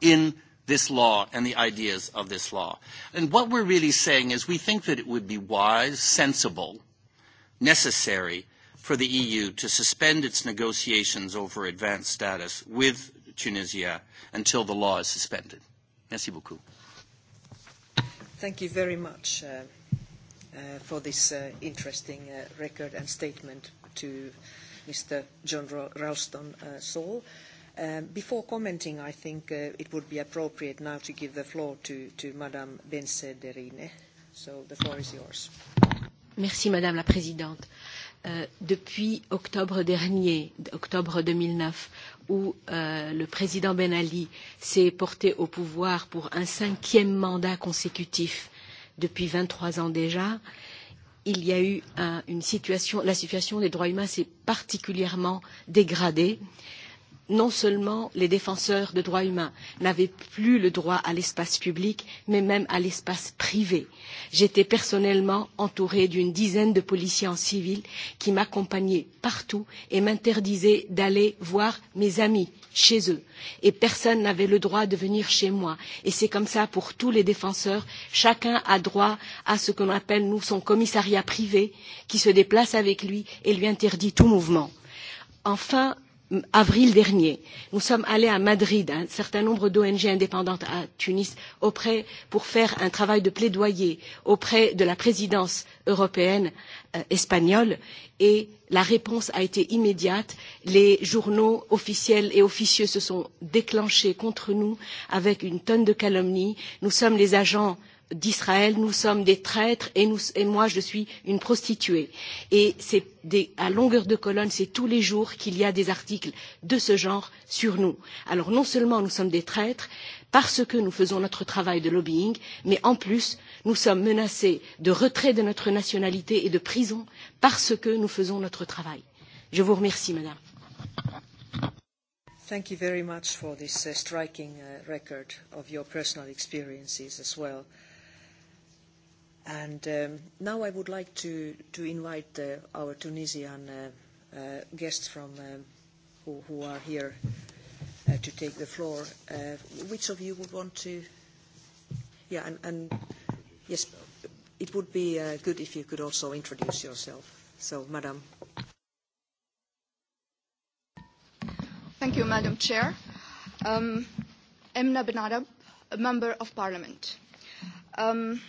in this law and the ideas of this law. And what we're really saying is we think that it would be wise, sensible, necessary for the EU to suspend its negotiations over advanced status with Tunisia until the law is suspended. Merci beaucoup. Thank you very much uh, uh, for this uh, interesting uh, record and statement to Mr. John Ralston uh, Saul. Um, before commenting, I think uh, it would be appropriate now to give the floor to, to Madame Benzederine. Derine. So the floor is yours. Merci, Madame la Présidente depuis octobre dernier, octobre deux mille neuf, où le président Ben Ali s'est porté au pouvoir pour un cinquième mandat consécutif depuis vingt trois ans déjà, il y a eu une situation, la situation des droits humains s'est particulièrement dégradée. Euh, non seulement les défenseurs de droits humains n'avaient plus le droit à l'espace public, mais même à l'espace privé. J'étais personnellement entourée d'une dizaine de policiers en civil qui m'accompagnaient partout et m'interdisaient d'aller voir mes amis chez eux. Et personne n'avait le droit de venir chez moi. Et c'est comme cela pour tous les défenseurs. Chacun a droit à ce qu'on appelle, nous, son commissariat privé, qui se déplace avec lui et lui interdit tout mouvement. Enfin, avril dernier. Nous sommes allés à Madrid, un certain nombre d'ONG indépendantes à Tunis, pour faire un travail de plaidoyer auprès de la présidence européenne espagnole et la réponse a été immédiate. Les journaux officiels et officieux se sont déclenchés contre nous avec une tonne de calomnies. Nous sommes les agents d'Israël, nous sommes des traîtres et, moi je suis une prostituée. Et c'est à longueur de colonne, c'est tous les jours qu'il y a des articles de ce genre sur nous. Alors non seulement nous sommes des traîtres parce que nous faisons notre travail de lobbying, mais en plus nous sommes menacés de retrait de notre nationalité et de prison parce que nous faisons notre travail. Je vous remercie, madame. Thank you very much for this striking record of your personal experiences as well And now I would like to, to invite our Tunisian guests from who, who are here to take the floor. which of you would want to? Yeah, and, and yes, it would be good if you could also introduce yourself. So, Madam. Thank you, Madam Chair. Um, Ben Benadab, a Member of Parliament. Um,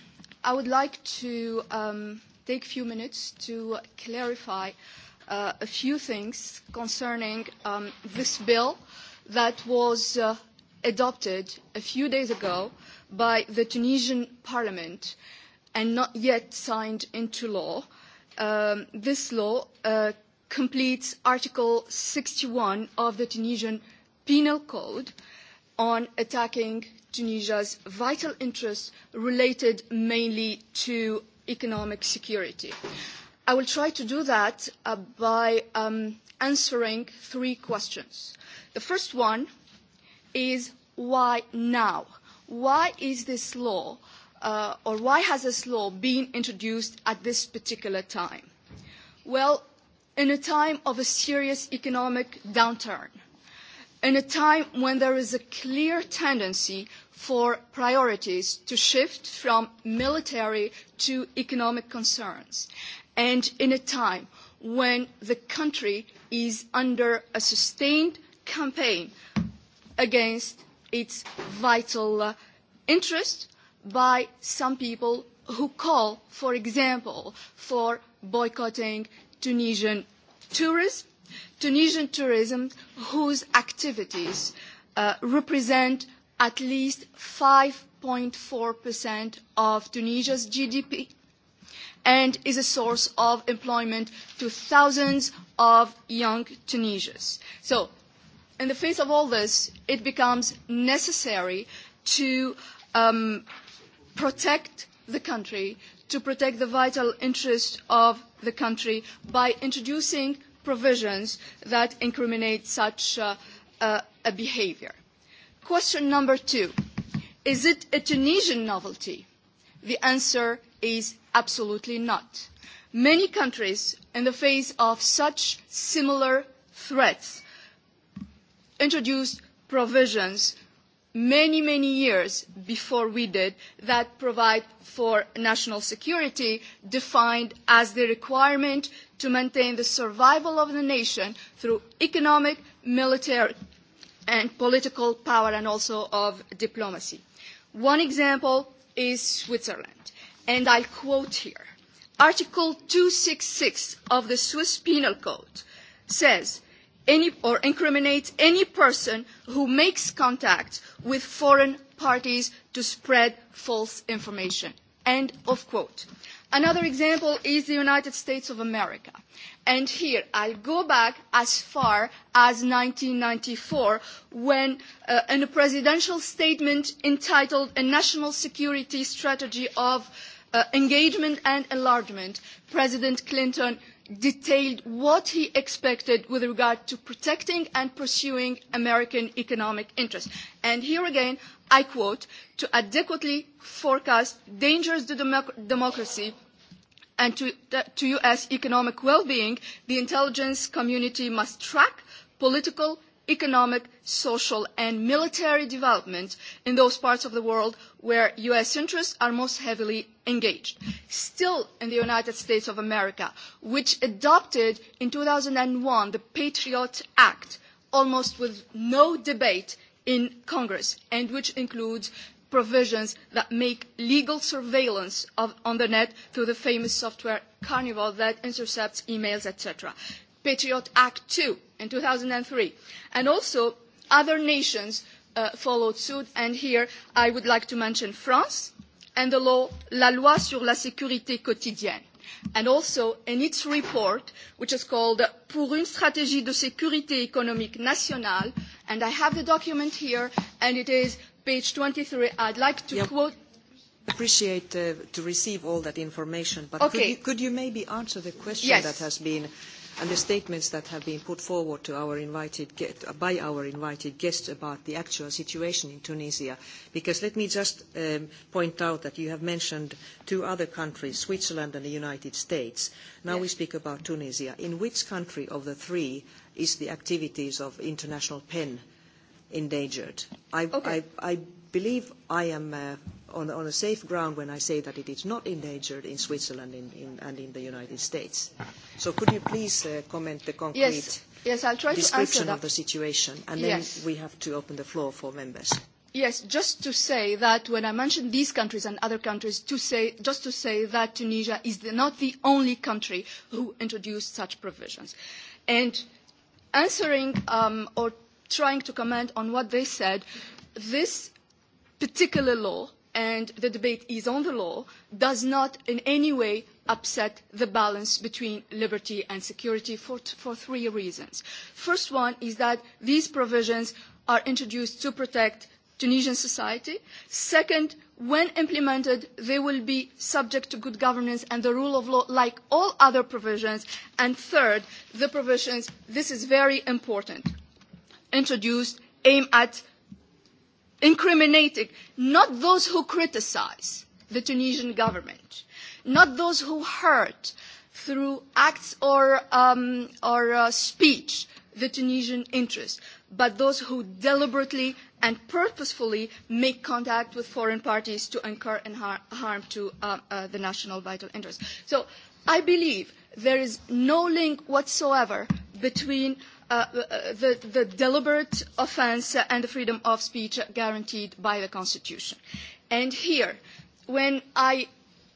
I would like to um, take a few minutes to clarify uh, a few things concerning um, this bill that was uh, adopted a few days ago by the Tunisian parliament and not yet signed into law. Um, this law uh, completes Article 61 of the Tunisian Penal Code on attacking Tunisia's vital interests related mainly to economic security. I will try to do that by answering three questions. The first one is why now? Why is this law, or why has this law been introduced at this particular time? Well, in a time of a serious economic downturn, in a time when there is a clear tendency for priorities to shift from military to economic concerns, and in a time when the country is under a sustained campaign against its vital interests by some people who call, for example, for boycotting Tunisian tourism Tunisian tourism, whose activities represent at least 5.4% of Tunisia's GDP and is a source of employment to thousands of young Tunisians. So, in the face of all this, it becomes necessary to protect the country, to protect the vital interests of the country by introducing provisions that incriminate such a behaviour. Question number two, is it a Tunisian novelty? The answer is absolutely not. Many countries, in the face of such similar threats, introduced provisions many, many years before we did that provide for national security defined as the requirement to maintain the survival of the nation through economic, military, and political power, and also of diplomacy. One example is Switzerland, and I'll quote here. Article two hundred and sixty six of the Swiss Penal Code says, any, or incriminates any person who makes contact with foreign parties to spread false information. End of quote. Another example is the United States of America. And here, I'll go back as far as ninety four, when in a presidential statement entitled A National Security Strategy of Engagement and Enlargement, President Clinton detailed what he expected with regard to protecting and pursuing American economic interests. And here again, I quote, to adequately forecast dangers to democracy and to, to U.S. economic well-being, the intelligence community must track political economic, social and military development in those parts of the world where US interests are most heavily engaged. Still in the United States of America, which adopted in two thousand one the Patriot Act almost with no debate in Congress and which includes provisions that make legal surveillance on the net through the famous software Carnival that intercepts emails, etc. Patriot Act II in two thousand and three, And also other nations followed suit, and here I would like to mention France and the law La Loi sur la sécurité quotidienne. And also in its report, which is called Pour une stratégie de sécurité économique nationale, and I have the document here, and it is page twenty three. I would like to quote appreciate to receive all that information, but could, you, maybe answer the question that has been and the statements that have been put forward to our invited by our invited guests about the actual situation in Tunisia. Because let me just point out that you have mentioned two other countries, Switzerland and the United States. Now we speak about Tunisia. In which country of the three is the activities of international PEN endangered? I, believe I am on, on a safe ground when I say that it is not endangered in Switzerland in, in, and in the United States. So could you please uh, comment the concrete yes. Yes, I'll try description to answer of the situation, and then yes. we have to open the floor for members. Yes, just to say that when I mention these countries and other countries, to say, just to say that Tunisia is the, not the only country who introduced such provisions. And answering um, or trying to comment on what they said, this particular law and the debate is on the law does not in any way upset the balance between liberty and security for, three reasons. The First one is that these provisions are introduced to protect Tunisian society. Second, when implemented, they will be subject to good governance and the rule of law like all other provisions. And third, the provisions, this is very important, introduced aim at incriminating not those who criticise the Tunisian government, not those who hurt through acts or, um, or uh, speech the Tunisian interest, but those who deliberately and purposefully make contact with foreign parties to incur har- harm to uh, uh, the national vital interest. So I believe there is no link whatsoever between the, the deliberate offence and the freedom of speech guaranteed by the Constitution. And here, when I,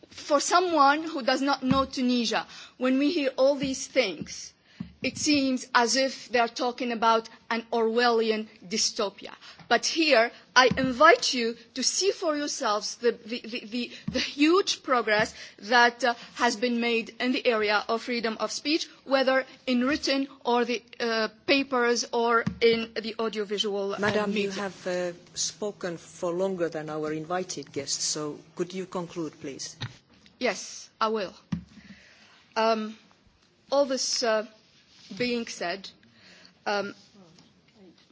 for someone who does not know Tunisia, when we hear all these things, it seems as if they are talking about an Orwellian dystopia. But here, I invite you to see for yourselves the, the, the, the, the huge progress that uh, has been made in the area of freedom of speech, whether in written or the uh, papers or in the audiovisual Madam, media. you have uh, spoken for longer than our invited guests, so could you conclude, please? Yes, I will. Um, all this... Uh, being said, um,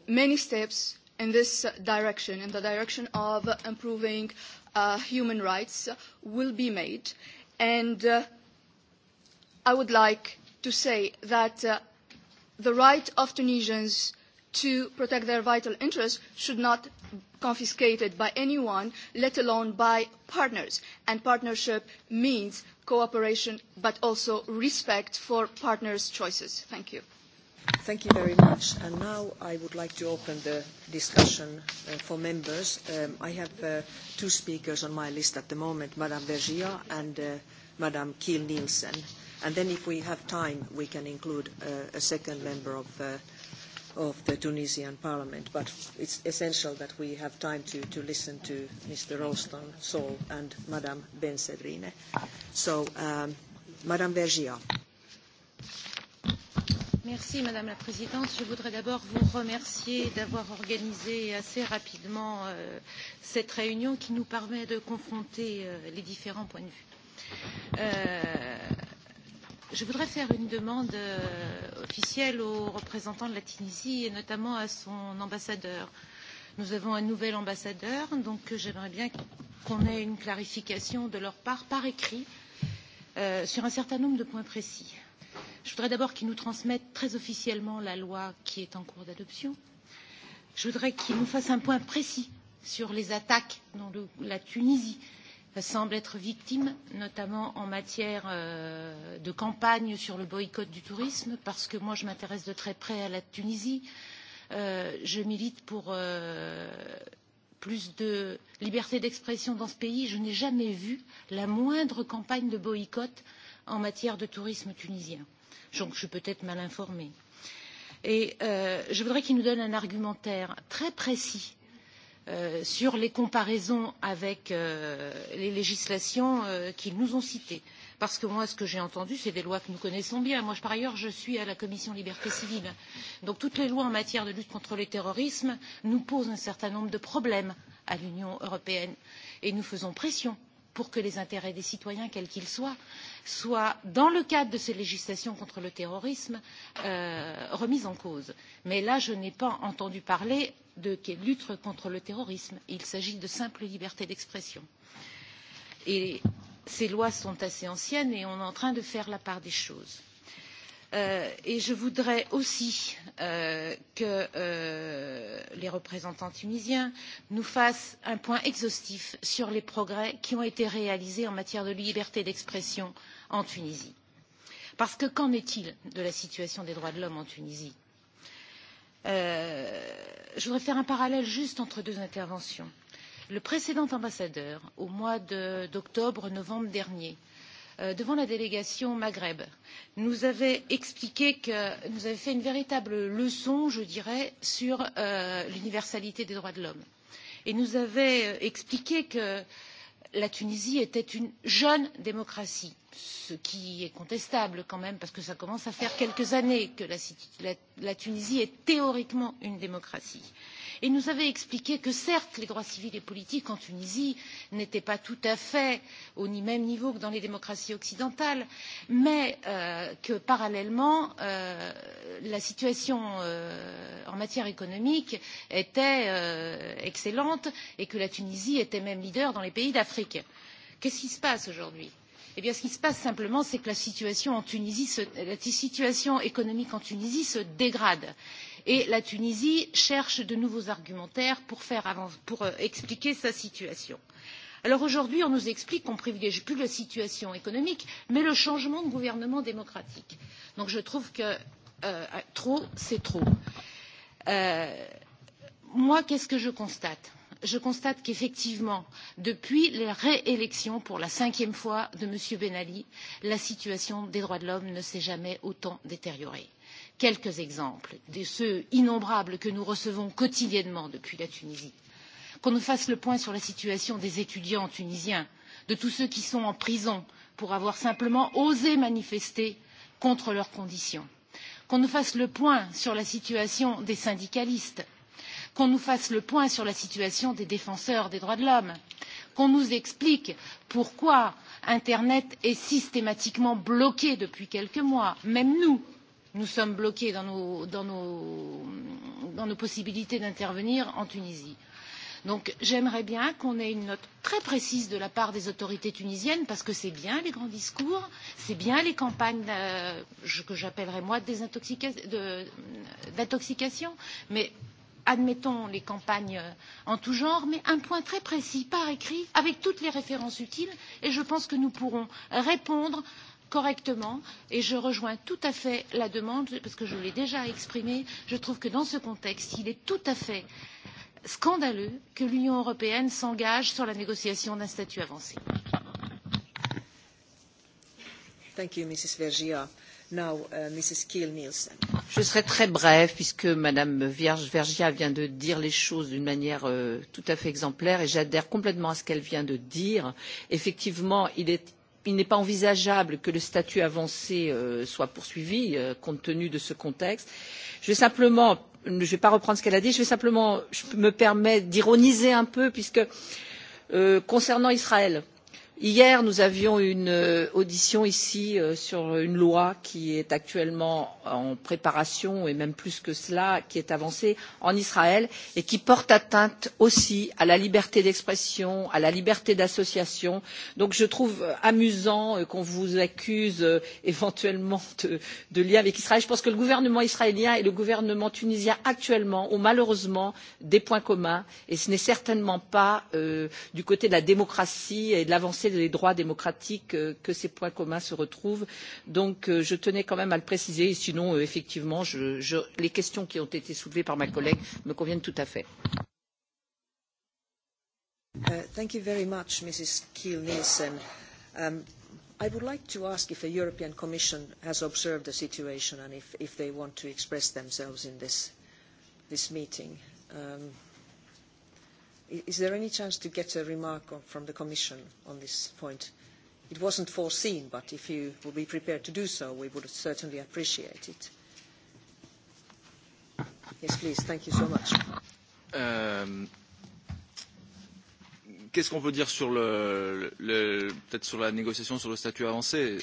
many steps in this direction, in the direction of improving uh, human rights, will be made. And uh, I would like to say that uh, the right of Tunisians to protect their vital interests should not be confiscated by anyone, let alone by partners. And partnership means cooperation, but also respect for partners' choices. Thank you. Thank you very much. And now I would like to open the discussion for members. I have two speakers on my list at the moment, Madame Vergia and Madame Kiel Nielsen. And then if we have time, we can include a second member of of the Tunisian parliament, but it's essential that we have time to, to listen to Mr. Rolston, Sol, and Madame Ben Sedrine. So, um, Madame Vergia. Merci Madame la Présidente. Je voudrais d'abord vous remercier d'avoir organisé assez rapidement cette réunion qui nous permet de confronter les différents points de vue Je voudrais faire une demande officielle aux représentants de la Tunisie et notamment à son ambassadeur. Nous avons un nouvel ambassadeur, donc j'aimerais bien qu'on ait une clarification de leur part par écrit sur un certain nombre de points précis. Je voudrais d'abord qu'ils nous transmettent très officiellement la loi qui est en cours d'adoption. Je voudrais qu'ils nous fassent un point précis sur les attaques dont la Tunisie euh, semble être victime, notamment en matière de campagne sur le boycott du tourisme, parce que moi je m'intéresse de très près à la Tunisie. je milite pour plus de liberté d'expression dans ce pays. Je n'ai jamais vu la moindre campagne de boycott en matière de tourisme tunisien. Donc je suis peut-être mal informée. Et je voudrais qu'il nous donne un argumentaire très précis sur les comparaisons avec les législations qu'ils nous ont citées. Parce que moi, ce que j'ai entendu, c'est des lois que nous connaissons bien. Moi, par ailleurs, je suis à la commission libertés civiles. Donc, toutes les lois en matière de lutte contre le terrorisme nous posent un certain nombre de problèmes à l'Union européenne. Et nous faisons pression pour que les intérêts des citoyens, quels qu'ils soient, soient, dans le cadre de ces législations contre le terrorisme, remis en cause. Mais là, je n'ai pas entendu parler de lutte contre le terrorisme. Il s'agit de simple liberté d'expression. Et ces lois sont assez anciennes et on est en train de faire la part des choses. et je voudrais aussi que les représentants tunisiens nous fassent un point exhaustif sur les progrès qui ont été réalisés en matière de liberté d'expression en Tunisie. Parce que qu'en est-il de la situation des droits de l'homme en Tunisie je voudrais faire un parallèle juste entre deux interventions. Le précédent ambassadeur, au mois d'octobre-novembre dernier, devant la délégation Maghreb, nous avait expliqué que nous avait fait une véritable leçon, je dirais, sur l'universalité des droits de l'homme. Et nous avait expliqué que la Tunisie était une jeune démocratie, ce qui est contestable quand même, parce que cela commence à faire quelques années que la, Tunisie est théoriquement une démocratie et nous avait expliqué que certes les droits civils et politiques en Tunisie n'étaient pas tout à fait au même niveau que dans les démocraties occidentales, mais que parallèlement la situation en matière économique était excellente et que la Tunisie était même leader dans les pays d'Afrique. Qu'est-ce qui se passe aujourd'hui Eh bien, ce qui se passe simplement, c'est que la situation économique en Tunisie se dégrade et la Tunisie cherche de nouveaux argumentaires pour, expliquer sa situation. Alors aujourd'hui, on nous explique qu'on ne privilégie plus la situation économique, mais le changement de gouvernement démocratique. Donc je trouve que trop, c'est trop. moi, qu'est-ce que je constate je constate qu'effectivement depuis la réélection pour la cinquième fois de m. ben ali la situation des droits de l'homme ne s'est jamais autant détériorée quelques exemples de ceux innombrables que nous recevons quotidiennement depuis la Tunisie, qu'on nous fasse le point sur la situation des étudiants tunisiens, de tous ceux qui sont en prison pour avoir simplement osé manifester contre leurs conditions, qu'on nous fasse le point sur la situation des syndicalistes, qu'on nous fasse le point sur la situation des défenseurs des droits de l'homme, qu'on nous explique pourquoi Internet est systématiquement bloqué depuis quelques mois. Même nous, nous sommes bloqués dans nos, possibilités d'intervenir en Tunisie. Donc j'aimerais bien qu'on ait une note très précise de la part des autorités tunisiennes, parce que c'est bien les grands discours, c'est bien les campagnes que j'appellerais moi d'intoxication, mais admettons les campagnes en tout genre, mais un point très précis par écrit, avec toutes les références utiles, et je pense que nous pourrons répondre correctement et je rejoins tout à fait la demande parce que je l'ai déjà exprimée je trouve que dans ce contexte il est tout à fait scandaleux que l'union européenne s'engage sur la négociation d'un statut avancé. je serai très brève puisque mme vergiat vient de dire les choses d'une manière tout à fait exemplaire et j'adhère complètement à ce qu'elle vient de dire. effectivement il est il n'est pas envisageable que le statut avancé soit poursuivi compte tenu de ce contexte. je vais simplement je ne vais pas reprendre ce qu'elle a dit je vais simplement je me permets d'ironiser un peu puisque concernant israël hier nous avions une audition ici sur une loi qui est actuellement en préparation et même plus que cela qui est avancée en israël et qui porte atteinte aussi à la liberté d'expression à la liberté d'association. donc je trouve amusant qu'on vous accuse éventuellement de liens avec israël. je pense que le gouvernement israélien et le gouvernement tunisien actuellement ont malheureusement des points communs et ce n'est certainement pas du côté de la démocratie et de l'avancée l'essentiel des droits démocratiques que ces points communs se retrouvent. donc je tenais quand même à le préciser et sinon effectivement les questions qui ont été soulevées par ma collègue me conviennent tout à fait. thank you very much, Mrs. Kiel Nielsen. I would like to ask if the European Commission has observed the situation and if, they want to express themselves in this, meeting. Um, Is there any chance to get a remark from the Commission on this point? It wasn't foreseen, but if you would be prepared to do so, we would certainly appreciate it. Yes, please. Thank you so much. Qu'est-ce qu'on peut dire sur le, le peut-être sur la négociation sur le statut avancé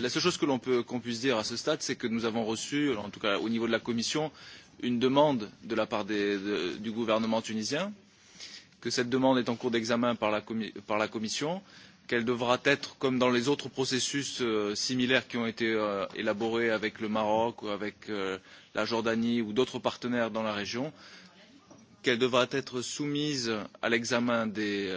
La seule chose que l'on peut qu'on puisse dire à ce stade, c'est que nous avons reçu, en tout cas au niveau de la Commission, une demande de la part des, de, du gouvernement tunisien que cette demande est en cours d'examen par la Commission, qu'elle devra être, comme dans les autres processus similaires qui ont été élaborés avec le Maroc ou avec la Jordanie ou d'autres partenaires dans la région, qu'elle devra être soumise à l'examen des,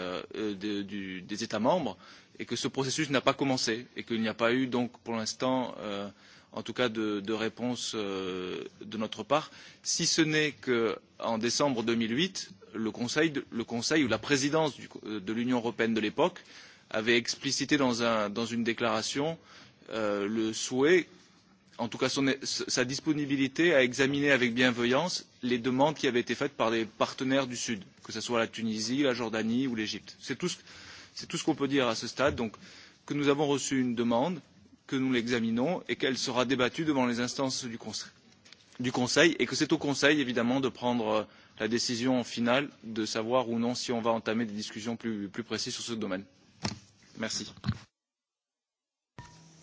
États membres et que ce processus n'a pas commencé et qu'il n'y a pas eu donc pour l'instant euh, en tout cas de, réponse de notre part, si ce n'est qu'en décembre deux mille huit, le Conseil ou la présidence de l'Union européenne de l'époque avait explicité dans, une déclaration le souhait, en tout cas sa disponibilité à examiner avec bienveillance les demandes qui avaient été faites par les partenaires du Sud, que ce soit la Tunisie, la Jordanie ou l'Égypte. C'est tout ce, qu'on peut dire à ce stade. que nous avons reçu une demande, que nous l'examinons et qu'elle sera débattue devant les instances du Conseil et que c'est au Conseil, évidemment, de prendre la décision finale de savoir ou non si on va entamer des discussions plus, précises sur ce domaine. Merci.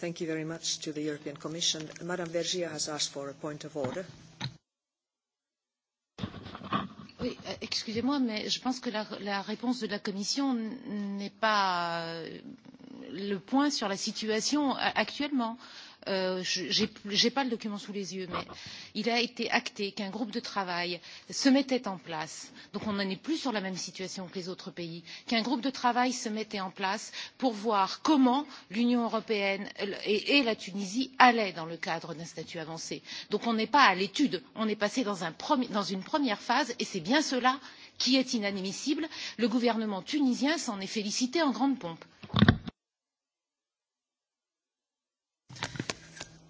Thank you very much to the European Commission. Madame has asked for a point of order. Oui, excusez-moi, mais je pense que la, la réponse de la Commission n'est pas le point sur la situation actuellement. Euh, je n'ai pas le document sous les yeux, mais il a été acté qu'un groupe de travail se mettait en place, donc on n'en est plus sur la même situation que les autres pays, qu'un groupe de travail se mettait en place pour voir comment l'Union européenne et, la Tunisie allaient dans le cadre d'un statut avancé. Donc on n'est pas à l'étude, on est passé dans, une première phase et c'est bien cela qui est inadmissible. Le gouvernement tunisien s'en est félicité en grande pompe.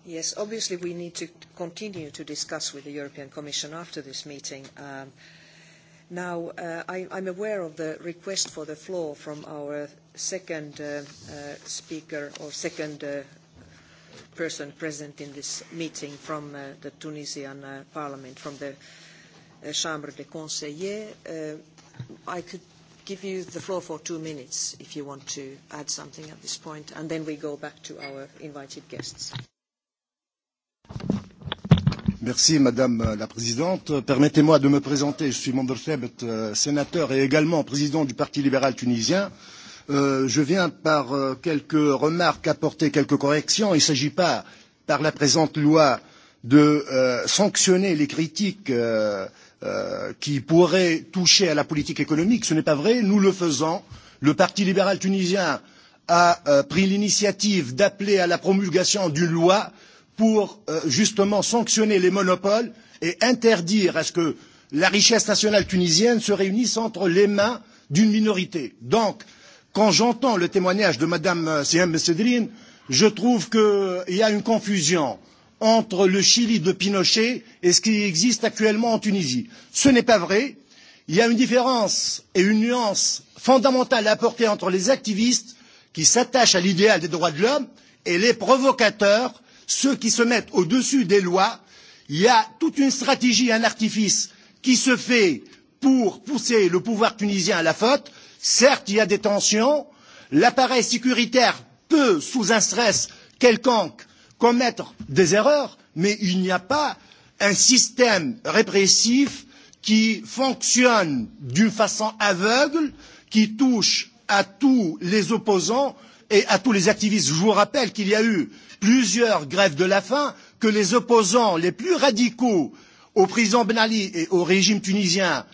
Yes, obviously we need to continue to discuss with the European Commission after this meeting. now, I, I'm aware of the request for the floor from our second speaker or second person present in this meeting from the Tunisian Parliament, from the Chambre des Conseillers. I could give you the floor for two minutes if you want to add something at this point, and then we go back to our invited guests. Merci Madame la Présidente. Permettez-moi de me présenter. Je suis Mandelfebet, sénateur et également président du Parti libéral tunisien. je viens par quelques remarques apporter quelques corrections. Il ne s'agit pas, par la présente loi, de sanctionner les critiques qui pourraient toucher à la politique économique. Ce n'est pas vrai. Nous le faisons. Le Parti libéral tunisien a pris l'initiative d'appeler à la promulgation d'une loi pour justement sanctionner les monopoles et interdire à ce que la richesse nationale tunisienne se réunisse entre les mains d'une minorité. Donc, quand j'entends le témoignage de Mme Siem Sedrine, je trouve qu'il y a une confusion entre le Chili de Pinochet et ce qui existe actuellement en Tunisie. Ce n'est pas vrai. Il y a une différence et une nuance fondamentale à apporter entre les activistes qui s'attachent à l'idéal des droits de l'homme et les provocateurs ceux qui se mettent au-dessus des lois, il y a toute une stratégie, un artifice qui se fait pour pousser le pouvoir tunisien à la faute. Certes, il y a des tensions, l'appareil sécuritaire peut, sous un stress quelconque, commettre des erreurs, mais il n'y a pas un système répressif qui fonctionne d'une façon aveugle, qui touche à tous les opposants et à tous les activistes. Je vous rappelle qu'il y a eu plusieurs grèves de la faim que les opposants les plus radicaux au président Ben Ali et au régime tunisien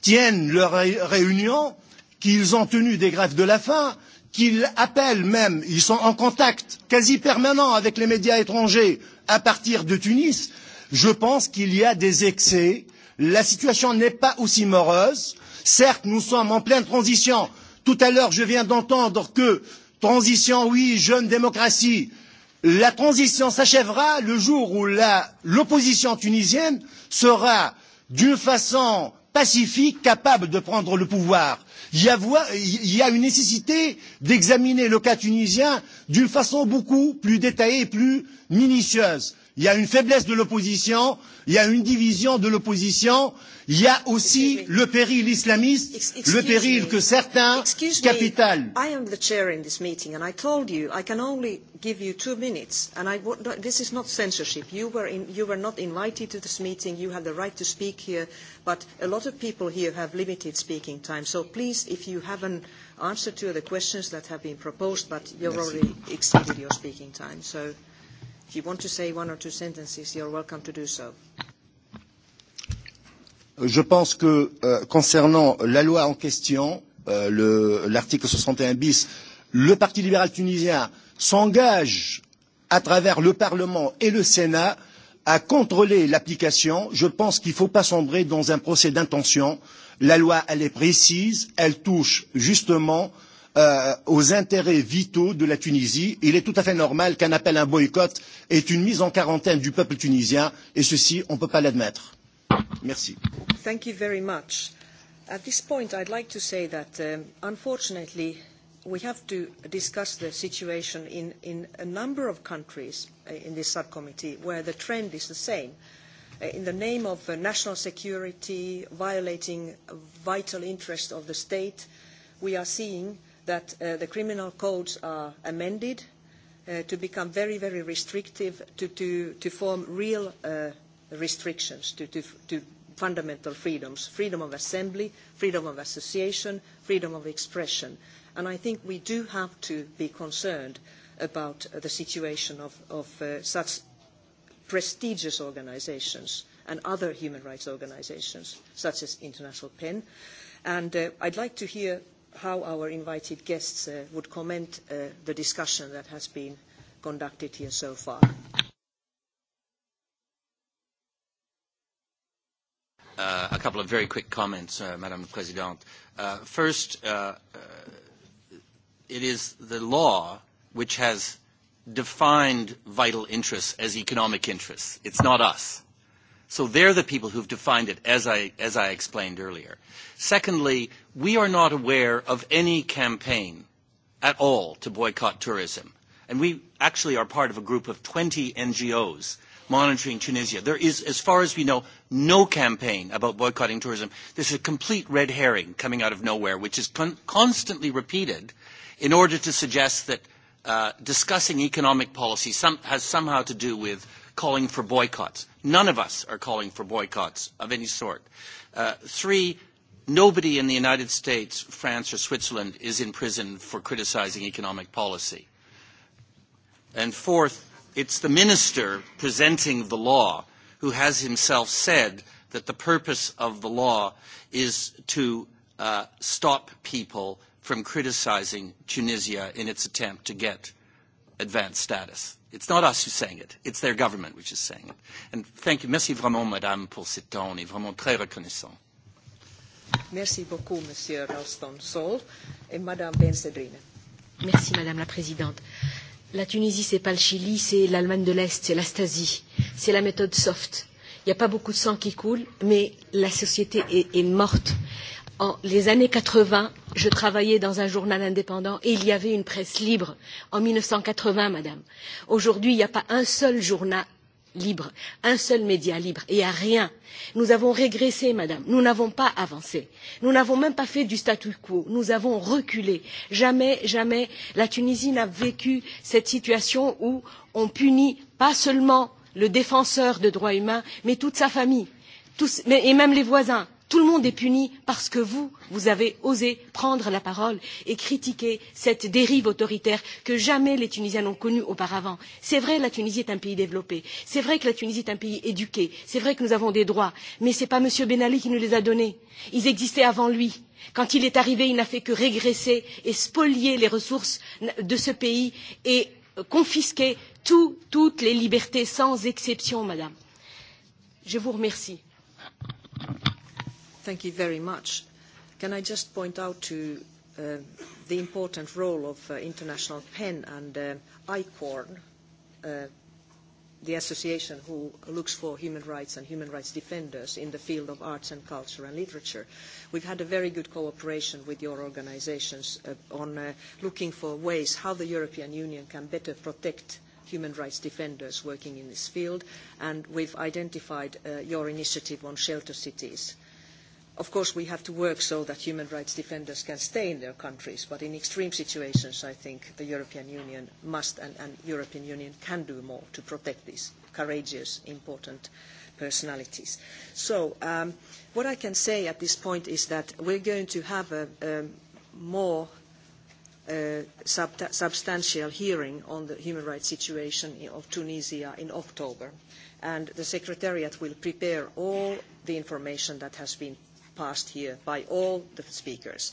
tiennent leurs réunions, qu'ils ont tenu des grèves de la faim, qu'ils appellent même, ils sont en contact quasi permanent avec les médias étrangers à partir de Tunis, je pense qu'il y a des excès. La situation n'est pas aussi morose. Certes, nous sommes en pleine transition. Tout à l'heure, je viens d'entendre que transition, oui, jeune démocratie, la transition s'achèvera le jour où l'opposition tunisienne sera d'une façon pacifique capable de prendre le pouvoir. Il y a une nécessité d'examiner le cas tunisien d'une façon beaucoup plus détaillée et plus minutieuse. Il y a une faiblesse de l'opposition, il y a une division de l'opposition, il y a aussi le péril islamiste, le péril que certains capitales. I am the chair in this meeting and I told you I can only give you two minutes and I would, this is not censorship. You were, in, you were not invited to this meeting, you have the right to speak here, but a lot of people here have limited speaking time. So please, if you have an answer to the questions that have been proposed, but you've already exceeded your speaking time. So. If you want to say one or two sentences, you're welcome to do so. Je pense que concernant la loi en question, l'article soixante et un bis, le Parti libéral tunisien s'engage à travers le Parlement et le Sénat à contrôler l'application. Je pense qu'il ne faut pas sombrer dans un procès d'intention. La loi, elle est précise, elle touche justement euh, aux intérêts vitaux de la Tunisie. Il est tout à fait normal qu'un appel à un boycott ait une mise en quarantaine du peuple tunisien, et ceci, on ne peut pas l'admettre. Merci. Thank you very much. At this point, I'd like to say that unfortunately, we have to discuss the situation in, a number of countries in this subcommittee where the trend is the same. In the name of national security, violating vital interests of the state, we are seeing that the criminal codes are amended to become very, very restrictive, to, form real restrictions to, fundamental freedoms, freedom of assembly, freedom of association, freedom of expression. And I think we do have to be concerned about the situation of, such prestigious organisations and other human rights organisations, such as International PEN. And I'd like to hear how our invited guests would comment on the discussion that has been conducted here so far. a couple of very quick comments, Madam President. First, it is the law which has defined vital interests as economic interests. It's not us So they're the people who've defined it, as I, as I explained earlier. Secondly, we are not aware of any campaign at all to boycott tourism. And we actually are part of a group of 20 NGOs monitoring Tunisia. There is, as far as we know, no campaign about boycotting tourism. There's a complete red herring coming out of nowhere, which is con- constantly repeated in order to suggest that uh, discussing economic policy some- has somehow to do with calling for boycotts None of us are calling for boycotts of any sort. Uh, three, nobody in the United States, France, or Switzerland is in prison for criticizing economic policy. And fourth, it's the minister presenting the law who has himself said that the purpose of the law is to uh, stop people from criticizing Tunisia in its attempt to get advanced status. It's not us who's saying it. It's their government which is saying it. And thank you. Merci vraiment, madame, pour ce temps. On est vraiment très reconnaissant. Merci beaucoup, monsieur Ralston Saul. Et madame Ben Sedrine. Merci, madame la présidente. La Tunisie, c'est pas le Chili, c'est l'Allemagne de l'Est, c'est l'Astasie. C'est la méthode soft. Il n'y a pas beaucoup de sang qui coule, mais la société est, est morte en les années 80, je travaillais dans un journal indépendant et il y avait une presse libre. En 1980, madame. Aujourd'hui, il n'y a pas un seul journal libre, un seul média libre, et a rien. Nous avons régressé, madame, nous n'avons pas avancé, nous n'avons même pas fait du statu quo, nous avons reculé. Jamais, jamais la Tunisie n'a vécu cette situation où on punit pas seulement le défenseur des droits humains, mais toute sa famille, et même les voisins Tout le monde est puni parce que vous, vous avez osé prendre la parole et critiquer cette dérive autoritaire que jamais les Tunisiens n'ont connue auparavant. C'est vrai, la Tunisie est un pays développé. C'est vrai que la Tunisie est un pays éduqué. C'est vrai que nous avons des droits. Mais ce n'est pas M. Ben Ali qui nous les a donnés. Ils existaient avant lui. Quand il est arrivé, il n'a fait que régresser et spolier les ressources de ce pays et confisquer toutes les libertés sans exception, madame. Je vous remercie Thank you very much. Can I just point out to the important role of International PEN and ICORN, the association who looks for human rights and human rights defenders in the field of arts and culture and literature. We've had a very good cooperation with your organisations on looking for ways how the European Union can better protect human rights defenders working in this field, and we've identified your initiative on shelter cities Of course, we have to work so that human rights defenders can stay in their countries, but in extreme situations, I think the European Union must and, and European Union can do more to protect these courageous, important personalities. So um, what I can say at this point is that we're going to have a, a more uh, substantial hearing on the human rights situation of Tunisia in October, and the Secretariat will prepare all the information that has been passed here by all the speakers.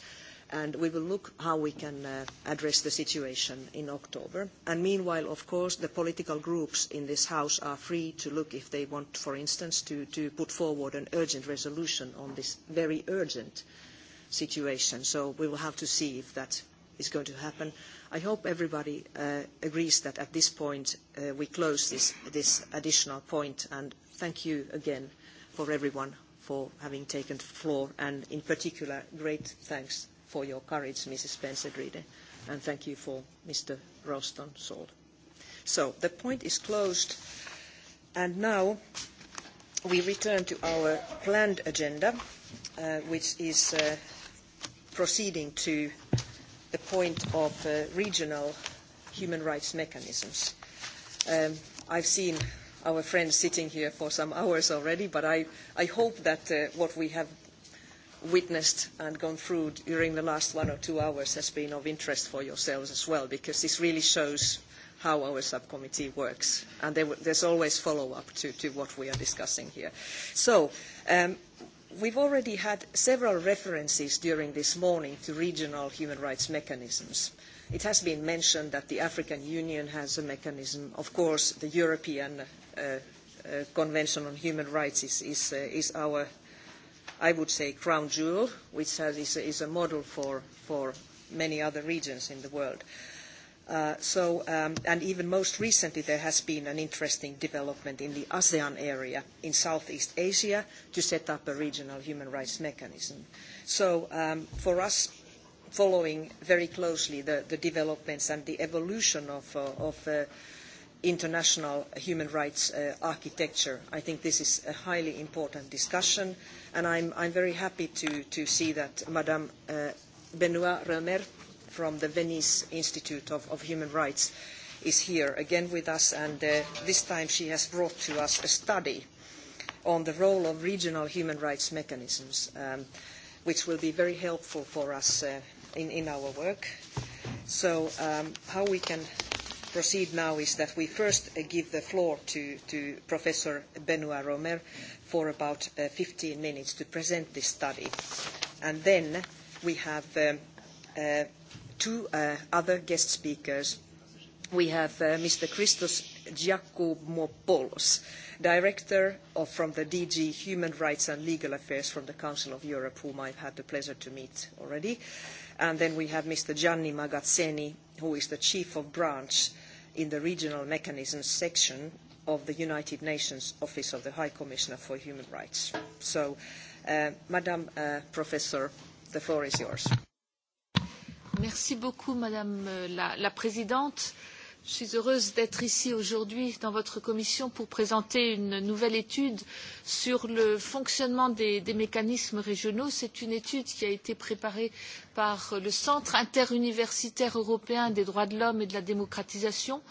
And we will look at how we can address the situation in October. And meanwhile, of course, the political groups in this House are free to look if they want, for instance, to, put forward an urgent resolution on this very urgent situation. So we will have to see if that is going to happen. I hope everybody agrees that at this point we close this, additional point and thank you again for everyone for having taken the floor, and in particular, great thanks for your courage, Mrs. Spencer-Dride, and thank you for Mr. Roston Sold. So the point is closed, and now we return to our planned agenda, which is proceeding to the point of regional human rights mechanisms. I've seen our friends sitting here for some hours already, but I, I hope that uh, what we have witnessed and gone through during the last one or two hours has been of interest for yourselves as well, because this really shows how our subcommittee works. And there, there's always follow-up to, to what we are discussing here. So um, we've already had several references during this morning to regional human rights mechanisms. Uh, It has been mentioned that the African Union has a mechanism. Of course, the European Convention on Human Rights is, our, I would say, crown jewel, which is, a model for, many other regions in the world. and even most recently, there has been an interesting development in the ASEAN area in Southeast Asia to set up a regional human rights mechanism. So for us, following very closely the, developments and the evolution of, international human rights architecture. I think this is a highly important discussion, and I'm, I'm very happy to, see that Madame Benoit Remer from the Venice Institute of, Human Rights is here again with us, and this time she has brought to us a study on the role of regional human rights mechanisms, which will be very helpful for us in, our work. So how we can proceed now is that we first give the floor to, to Professor Benoit Romer for about fifteen 15 minutes to present this study. And then we have two other guest speakers. We have Mr. Christos Giacomopoulos, Director of, from the DG Human Rights and Legal Affairs from the Council of Europe, whom I've had the pleasure to meet already. And then we have Mr. Gianni Magazzini, who is the Chief of Branch in the Regional Mechanisms section of the United Nations Office of the High Commissioner for Human Rights. So, Madam Professor, the floor is yours. Merci beaucoup, Madame la Présidente. Je suis heureuse d'être ici aujourd'hui dans votre commission pour présenter une nouvelle étude sur le fonctionnement des, mécanismes régionaux. C'est une étude qui a été préparée par le Centre interuniversitaire européen des droits de l'homme et de la démocratisation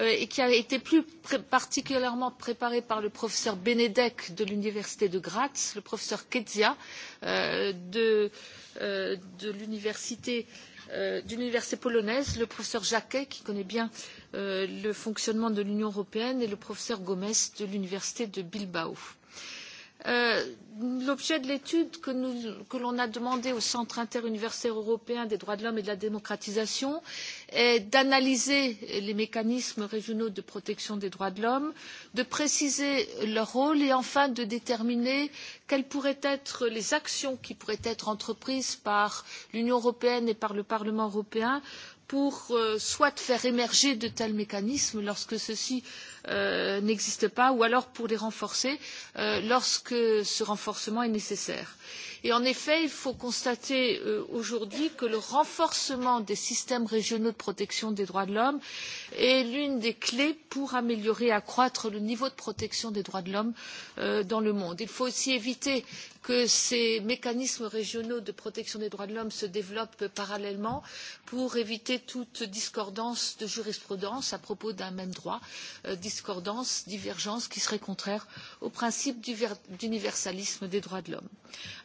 et qui a été plus particulièrement préparée par le professeur Benedek de l'université de Graz, le professeur Kezia de l'université euh, d'une université polonaise, le professeur Jacquet, qui connaît bien le fonctionnement de l'Union européenne, et le professeur Gomes de l'université de Bilbao l'objet de l'étude que, l'on a demandée au Centre interuniversitaire européen des droits de l'homme et de la démocratisation est d'analyser les mécanismes régionaux de protection des droits de l'homme, de préciser leur rôle et enfin de déterminer quelles pourraient être les actions qui pourraient être entreprises par l'Union européenne et par le Parlement européen pour soit faire émerger de tels mécanismes lorsque ceux-ci n'existent pas, ou alors pour les renforcer lorsque ce renforcement est nécessaire. Et en effet, il faut constater aujourd'hui que le renforcement des systèmes régionaux de protection des droits de l'homme est l'une des clés pour améliorer et accroître le niveau de protection des droits de l'homme dans le monde. Il faut aussi éviter que ces mécanismes régionaux de protection des droits de l'homme se développent parallèlement pour éviter toute discordance de jurisprudence à propos d'un même droit, discordance, divergence qui serait contraire au principe d'universalisme des droits de l'homme.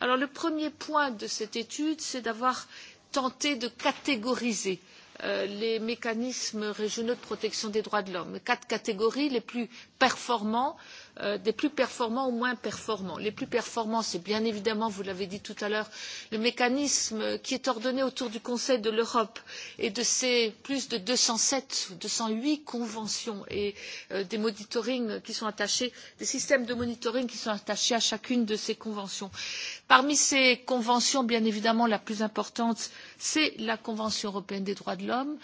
Alors le premier point de cette étude, c'est d'avoir tenté de catégoriser les mécanismes régionaux de protection des droits de l'homme. Quatre catégories les plus performants des plus performants aux moins performants. Les plus performants, c'est bien évidemment, vous l'avez dit tout à l'heure, le mécanisme qui est ordonné autour du Conseil de l'Europe et de ses plus de deux cent sept ou deux cent huit conventions et des monitoring qui sont attachés, des systèmes de monitoring qui sont attachés à chacune de ces conventions. Parmi ces conventions, bien évidemment, la plus importante, c'est la Convention européenne des droits de l'homme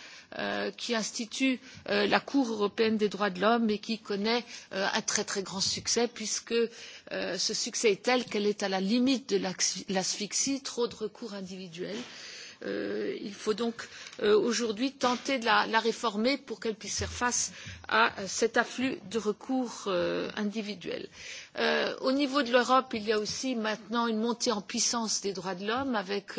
qui institue la Cour européenne des droits de l'homme et qui connaît un très très grand grand succès puisque ce succès est tel qu'elle est à la limite de l'asphyxie, trop de recours individuels. il faut donc aujourd'hui tenter de la, réformer pour qu'elle puisse faire face à cet afflux de recours individuels. au niveau de l'Europe, il y a aussi maintenant une montée en puissance des droits de l'homme avec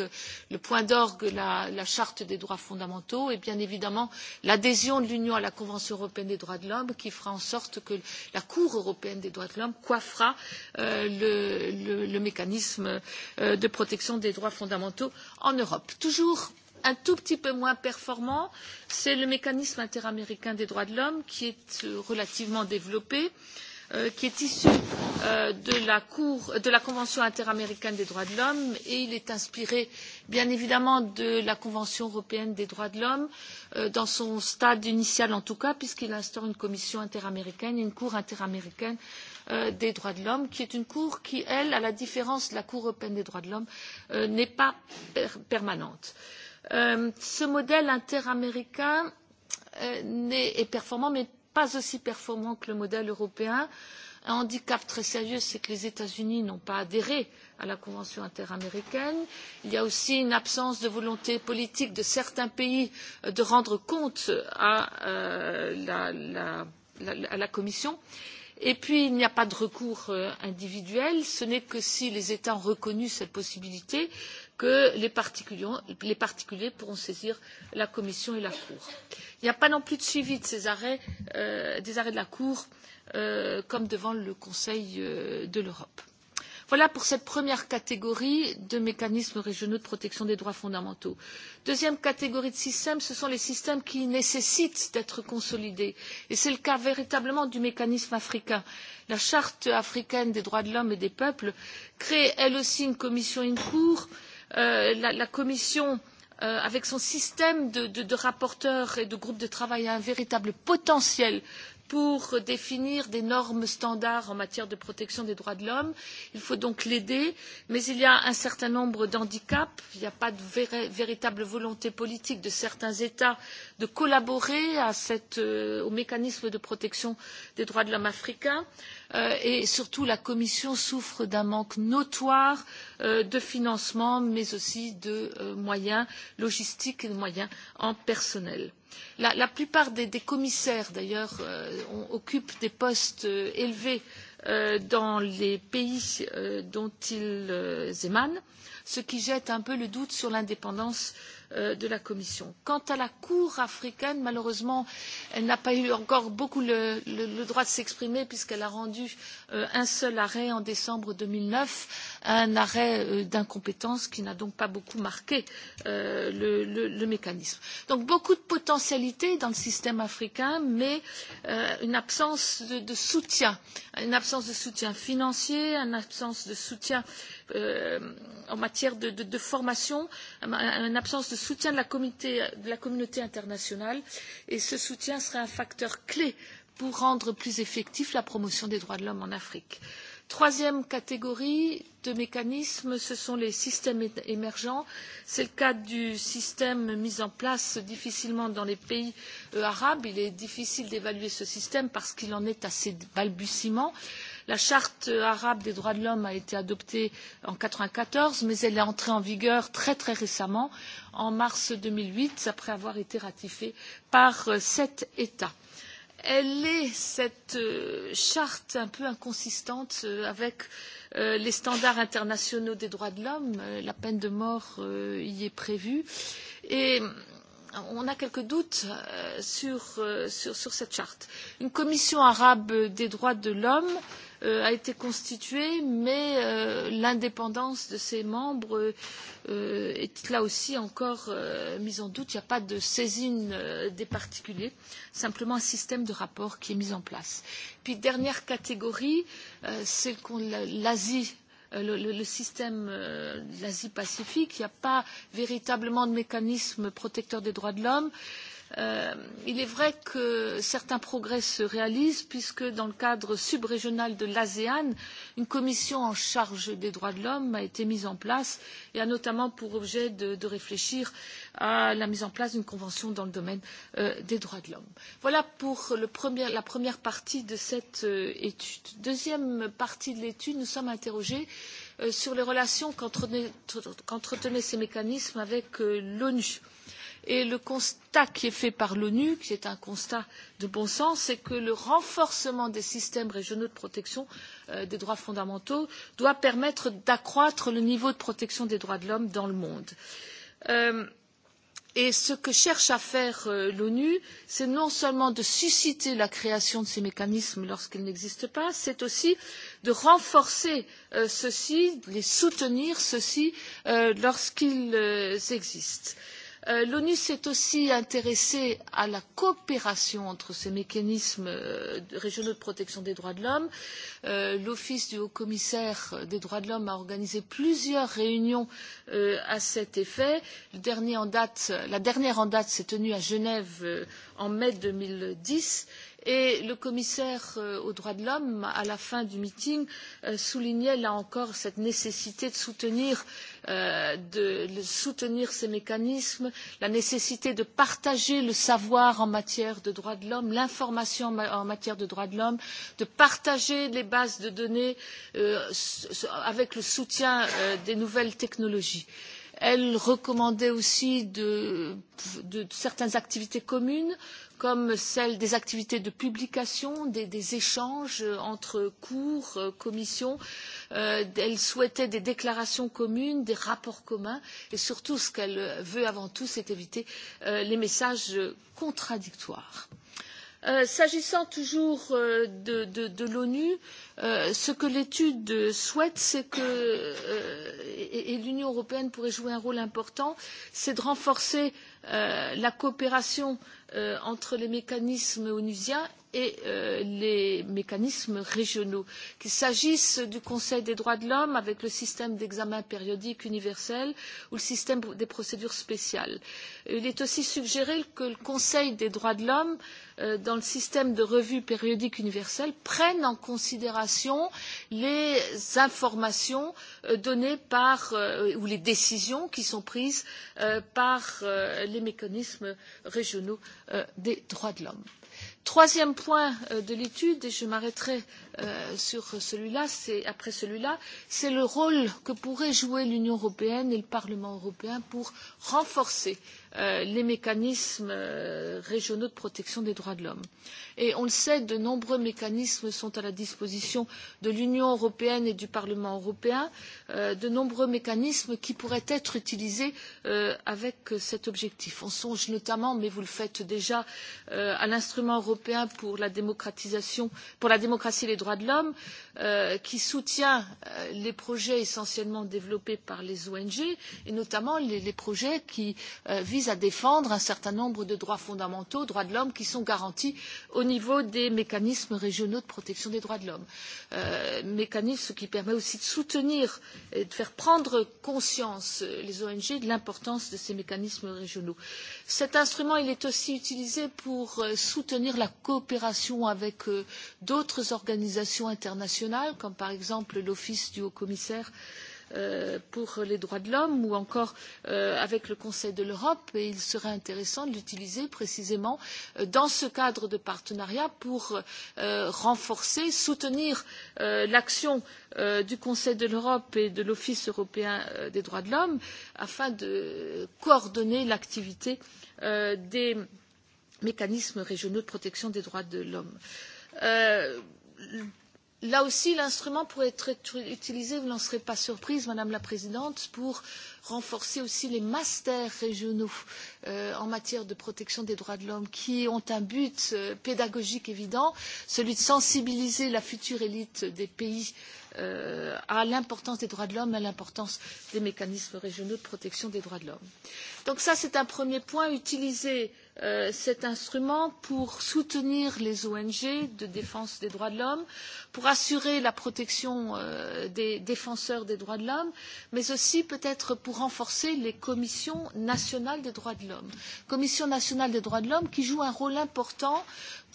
le point d'orgue, la, charte des droits fondamentaux et bien évidemment l'adhésion de l'Union à la Convention européenne des droits de l'homme qui fera en sorte que la Cour européenne des droits de l'homme coiffera le, mécanisme de protection des droits fondamentaux en Europe. Toujours un tout petit peu moins performant, c'est le mécanisme interaméricain des droits de l'homme qui est relativement développé, qui est issu de la Convention interaméricaine des droits de l'homme et il est inspiré bien évidemment de la Convention européenne des droits de l'homme, dans son stade initial en tout cas, puisqu'il instaure une commission interaméricaine et une cour interaméricaine des droits de l'homme, qui est une cour qui, elle, à la différence de la Cour européenne des droits de l'homme, n'est pas permanente ce modèle interaméricain est performant, mais pas aussi performant que le modèle européen. Un handicap très sérieux, c'est que les États-Unis n'ont pas adhéré à la Convention interaméricaine. Il y a aussi une absence de volonté politique de certains pays de rendre compte à, la, Commission. Et puis, il n'y a pas de recours individuel. Ce n'est que si les États ont reconnu cette possibilité que les particuliers, pourront saisir la Commission et la Cour. Il n'y a pas non plus de suivi de ces arrêts, des arrêts de la Cour comme devant le Conseil de l'Europe. Voilà pour cette première catégorie de mécanismes régionaux de protection des droits fondamentaux. Deuxième catégorie de systèmes, ce sont les systèmes qui nécessitent d'être consolidés. Et c'est le cas véritablement du mécanisme africain. La Charte africaine des droits de l'homme et des peuples crée elle aussi une commission, une cour, la, Commission avec son système de, rapporteurs et de groupes de travail a un véritable potentiel pour définir des normes standards en matière de protection des droits de l'homme. Il faut donc l'aider, mais il y a un certain nombre d'handicaps. Il n'y a pas de véritable volonté politique de certains États de collaborer au mécanisme de protection des droits de l'homme africain. et surtout, la Commission souffre d'un manque notoire de financement, mais aussi de moyens logistiques et de moyens en personnel La, plupart des, commissaires, d'ailleurs, occupent des postes élevés dans les pays dont ils émanent, ce qui jette un peu le doute sur l'indépendance euh, de la Commission. Quant à la Cour africaine, malheureusement, elle n'a pas eu encore beaucoup le, droit de s'exprimer puisqu'elle a rendu un seul arrêt en décembre deux mille neuf, un arrêt d'incompétence qui n'a donc pas beaucoup marqué le, mécanisme. Donc beaucoup de potentialités dans le système africain, mais une absence de, soutien, une absence de soutien financier, une absence de soutien en matière de, formation, une absence de soutien de la communauté internationale. Et ce soutien serait un facteur clé pour rendre plus effectif la promotion des droits de l'homme en Afrique. Troisième catégorie de mécanismes, ce sont les systèmes émergents. C'est le cas du système mis en place difficilement dans les pays arabes. Il est difficile d'évaluer ce système parce qu'il en est à ses balbutiements. Euh, La charte arabe des droits de l'homme a été adoptée en mille neuf cent quatre-vingt-quatorze, mais elle est entrée en vigueur très très récemment, en mars deux mille huit, après avoir été ratifiée par sept États elle est cette charte un peu inconsistante avec les standards internationaux des droits de l'homme. La peine de mort y est prévue. Et on a quelques doutes sur, cette charte. Une commission arabe des droits de l'homme a été constituée, mais l'indépendance de ses membres est là aussi encore mise en doute. Il n'y a pas de saisine des particuliers, simplement un système de rapport qui est mis en place. Puis dernière catégorie, c'est l'Asie le, système Asie l'Asie-Pacifique. Il n'y a pas véritablement de mécanisme protecteur des droits de l'homme. Euh, il est vrai que certains progrès se réalisent puisque dans le cadre subrégional de l'ASEAN, une commission en charge des droits de l'homme a été mise en place et a notamment pour objet de, réfléchir à la mise en place d'une convention dans le domaine des droits de l'homme. Voilà pour la première partie de cette étude. Deuxième partie de l'étude, nous sommes interrogés sur les relations qu'entretenaient ces mécanismes avec l'ONU Et le constat qui est fait par l'ONU, qui est un constat de bon sens, c'est que le renforcement des systèmes régionaux de protection des droits fondamentaux doit permettre d'accroître le niveau de protection des droits de l'homme dans le monde. et ce que cherche à faire l'ONU, c'est non seulement de susciter la création de ces mécanismes lorsqu'ils n'existent pas, c'est aussi de renforcer ceux-ci, de les soutenir ceux-ci lorsqu'ils existent l'onu s'est aussi intéressée à la coopération entre ces mécanismes régionaux de protection des droits de l'homme. l'office du haut commissaire des droits de l'homme a organisé plusieurs réunions à cet effet. la dernière en date s'est tenue à genève en mai deux mille dix et et le commissaire aux droits de l'homme, à la fin du meeting, soulignait là encore cette nécessité de soutenir de soutenir ces mécanismes, la nécessité de partager le savoir en matière de droits de l'homme, l'information en matière de droits de l'homme, de partager les bases de données avec le soutien des nouvelles technologies. Elle recommandait aussi certaines activités communes, comme celle des activités de publication, des, échanges entre cours, commissions. elle souhaitait des déclarations communes, des rapports communs et surtout ce qu'elle veut avant tout, c'est éviter les messages contradictoires. Euh, S'agissant toujours de, l'ONU, ce que l'étude souhaite, c'est que et, l'Union européenne pourrait jouer un rôle important, c'est de renforcer la coopération entre les mécanismes onusiens et les mécanismes régionaux. Qu'il s'agisse du Conseil des droits de l'homme avec le système d'examen périodique universel ou le système des procédures spéciales. Il est aussi suggéré que le Conseil des droits de l'homme, dans le système de revue périodique universelle, prenne en considération les informations données par ou les décisions qui sont prises par les mécanismes régionaux des droits de l'homme. Troisième point de l'étude, et je m'arrêterai sur celui-là, après celui-là, c'est le rôle que pourrait jouer l'Union européenne et le Parlement européen pour renforcer les mécanismes régionaux de protection des droits de l'homme. Et on le sait, de nombreux mécanismes sont à la disposition de l'Union européenne et du Parlement européen, de nombreux mécanismes qui pourraient être utilisés avec cet objectif. On songe notamment, mais vous le faites déjà, à l'instrument européen pour la démocratisation, pour la démocratie et les droits de l'homme qui soutient les projets essentiellement développés par les ONG et notamment les, projets qui visent à défendre un certain nombre de droits fondamentaux, droits de l'homme qui sont garantis au niveau des mécanismes régionaux de protection des droits de l'homme. mécanisme qui permet aussi de soutenir et de faire prendre conscience les ONG de l'importance de ces mécanismes régionaux. Cet instrument est aussi utilisé pour soutenir la coopération avec d'autres organisations internationales, comme par exemple l'Office du Haut Commissaire euh, pour les droits de l'homme ou encore avec le Conseil de l'Europe et il serait intéressant de l'utiliser précisément dans ce cadre de partenariat pour renforcer, soutenir l'action du Conseil de l'Europe et de l'Office européen des droits de l'homme afin de coordonner l'activité des mécanismes régionaux de protection des droits de l'homme Là aussi, l'instrument pourrait être utilisé, vous n'en serez pas surprise, Madame la Présidente, pour renforcer aussi les masters régionaux en matière de protection des droits de l'homme, qui ont un but pédagogique évident, celui de sensibiliser la future élite des pays euh, à l'importance des droits de l'homme, et à l'importance des mécanismes régionaux de protection des droits de l'homme. Donc ça, c'est un premier point, utiliser cet instrument pour soutenir les ONG de défense des droits de l'homme, pour assurer la protection des défenseurs des droits de l'homme, mais aussi peut-être pour renforcer les commissions nationales des droits de l'homme. Commission nationale des droits de l'homme qui joue un rôle important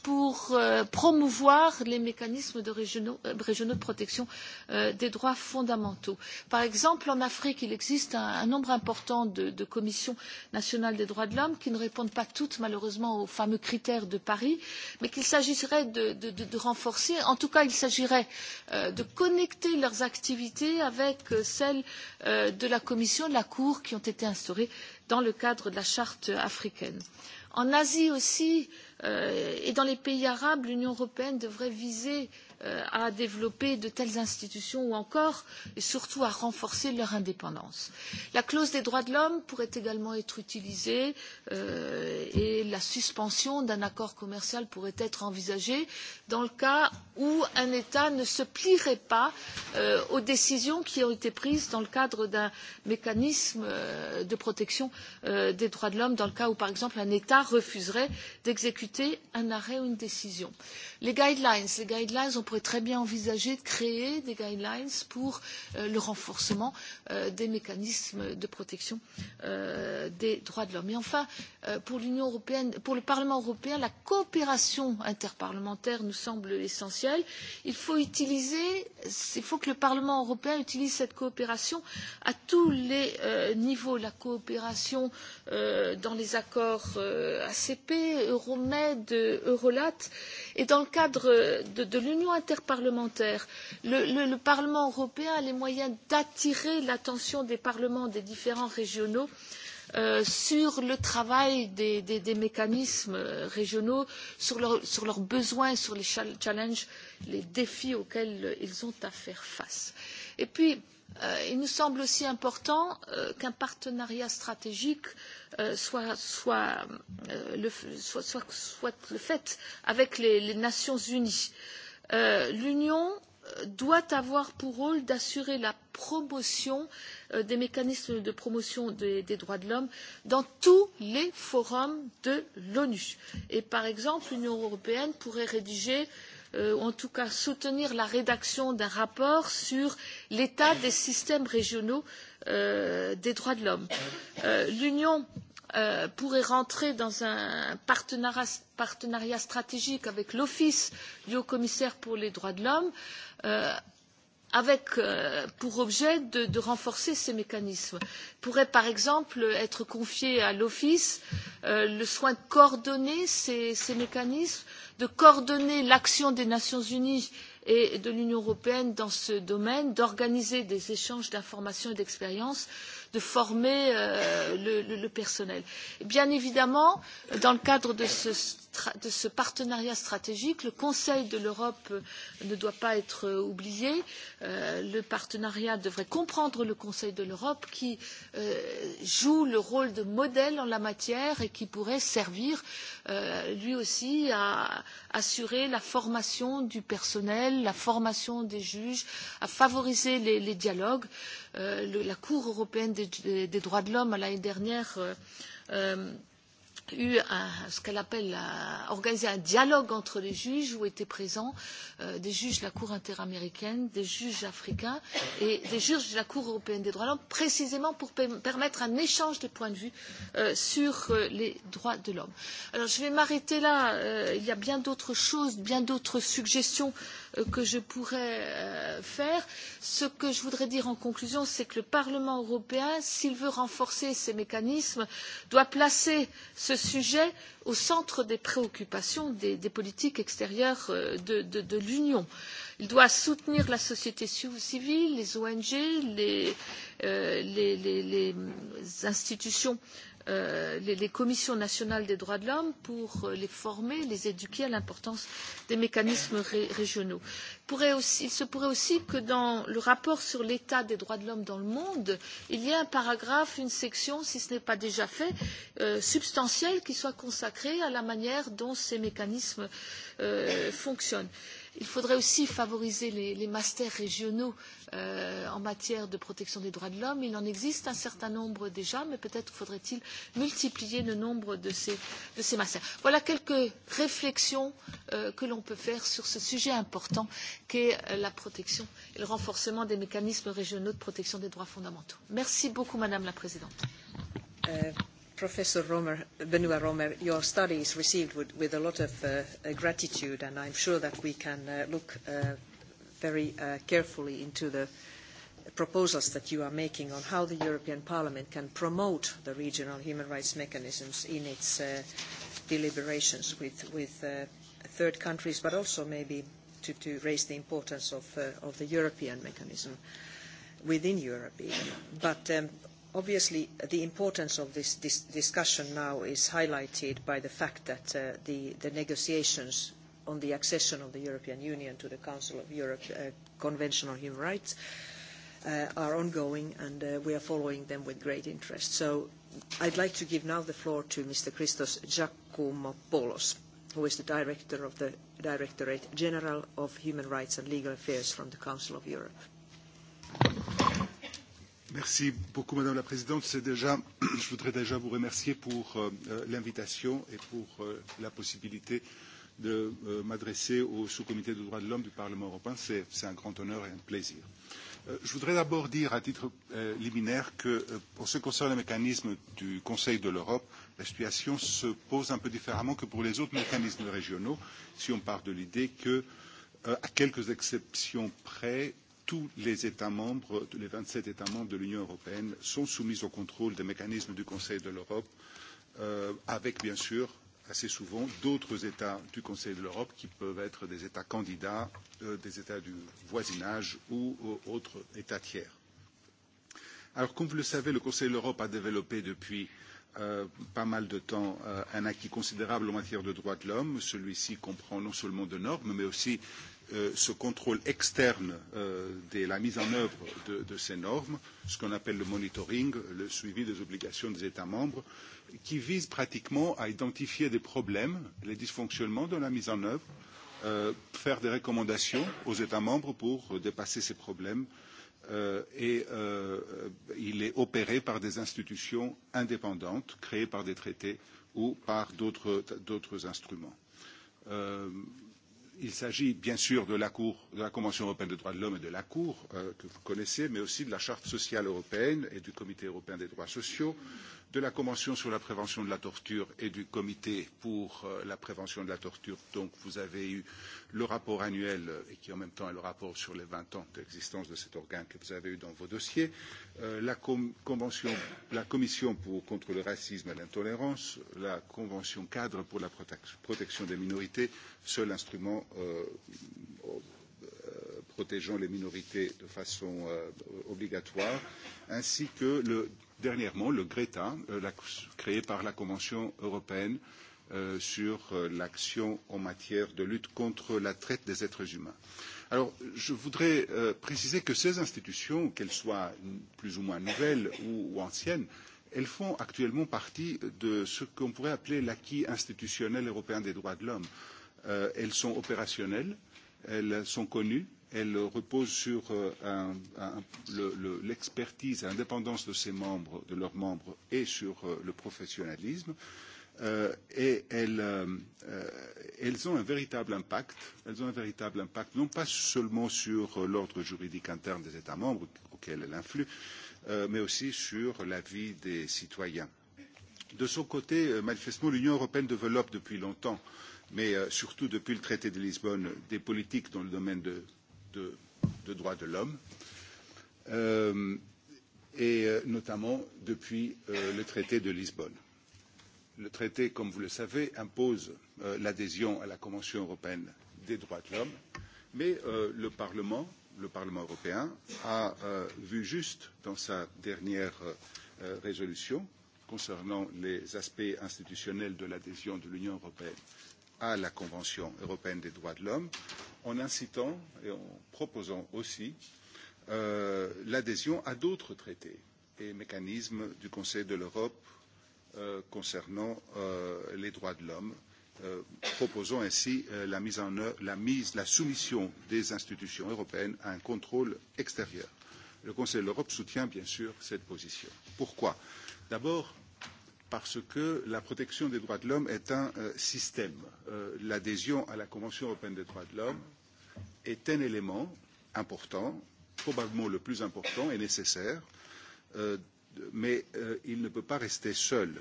pour promouvoir les mécanismes de régionaux, de protection des droits fondamentaux. Par exemple, en Afrique, il existe un, nombre important de, commissions nationales des droits de l'homme qui ne répondent pas toutes, malheureusement, aux fameux critères de Paris, mais qu'il s'agirait de, renforcer. En tout cas, il s'agirait de connecter leurs activités avec celles de la Commission, de la Cour, qui ont été instaurées dans le cadre de la charte africaine. Euh, en Asie aussi et dans les pays arabes, l'Union européenne devrait viser à développer de telles institutions ou encore et surtout à renforcer leur indépendance. La clause des droits de l'homme pourrait également être utilisée et la suspension d'un accord commercial pourrait être envisagée dans le cas où un État ne se plierait pas aux décisions qui ont été prises dans le cadre d'un mécanisme de protection des droits de l'homme, dans le cas où, par exemple, un État refuserait d'exécuter un arrêt ou une décision. Les guidelines, les guidelines pourrait très bien envisager de créer des guidelines pour le renforcement des mécanismes de protection des droits de l'homme. Et enfin, pour l'Union européenne, pour le Parlement européen, la coopération interparlementaire nous semble essentielle. Il faut utiliser, il faut que le Parlement européen utilise cette coopération à tous les niveaux. La coopération dans les accords ACP, Euromed, Eurolat et dans le cadre de l'Union interparlementaire. Le, Parlement européen a les moyens d'attirer l'attention des parlements des différents régionaux sur le travail des, mécanismes régionaux, sur, leurs besoins, sur les challenges, les défis auxquels ils ont à faire face. Et puis, il nous semble aussi important qu'un partenariat stratégique soit, le, fait avec les, Nations Unies l'Union doit avoir pour rôle d'assurer la promotion des mécanismes de promotion des, droits de l'homme dans tous les forums de l'ONU. Et par exemple, l'Union européenne pourrait rédiger ou en tout cas soutenir la rédaction d'un rapport sur l'état des systèmes régionaux des droits de l'homme. L'Union pourrait rentrer dans un partenariat stratégique avec l'Office du Haut Commissaire pour les droits de l'homme, avec pour objet de, renforcer ces mécanismes. Pourrait par exemple être confié à l'Office le soin de coordonner ces, mécanismes, de coordonner l'action des Nations Unies et de l'Union européenne dans ce domaine, d'organiser des échanges d'informations et d'expériences de former le, personnel. Bien évidemment, dans le cadre de ce, partenariat stratégique, le Conseil de l'Europe ne doit pas être oublié. le partenariat devrait comprendre le Conseil de l'Europe qui joue le rôle de modèle en la matière et qui pourrait servir lui aussi à assurer la formation du personnel, la formation des juges, à favoriser les dialogues la Cour européenne des, droits de l'homme l'année dernière eu un, ce qu'elle appelle un, organisé un dialogue entre les juges où étaient présents euh, des juges de la Cour interaméricaine, des juges africains et des juges de la Cour européenne des droits de l'homme, précisément pour permettre un échange de points de vue euh, sur euh, les droits de l'homme. Alors je vais m'arrêter là. Euh, il y a bien d'autres choses, bien d'autres suggestions euh, que je pourrais faire. Ce que je voudrais dire en conclusion, c'est que le Parlement européen, s'il veut renforcer ses mécanismes, doit placer ce sujet au centre des préoccupations des, politiques extérieures de, l'Union. Il doit soutenir la société civile, les ONG, les, institutions les, commissions nationales des droits de l'homme pour les former, les éduquer à l'importance des mécanismes régionaux. il se pourrait aussi que dans le rapport sur l'état des droits de l'homme dans le monde, il y ait un paragraphe, une section, si ce n'est pas déjà fait, substantielle qui soit consacrée à la manière dont ces mécanismes fonctionnent. Euh, Il faudrait aussi favoriser les, les masters régionaux euh, en matière de protection des droits de l'homme. Il en existe un certain nombre déjà, mais peut-être faudrait-il multiplier le nombre de ces, de ces masters. Voilà quelques réflexions euh, que l'on peut faire sur ce sujet important qu'est la protection et le renforcement des mécanismes régionaux de protection des droits fondamentaux. Merci beaucoup, Madame la Présidente. Euh... Professor Romer, Benoit Romer, your study is received with, with a lot of uh, gratitude, and I'm sure that we can uh, look uh, very uh, carefully into the proposals that you are making on how the European Parliament can promote the regional human rights mechanisms in its uh, deliberations with, with uh, third countries, but also maybe to, to raise the importance of, uh, of the European mechanism within Europe even. But um, Obviously, the importance of this discussion now is highlighted by the fact that the negotiations on the accession of the European Union to the Council of Europe Convention on Human Rights are ongoing, and we are following them with great interest. So I'd like to give now the floor to Mr. Christos Giacomopoulos, who is the Director of the Directorate General of Human Rights and Legal Affairs from the Council of Europe. Merci beaucoup, Madame la Présidente. C'est déjà, je voudrais déjà vous remercier pour euh, l'invitation et pour euh, la possibilité de euh, m'adresser au sous-comité des droits de l'homme du Parlement européen. C'est un grand honneur et un plaisir. Euh, je voudrais d'abord dire à titre euh, liminaire que euh, pour ce qui concerne le mécanisme du Conseil de l'Europe, la situation se pose un peu différemment que pour les autres mécanismes régionaux, si on part de l'idée que, euh, à quelques exceptions près, tous les États membres, tous les vingt sept États membres de l'Union européenne sont soumis au contrôle des mécanismes du Conseil de l'Europe, avec bien sûr assez souvent d'autres États du Conseil de l'Europe qui peuvent être des États candidats, des États du voisinage ou autres États tiers. Alors, comme vous le savez, le Conseil de l'Europe a développé depuis pas mal de temps un acquis considérable en matière de droits de l'homme. Celui-ci comprend non seulement de normes, mais aussi ce contrôle externe de la mise en œuvre de, ces normes, ce qu'on appelle le monitoring, le suivi des obligations des États membres, qui vise pratiquement à identifier des problèmes, les dysfonctionnements dans la mise en œuvre, faire des recommandations aux États membres pour dépasser ces problèmes et il est opéré par des institutions indépendantes créées par des traités ou par d'autres instruments Il s'agit bien sûr de la, Convention européenne des droits de l'homme et de la Cour, que vous connaissez, mais aussi de la Charte sociale européenne et du Comité européen des droits sociaux, de la Convention sur la prévention de la torture et du Comité pour la prévention de la torture. Donc vous avez eu le rapport annuel et qui en même temps est le rapport sur les vingt ans d'existence de cet organe que vous avez eu dans vos dossiers, la, Commission contre le racisme et l'intolérance, la Convention cadre pour la protection des minorités, seul instrument protégeant les minorités de façon obligatoire, ainsi que dernièrement le Greta, créé par la Convention européenne sur l'action en matière de lutte contre la traite des êtres humains. Alors, je voudrais préciser que ces institutions, qu'elles soient plus ou moins nouvelles ou, anciennes, elles font actuellement partie de ce qu'on pourrait appeler l'acquis institutionnel européen des droits de l'homme. elles sont opérationnelles, elles sont connues, elle repose sur l'expertise et l'indépendance de ses membres, de leurs membres, et sur le professionnalisme. et elles, ont un véritable impact. Elles ont un véritable impact, non pas seulement sur l'ordre juridique interne des États membres auquel elles influent, mais aussi sur la vie des citoyens. De son côté, manifestement, l'Union européenne développe depuis longtemps, mais surtout depuis le traité de Lisbonne, des politiques dans le domaine de de, de droits de l'homme, euh, et notamment depuis euh, le traité de Lisbonne. Le traité, comme vous le savez, impose euh, l'adhésion à la Convention européenne des droits de l'homme, mais euh, le Parlement, le Parlement européen, a euh, vu juste dans sa dernière euh, résolution concernant les aspects institutionnels de l'adhésion de l'Union européenne à la Convention européenne des droits de l'homme en incitant et en proposant aussi l'adhésion à d'autres traités et mécanismes du Conseil de l'Europe concernant les droits de l'homme, proposant ainsi la mise en la mise, la soumission des institutions européennes à un contrôle extérieur. Le Conseil de l'Europe soutient bien sûr cette position. Pourquoi D'abord, parce que la protection des droits de l'homme est un système. L'adhésion à la Convention européenne des droits de l'homme est un élément important, probablement le plus important et nécessaire, mais il ne peut pas rester seul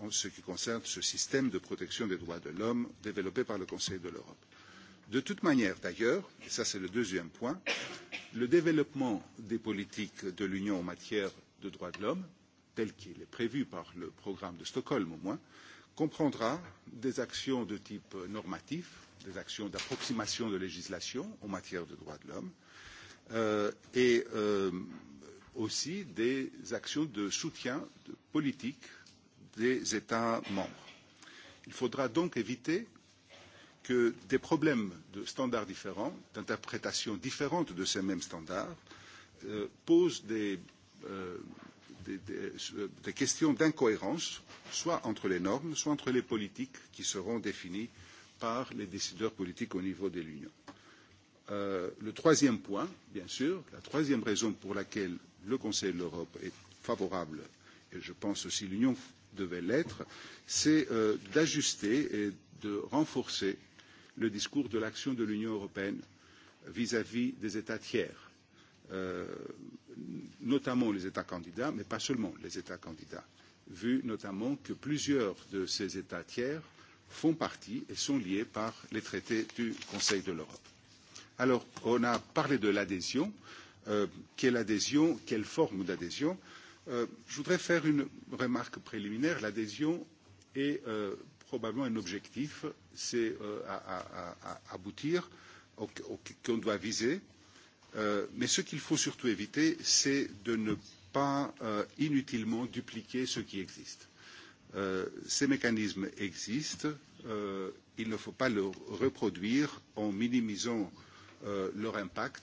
en ce qui concerne ce système de protection des droits de l'homme développé par le Conseil de l'Europe. De toute manière, d'ailleurs, et ça c'est le deuxième point, le développement des politiques de l'Union en matière de droits de l'homme tel qu'il est prévu par le programme de Stockholm au moins, comprendra des actions de type normatif, des actions d'approximation de législation en matière de droits de l'homme, et aussi des actions de soutien politique des États membres. Il faudra donc éviter que des problèmes de standards différents, d'interprétations différentes de ces mêmes standards, posent des des questions d'incohérence, soit entre les normes, soit entre les politiques qui seront définies par les décideurs politiques au niveau de l'Union. le troisième point, bien sûr, la troisième raison pour laquelle le Conseil de l'Europe est favorable, et je pense aussi l'Union devait l'être, c'est d'ajuster et de renforcer le discours de l'action de l'Union européenne vis à vis des États tiers notamment les États candidats, mais pas seulement les États candidats, vu notamment que plusieurs de ces États tiers font partie et sont liés par les traités du Conseil de l'Europe. Alors, on a parlé de l'adhésion. quelle adhésion Quelle forme d'adhésion Je voudrais faire une remarque préliminaire. L'adhésion est probablement un objectif, c'est à, aboutir, qu'on doit viser mais ce qu'il faut surtout éviter, c'est de ne pas inutilement dupliquer ce qui existe. ces mécanismes existent, il ne faut pas les reproduire en minimisant leur impact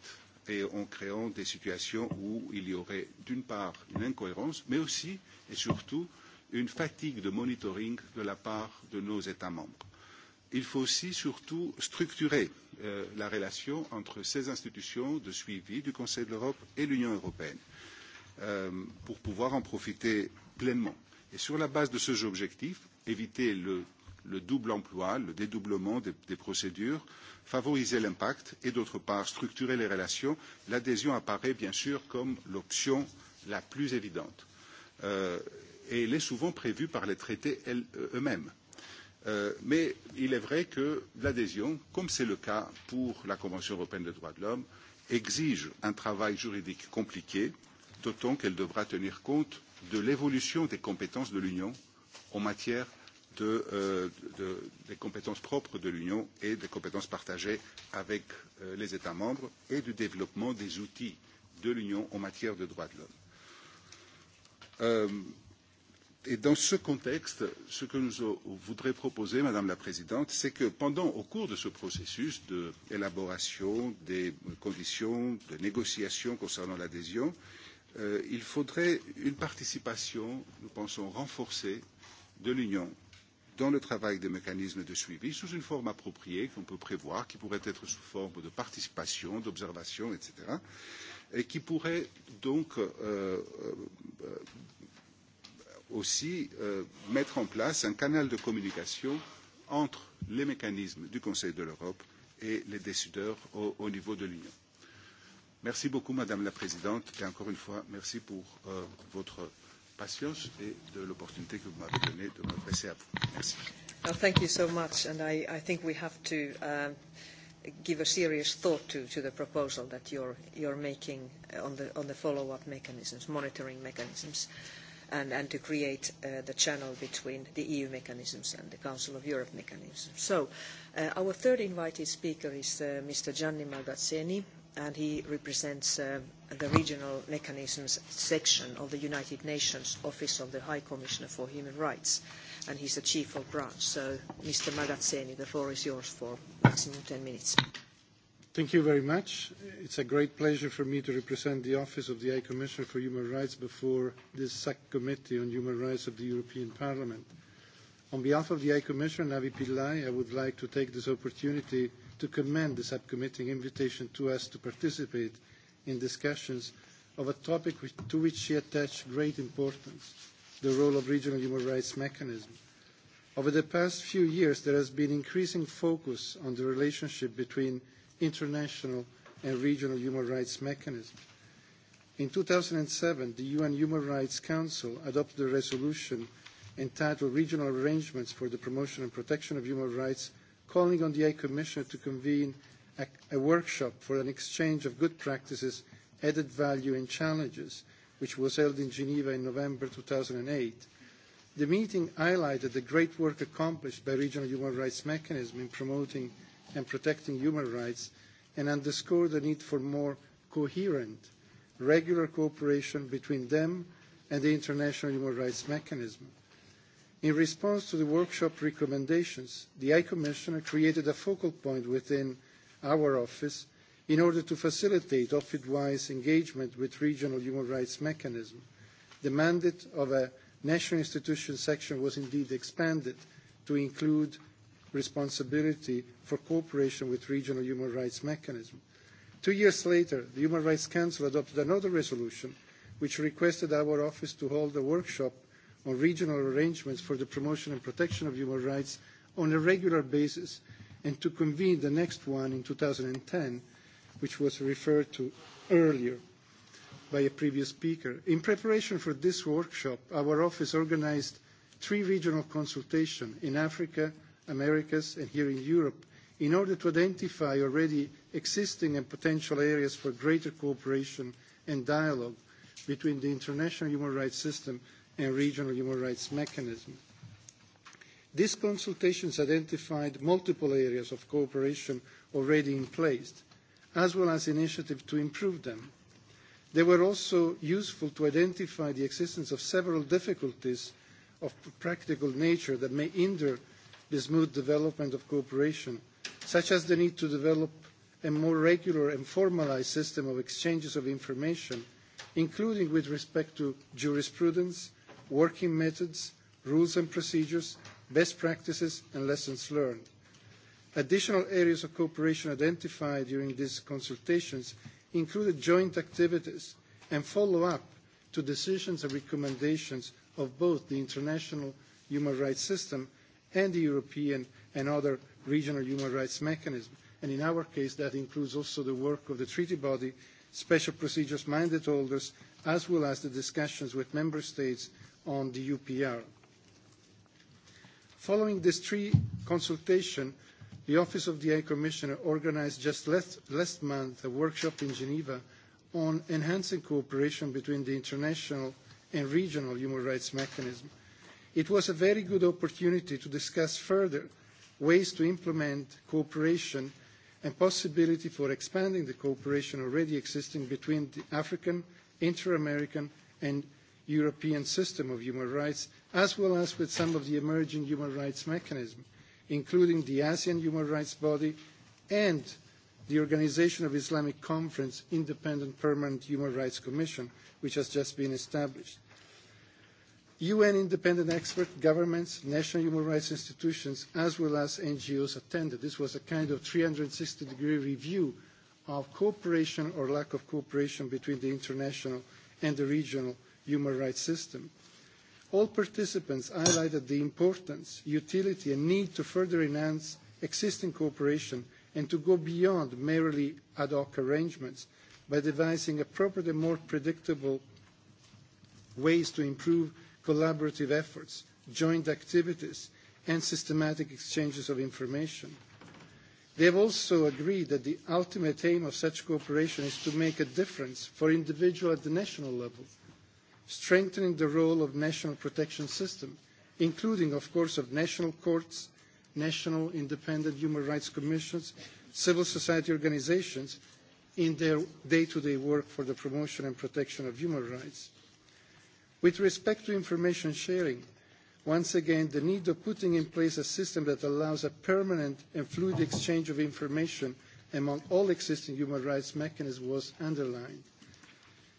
et en créant des situations où il y aurait d'une part une incohérence, mais aussi et surtout une fatigue de monitoring de la part de nos États membres Il faut aussi surtout structurer la relation entre ces institutions de suivi du Conseil de l'Europe et l'Union européenne pour pouvoir en profiter pleinement. Et sur la base de ces objectifs, éviter le, double emploi, le dédoublement des, procédures, favoriser l'impact et d'autre part structurer les relations, l'adhésion apparaît bien sûr comme l'option la plus évidente. et elle est souvent prévue par les traités eux-mêmes mais il est vrai que l'adhésion, comme c'est le cas pour la Convention européenne des droits de l'homme, exige un travail juridique compliqué, d'autant qu'elle devra tenir compte de l'évolution des compétences de l'Union en matière des compétences propres de l'Union et des compétences partagées avec les États membres et du développement des outils de l'Union en matière de droits de l'homme. Et dans ce contexte, ce que nous voudrions proposer, Madame la Présidente, c'est que pendant, au cours de ce processus d'élaboration des conditions de négociation concernant l'adhésion, il faudrait une participation, nous pensons, renforcée de l'Union dans le travail des mécanismes de suivi sous une forme appropriée qu'on peut prévoir, qui pourrait être sous forme de participation, d'observation, etc., et qui pourrait donc aussi mettre en place un canal de communication entre les mécanismes du Conseil de l'Europe et les décideurs au, niveau de l'Union. Merci beaucoup, Madame la Présidente, et encore une fois, merci pour votre patience et de l'opportunité que vous m'avez donnée de m'adresser à vous. Merci. thank you so much, and I, I think we have to give a serious thought to, to the proposal that you're, you're making on the, on the follow-up mechanisms, monitoring mechanisms. Uh, and, and to create uh, the channel between the EU mechanisms and the Council of Europe mechanisms. So uh, our third invited speaker is uh, Mr. Gianni Malgazzeni, and he represents uh, the Regional Mechanisms section of the United Nations Office of the High Commissioner for Human Rights, and he's the chief of branch. So, Mr. Malgazzeni, the floor is yours for maximum 10 minutes. Thank you very much. It's a great pleasure for me to represent the Office of the High Commissioner for Human Rights before this Subcommittee on Human Rights of the European Parliament. On behalf of the High Commissioner, Navi Pillai, I would like to take this opportunity to commend the subcommittee invitation to us to participate in discussions of a topic which to which she attached great importance, the role of regional human rights mechanisms. Over the past few years, there has been increasing focus on the relationship between international and regional human rights mechanisms. In two thousand seven, the UN Human Rights Council adopted a resolution entitled Regional Arrangements for the Promotion and Protection of Human Rights, calling on the High Commissioner to convene a, workshop for an exchange of good practices, added value and challenges, which was held in Geneva in November two thousand eight. The meeting highlighted the great work accomplished by regional human rights mechanisms in promoting and protecting human rights and underscore the need for more coherent, regular cooperation between them and the international human rights mechanism. In response to the workshop recommendations, the High Commissioner created a focal point within our office in order to facilitate office-wise engagement with regional human rights mechanisms. The mandate of a national institution section was indeed expanded to include responsibility for cooperation with regional human rights mechanisms. Two years later, the Human Rights Council adopted another resolution which requested our office to hold a workshop on regional arrangements for the promotion and protection of human rights on a regular basis and to convene the next one in ten, which was referred to earlier by a previous speaker. In preparation for this workshop, our office organised three regional consultations in Africa, Americas, and here in Europe, in order to identify already existing and potential areas for greater cooperation and dialogue between the international human rights system and regional human rights mechanism. These consultations identified multiple areas of cooperation already in place, as well as initiatives to improve them. They were also useful to identify the existence of several difficulties of practical nature that may hinder the smooth development of cooperation, such as the need to develop a more regular and formalised system of exchanges of information, including with respect to jurisprudence, working methods, rules and procedures, best practices and lessons learned. Additional areas of cooperation identified during these consultations included joint activities and follow-up to decisions and recommendations of both the international human rights system and the European and other regional human rights mechanisms. And in our case, that includes also the work of the treaty body, special procedures mandate holders, as well as the discussions with member states on the UPR. Following this three consultation, the Office of the High Commissioner organised just last month a workshop in Geneva on enhancing cooperation between the international and regional human rights mechanisms It was a very good opportunity to discuss further ways to implement cooperation and possibility for expanding the cooperation already existing between the African, inter-American and European system of human rights, as well as with some of the emerging human rights mechanisms, including the ASEAN Human Rights Body and the Organisation of Islamic Conference Independent Permanent Human Rights Commission, which has just been established. UN independent experts, governments, national human rights institutions, as well as NGOs attended. This was a kind of three hundred and sixty degree review of cooperation or lack of cooperation between the international and the regional human rights system. All participants highlighted the importance, utility, and need to further enhance existing cooperation and to go beyond merely ad hoc arrangements by devising appropriate and more predictable ways to improve collaborative efforts, joint activities, and systematic exchanges of information. They have also agreed that the ultimate aim of such cooperation is to make a difference for individuals at the national level, strengthening the role of national protection systems, including, of course, of national courts, national independent human rights commissions, civil society organisations in their day-to-day work for the promotion and protection of human rights. With respect to information sharing, once again, the need of putting in place a system that allows a permanent and fluid exchange of information among all existing human rights mechanisms was underlined.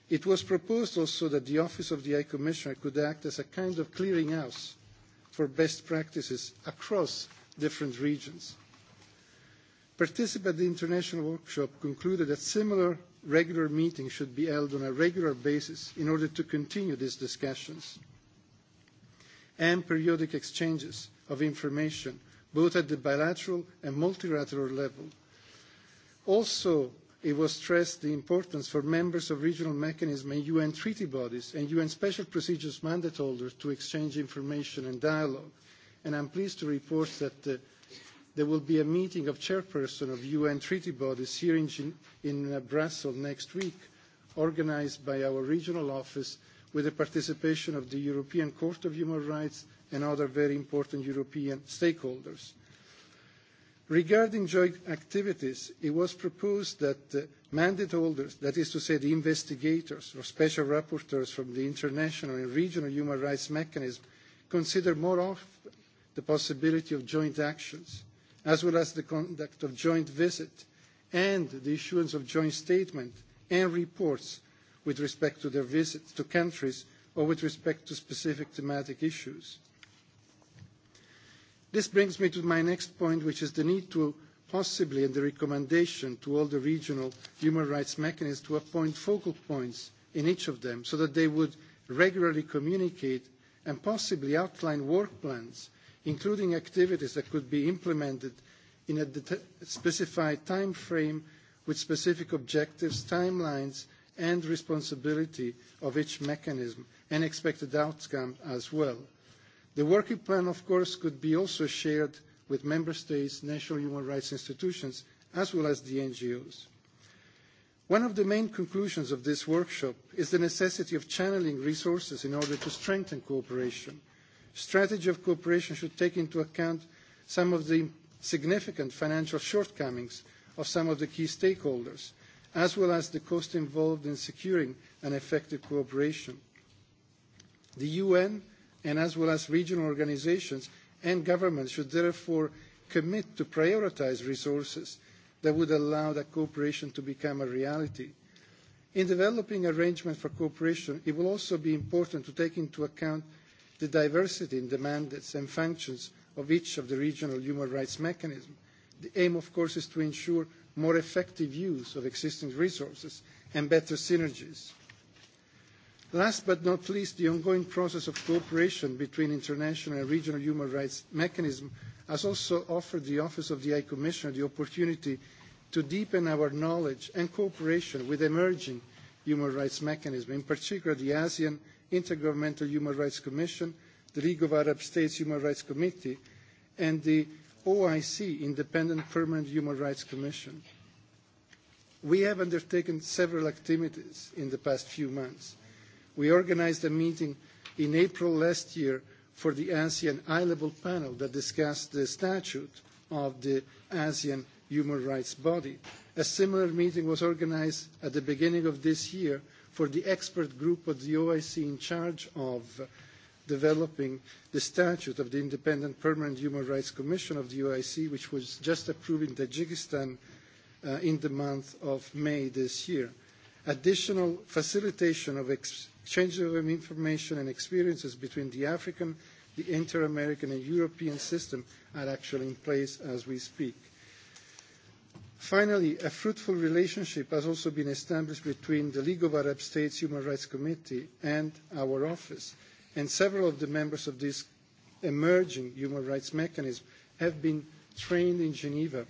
It was proposed also that the Office of the High Commissioner could act as a kind of clearinghouse for best practices across different regions. Participants in the international workshop concluded that similar regular meetings should be held on a regular basis in order to continue these discussions, and periodic exchanges of information, both at the bilateral and multilateral level. Also, it was stressed the importance for members of regional mechanisms and UN treaty bodies and UN special procedures mandate holders to exchange information and dialogue. And I'm pleased to report that the there will be a meeting of chairpersons of UN treaty bodies here in, Brussels next week, organised by our regional office with the participation of the European Court of Human Rights and other very important European stakeholders. Regarding joint activities, it was proposed that mandate holders, that is to say the investigators or special rapporteurs from the international and regional human rights mechanism, consider more often the possibility of joint actions as well as the conduct of joint visit and the issuance of joint statements and reports with respect to their visits to countries or with respect to specific thematic issues. This brings me to my next point, which is the need to possibly, and the recommendation to all the regional human rights mechanisms to appoint focal points in each of them so that they would regularly communicate and possibly outline work plans including activities that could be implemented in a specified time frame with specific objectives, timelines, and responsibility of each mechanism and expected outcome as well. The working plan, of course, could be also shared with member states, national human rights institutions, as well as the NGOs. One of the main conclusions of this workshop is the necessity of channeling resources in order to strengthen cooperation – strategy of cooperation should take into account some of the significant financial shortcomings of some of the key stakeholders, as well as the cost involved in securing an effective cooperation. The UN, and as well as regional organisations and governments, should therefore commit to prioritise resources that would allow that cooperation to become a reality. In developing arrangements for cooperation, it will also be important to take into account the diversity in the mandates and functions of each of the regional human rights mechanisms. The aim, of course, is to ensure more effective use of existing resources and better synergies. Last but not least, the ongoing process of cooperation between international and regional human rights mechanisms has also offered the Office of the High Commissioner the opportunity to deepen our knowledge and cooperation with emerging human rights mechanisms, in particular the ASEAN Intergovernmental Human Rights Commission, the League of Arab States Human Rights Committee, and the OIC, Independent Permanent Human Rights Commission. We have undertaken several activities in the past few months. We organised a meeting in April last year for the ASEAN high-level panel that discussed the statute of the ASEAN human rights body. A similar meeting was organised at the beginning of this year for the expert group of the OIC in charge of developing the statute of the Independent Permanent Human Rights Commission of the OIC, which was just approved in Tajikistan in the month of May this year. Additional facilitation of exchange of information and experiences between the African, the inter-American and European system are actually in place as we speak. Finally, a fruitful relationship has also been established between the League of Arab States Human Rights Committee and our office, and several of the members of this emerging human rights mechanism have been trained in Geneva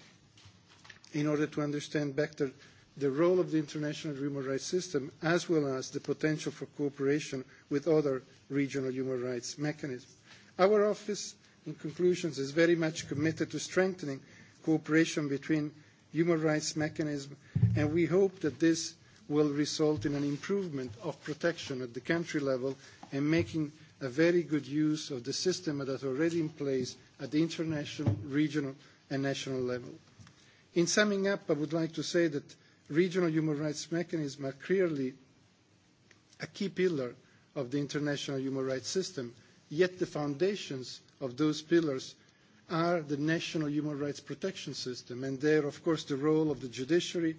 in order to understand better the role of the international human rights system as well as the potential for cooperation with other regional human rights mechanisms. Our office, in conclusions, is very much committed to strengthening cooperation between human rights mechanism, and we hope that this will result in an improvement of protection at the country level and making a very good use of the system that is already in place at the international, regional, and national level. In summing up, I would like to say that regional human rights mechanisms are clearly a key pillar of the international human rights system, yet the foundations of those pillars are the national human rights protection system, and there, of course, the role of the judiciary,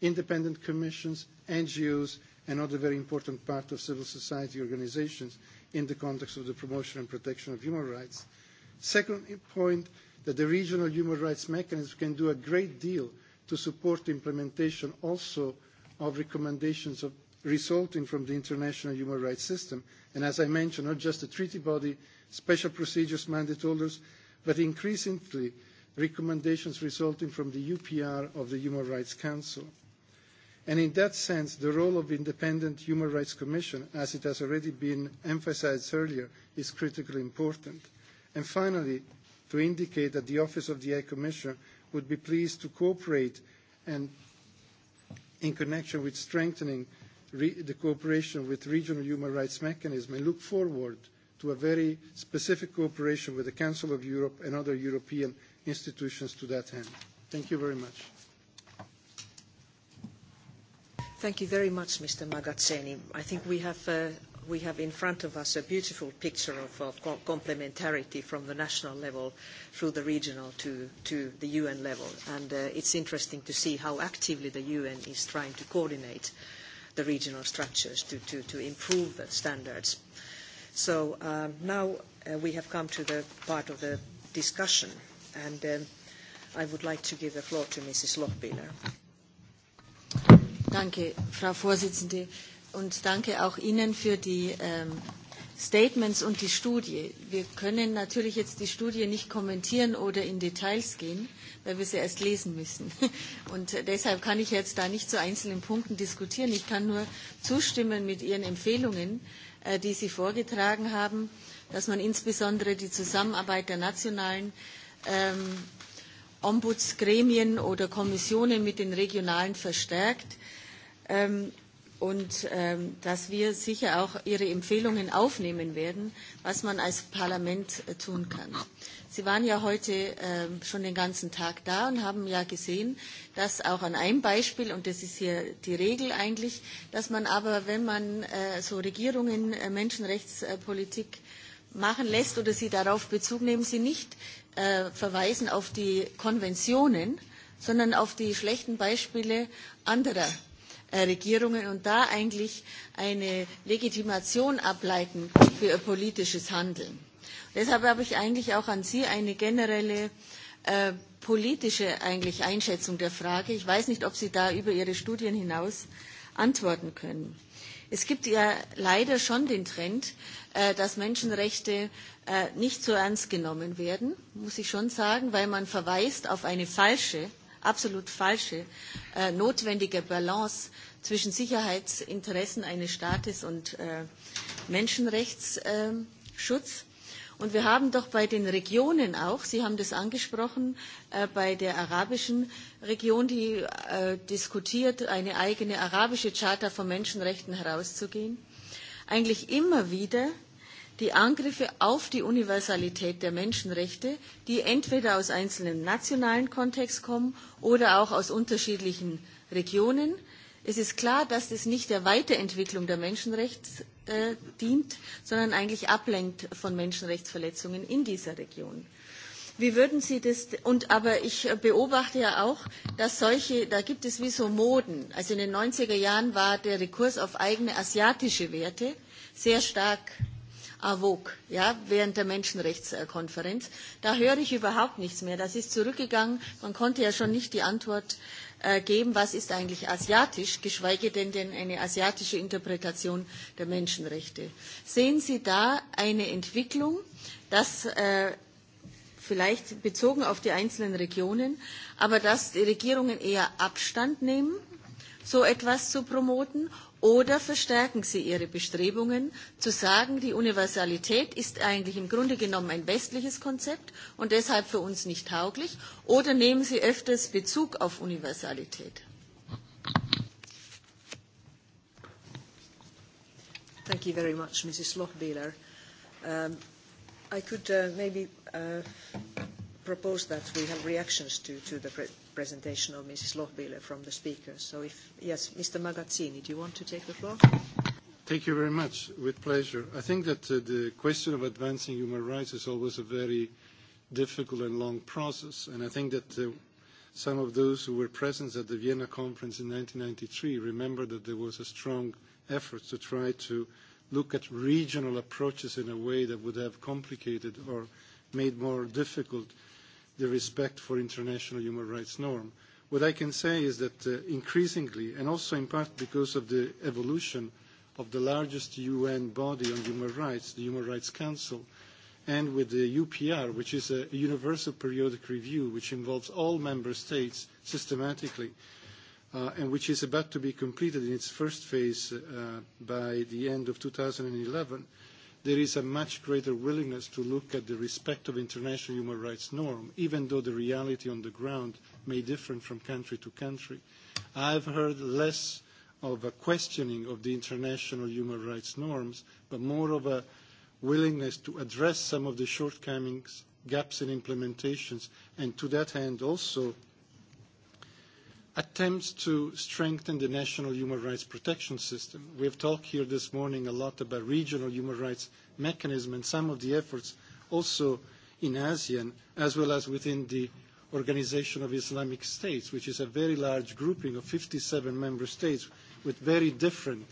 independent commissions, NGOs, and other very important part of civil society organisations in the context of the promotion and protection of human rights. Second point, that the regional human rights mechanism can do a great deal to support the implementation also of recommendations of, resulting from the international human rights system. And as I mentioned, not just the treaty body, special procedures mandate holders, but increasingly recommendations resulting from the UPR of the Human Rights Council. And in that sense, the role of the Independent Human Rights Commission, as it has already been emphasised earlier, is critically important. And finally, to indicate that the Office of the High Commissioner would be pleased to cooperate and in connection with strengthening the cooperation with regional human rights mechanisms and look forward to a very specific cooperation with the Council of Europe and other European institutions to that end. Thank you very much. Thank you very much, Mr. Magazzini. I think we have, uh, we have in front of us a beautiful picture of, of complementarity from the national level through the regional to, to the UN level. And uh, it's interesting to see how actively the UN is trying to coordinate the regional structures to, to, to improve the standards So now we have come to the part of the discussion, and I would like to give the floor to Mrs. Lochbihler. Danke, Frau Vorsitzende, und danke auch Ihnen für die Statements und die Studie. Wir können natürlich jetzt die Studie nicht kommentieren oder in Details gehen, weil wir sie erst lesen müssen. Und deshalb kann ich jetzt da nicht zu einzelnen Punkten diskutieren. Ich kann nur zustimmen mit Ihren Empfehlungen die Sie vorgetragen haben, dass man insbesondere die Zusammenarbeit der nationalen Ombudsgremien oder Kommissionen mit den regionalen verstärkt und dass wir sicher auch Ihre Empfehlungen aufnehmen werden, was man als Parlament tun kann. Sie waren ja heute schon den ganzen Tag da und haben ja gesehen, dass auch an einem Beispiel, und das ist hier die Regel eigentlich, dass man aber, wenn man so Regierungen Menschenrechtspolitik machen lässt oder sie darauf Bezug nehmen, sie nicht verweisen auf die Konventionen, sondern auf die schlechten Beispiele anderer Regierungen und da eigentlich eine Legitimation ableiten für ihr politisches Handeln. Deshalb habe ich eigentlich auch an Sie eine generelle politische eigentlich Einschätzung der Frage. Ich weiß nicht, ob Sie da über Ihre Studien hinaus antworten können. Es gibt ja leider schon den Trend, dass Menschenrechte nicht so ernst genommen werden, muss ich schon sagen, weil man verweist auf eine falsche, absolut falsche, notwendige Balance zwischen Sicherheitsinteressen eines Staates und Menschenrechtsschutz. Und wir haben doch bei den Regionen auch, Sie haben das angesprochen, bei der arabischen Region, die diskutiert, eine eigene arabische Charta von Menschenrechten herauszugehen, eigentlich immer wieder die Angriffe auf die Universalität der Menschenrechte, die entweder aus einzelnen nationalen Kontexten kommen oder auch aus unterschiedlichen Regionen Es ist klar, dass es nicht der Weiterentwicklung der Menschenrechts dient, sondern eigentlich ablenkt von Menschenrechtsverletzungen in dieser Region. Wie würden Sie das, und aber ich beobachte ja auch, dass solche, da gibt es wie so Moden. Also in den 90 er Jahren war der Rekurs auf eigene asiatische Werte sehr stark AWOC, ja, während der Menschenrechtskonferenz. Da höre ich überhaupt nichts mehr. Das ist zurückgegangen. Man konnte ja schon nicht die Antwort geben, was ist eigentlich asiatisch, geschweige denn, denn eine asiatische Interpretation der Menschenrechte. Sehen Sie da eine Entwicklung, dass vielleicht bezogen auf die einzelnen Regionen, aber dass die Regierungen eher Abstand nehmen, so etwas zu promoten Oder verstärken Sie Ihre Bestrebungen, zu sagen, die Universalität ist eigentlich im Grunde genommen ein westliches Konzept und deshalb für uns nicht tauglich? Oder nehmen Sie öfters Bezug auf Universalität? Thank you very much, Mrs. Lochbieler. Um, I could uh, maybe uh, propose that we have reactions to, to the presentation of Mrs. Lochbihler from the speakers. So if, yes, Mr. Magazzini, do you want to take the floor? Thank you very much. With pleasure. I think that the question of advancing human rights is always a very difficult and long process. And I think that some of those who were present at the Vienna conference in 1993 remember that there was a strong effort to try to look at regional approaches in a way that would have complicated or made more difficult the respect for international human rights norm. What I can say is that increasingly, and also in part because of the evolution of the largest UN body on human rights, the Human Rights Council, and with the UPR, which is a universal periodic review which involves all member states systematically, and which is about to be completed in its first phase by the end of 2011, there is a much greater willingness to look at the respect of international human rights norm, even though the reality on the ground may differ from country to country. I've heard less of a questioning of the international human rights norms, but more of a willingness to address some of the shortcomings, gaps in implementations, and to that end also attempts to strengthen the national human rights protection system. We have talked here this morning a lot about regional human rights mechanism and some of the efforts also in ASEAN as well as within the Organisation of Islamic States, which is a very large grouping of fifty seven member states with very different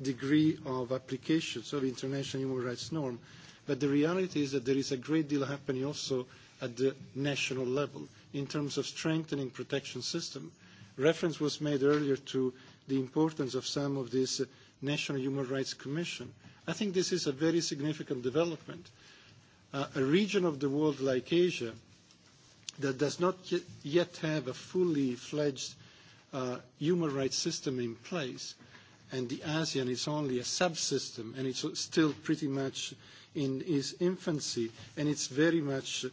degree of applications of international human rights norm. But the reality is that there is a great deal happening also at the national level in terms of strengthening protection system. Reference was made earlier to the importance of some of these National Human Rights Commission. I think this is a very significant development. a region of the world like Asia that does not yet have a fully fledged human rights system in place, and the ASEAN is only a subsystem, and it's still pretty much in its infancy, and it's very much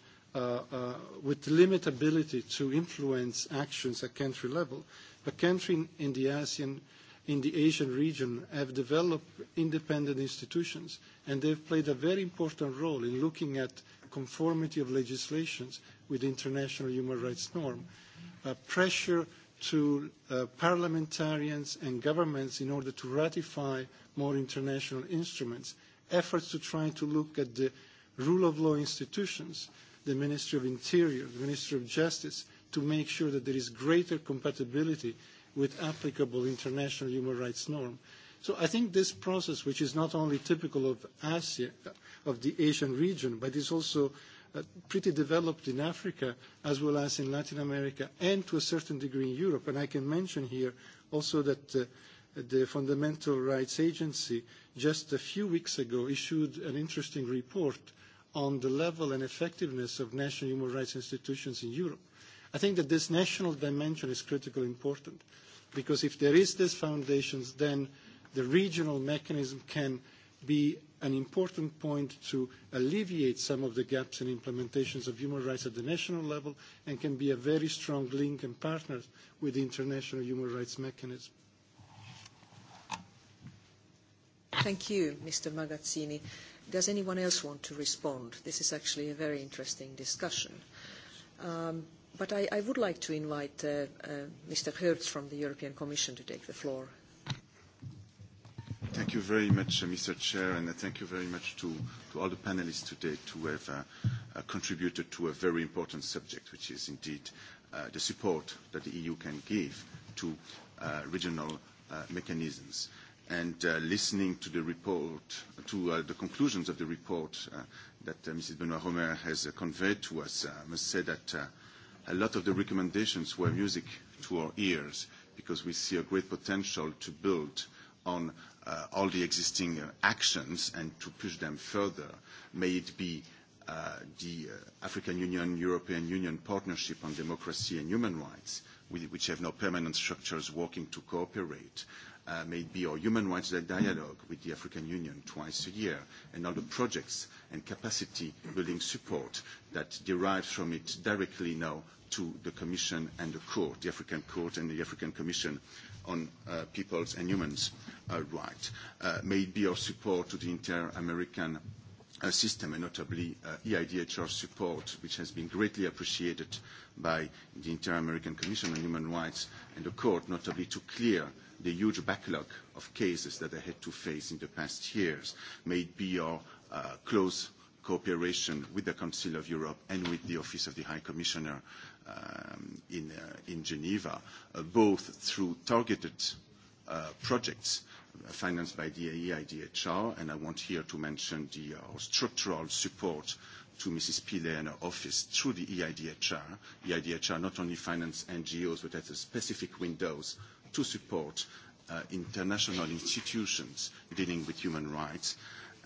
with limited ability to influence actions at country level, the countries in the ASEAN, in the Asian region, have developed independent institutions, and they've played a very important role in looking at conformity of legislations with international human rights norm, pressure to parliamentarians and governments in order to ratify more international instruments, efforts to try to look at the rule of law institutions, the Ministry of Interior, the Ministry of Justice, to make sure that there is greater compatibility with applicable international human rights norms. So I think this process, which is not only typical of Asia, of the Asian region, but is also pretty developed in Africa as well as in Latin America and to a certain degree in Europe. And I can mention here also that the Fundamental Rights Agency just a few weeks ago issued an interesting report on the level and effectiveness of national human rights institutions in Europe. I think that this national dimension is critically important because if there is this foundation, then the regional mechanism can be an important point to alleviate some of the gaps in implementations of human rights at the national level and can be a very strong link and partner with the international human rights mechanism. Thank you, Mr. Magazzini. Does anyone else want to respond? This is actually a very interesting discussion. Um, but I, I would like to invite uh, uh, Mr. Hertz from the European Commission to take the floor. Thank you very much, Mr. Chair, and thank you very much to, to all the panelists today to have uh, uh, contributed to a very important subject, which is indeed uh, the support that the EU can give to uh, regional uh, mechanisms. Uh, and uh, listening to the report, to uh, the conclusions of the report uh, that uh, Mrs. Benoit-Romer has uh, conveyed to us, uh, I must say that uh, a lot of the recommendations were music to our ears because we see a great potential to build on uh, all the existing uh, actions and to push them further, may it be uh, the uh, African Union, European Union partnership on democracy and human rights, which have now permanent structures working to cooperate, uh, be our human rights dialogue with the African Union twice a year, and other projects and capacity building support that derives from it directly now to the Commission and the Court, the African Court and the African Commission on Peoples' and Humans' Rights. be our support to the Inter-American system and notably EIDHR support, which has been greatly appreciated by the Inter-American Commission on Human Rights and the Court, notably to clear the huge backlog of cases that they had to face in the past years, may it be our close cooperation with the Council of Europe and with the Office of the High Commissioner in Geneva, both through targeted projects financed by the EIDHR, and I want here to mention the structural support to Mrs. Pillay and her office through the EIDHR. EIDHR not only finance NGOs, but has a specific windows to support uh, international institutions dealing with human rights.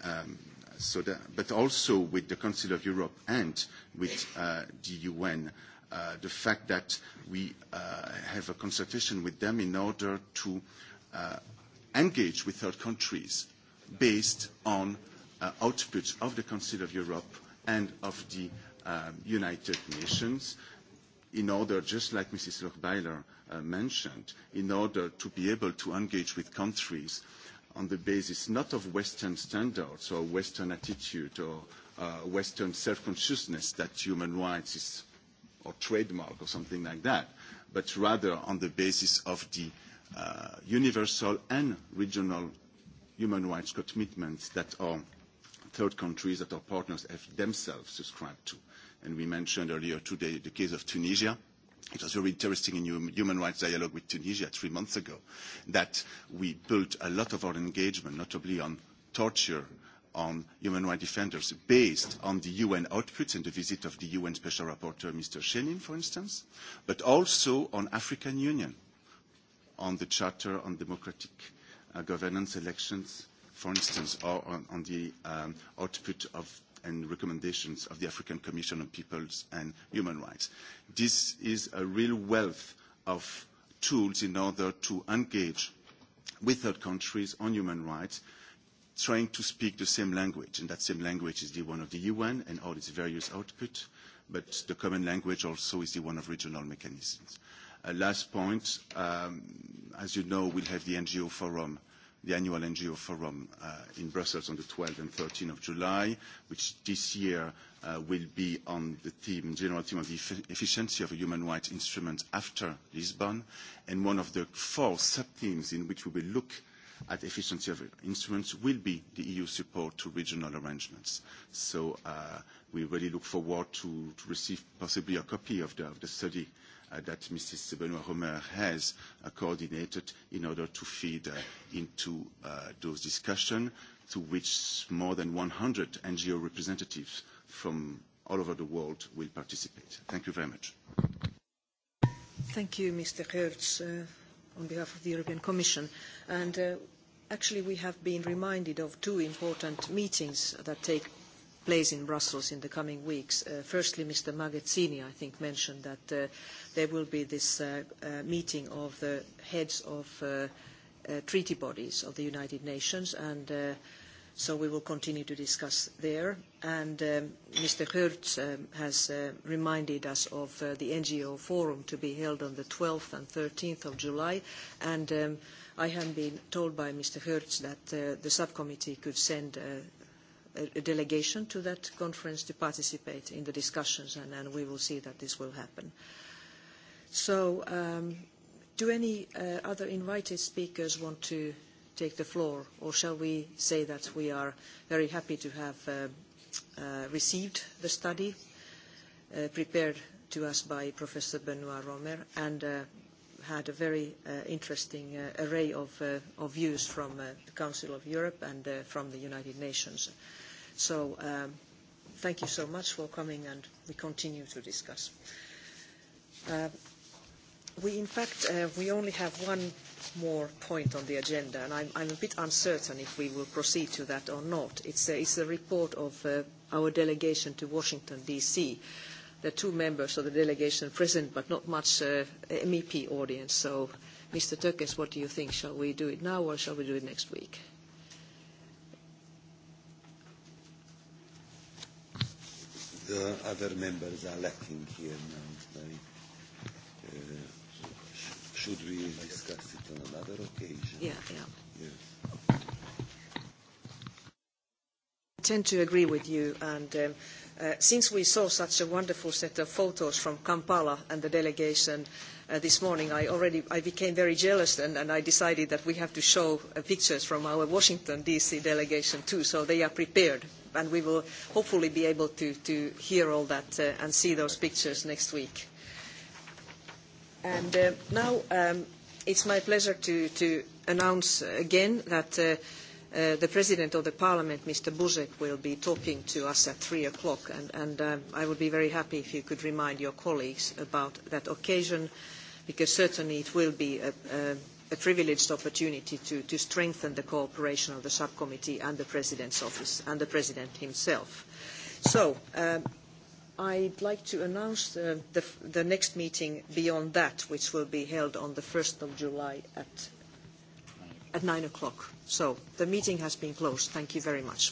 Um, so that, but also with the Council of Europe and with uh, the UN, uh, the fact that we uh, have a consultation with them in order to uh, engage with third countries based on uh, output of the Council of Europe and of the United Nations. Uh, in order, just like Mrs. Lochbihler mentioned, in order to be able to engage with countries on the basis not of Western standards or Western attitude or Western self-consciousness that human rights is or trademark or something like that, but rather on the basis of the universal and regional human rights commitments that our third countries, that our partners have themselves subscribed to and we mentioned earlier today the case of Tunisia. It was very interesting in human rights dialogue with Tunisia three months ago that we built a lot of our engagement, notably on torture, on human rights defenders, based on the UN outputs and the visit of the UN Special Rapporteur, Mr. Shenin, for instance, but also on African Union, on the Charter on Democratic Governance, Elections, for instance, or on, the output of and recommendations of the African Commission on Peoples and Human Rights. This is a real wealth of tools in order to engage with third countries on human rights, trying to speak the same language. And that same language is the one of the UN and all its various output, but the common language also is the one of regional mechanisms. last point, as you know, we'll have the NGO forum the annual NGO Forum in Brussels on the 12th and 13th of July, which this year will be on the theme, general theme of the efficiency of a human rights instrument after Lisbon. And one of the four sub-themes in which we will look at efficiency of instruments will be the EU support to regional arrangements. So we really look forward to, to receive possibly a copy of the, of the study that Mrs. Benoit Romer has uh, coordinated in order to feed uh, into uh, those discussions, to which more than 100 NGO representatives from all over the world will participate. Thank you very much. Thank you, Mr. Hertz, uh, on behalf of the European Commission. And uh, actually, we have been reminded of two important meetings that take place in Brussels in the coming weeks. firstly, Mr. Magazzini, I think, mentioned that there will be this meeting of the heads of treaty bodies of the United Nations, and so we will continue to discuss there. And Mr. Hertz has reminded us of the NGO forum to be held on the 12th and 13th of July, and I have been told by Mr. Hertz that the subcommittee could send a delegation to that conference to participate in the discussions, and, and we will see that this will happen. So um, do any uh, other invited speakers want to take the floor, or shall we say that we are very happy to have uh, uh, received the study uh, prepared to us by Professor Benoit Romer, and uh, had a very interesting array of, views from the Council of Europe and from the United Nations. So thank you so much for coming and we continue to discuss. we in fact, we only have one more point on the agenda and I'm, I'm a bit uncertain if we will proceed to that or not. It's a, it's a report of our delegation to Washington DC There are two members of the delegation present, but not much MEP audience. So, Mr. Turkes, what do you think? Shall we do it now or shall we do it next week? The other members are lacking here now. They, uh, should we discuss it on another occasion? Yeah, yeah. Yes. I tend to agree with you, and. Um, since we saw such a wonderful set of photos from Kampala and the delegation this morning, I already I became very jealous and, and I decided that we have to show pictures from our Washington DC delegation too, so they are prepared. And we will hopefully be able to, to hear all that and see those pictures next week. And now um, it's my pleasure to, to announce again that the President of the Parliament, Mr. Buzek, will be talking to us at three o'clock, and, I would be very happy if you could remind your colleagues about that occasion, because certainly it will be a, privileged opportunity to, strengthen the cooperation of the subcommittee and the President's office and the President himself. So I'd like to announce the, the next meeting beyond that, which will be held on the 1st of July at, at 9 o'clock. So the meeting has been closed. Thank you very much.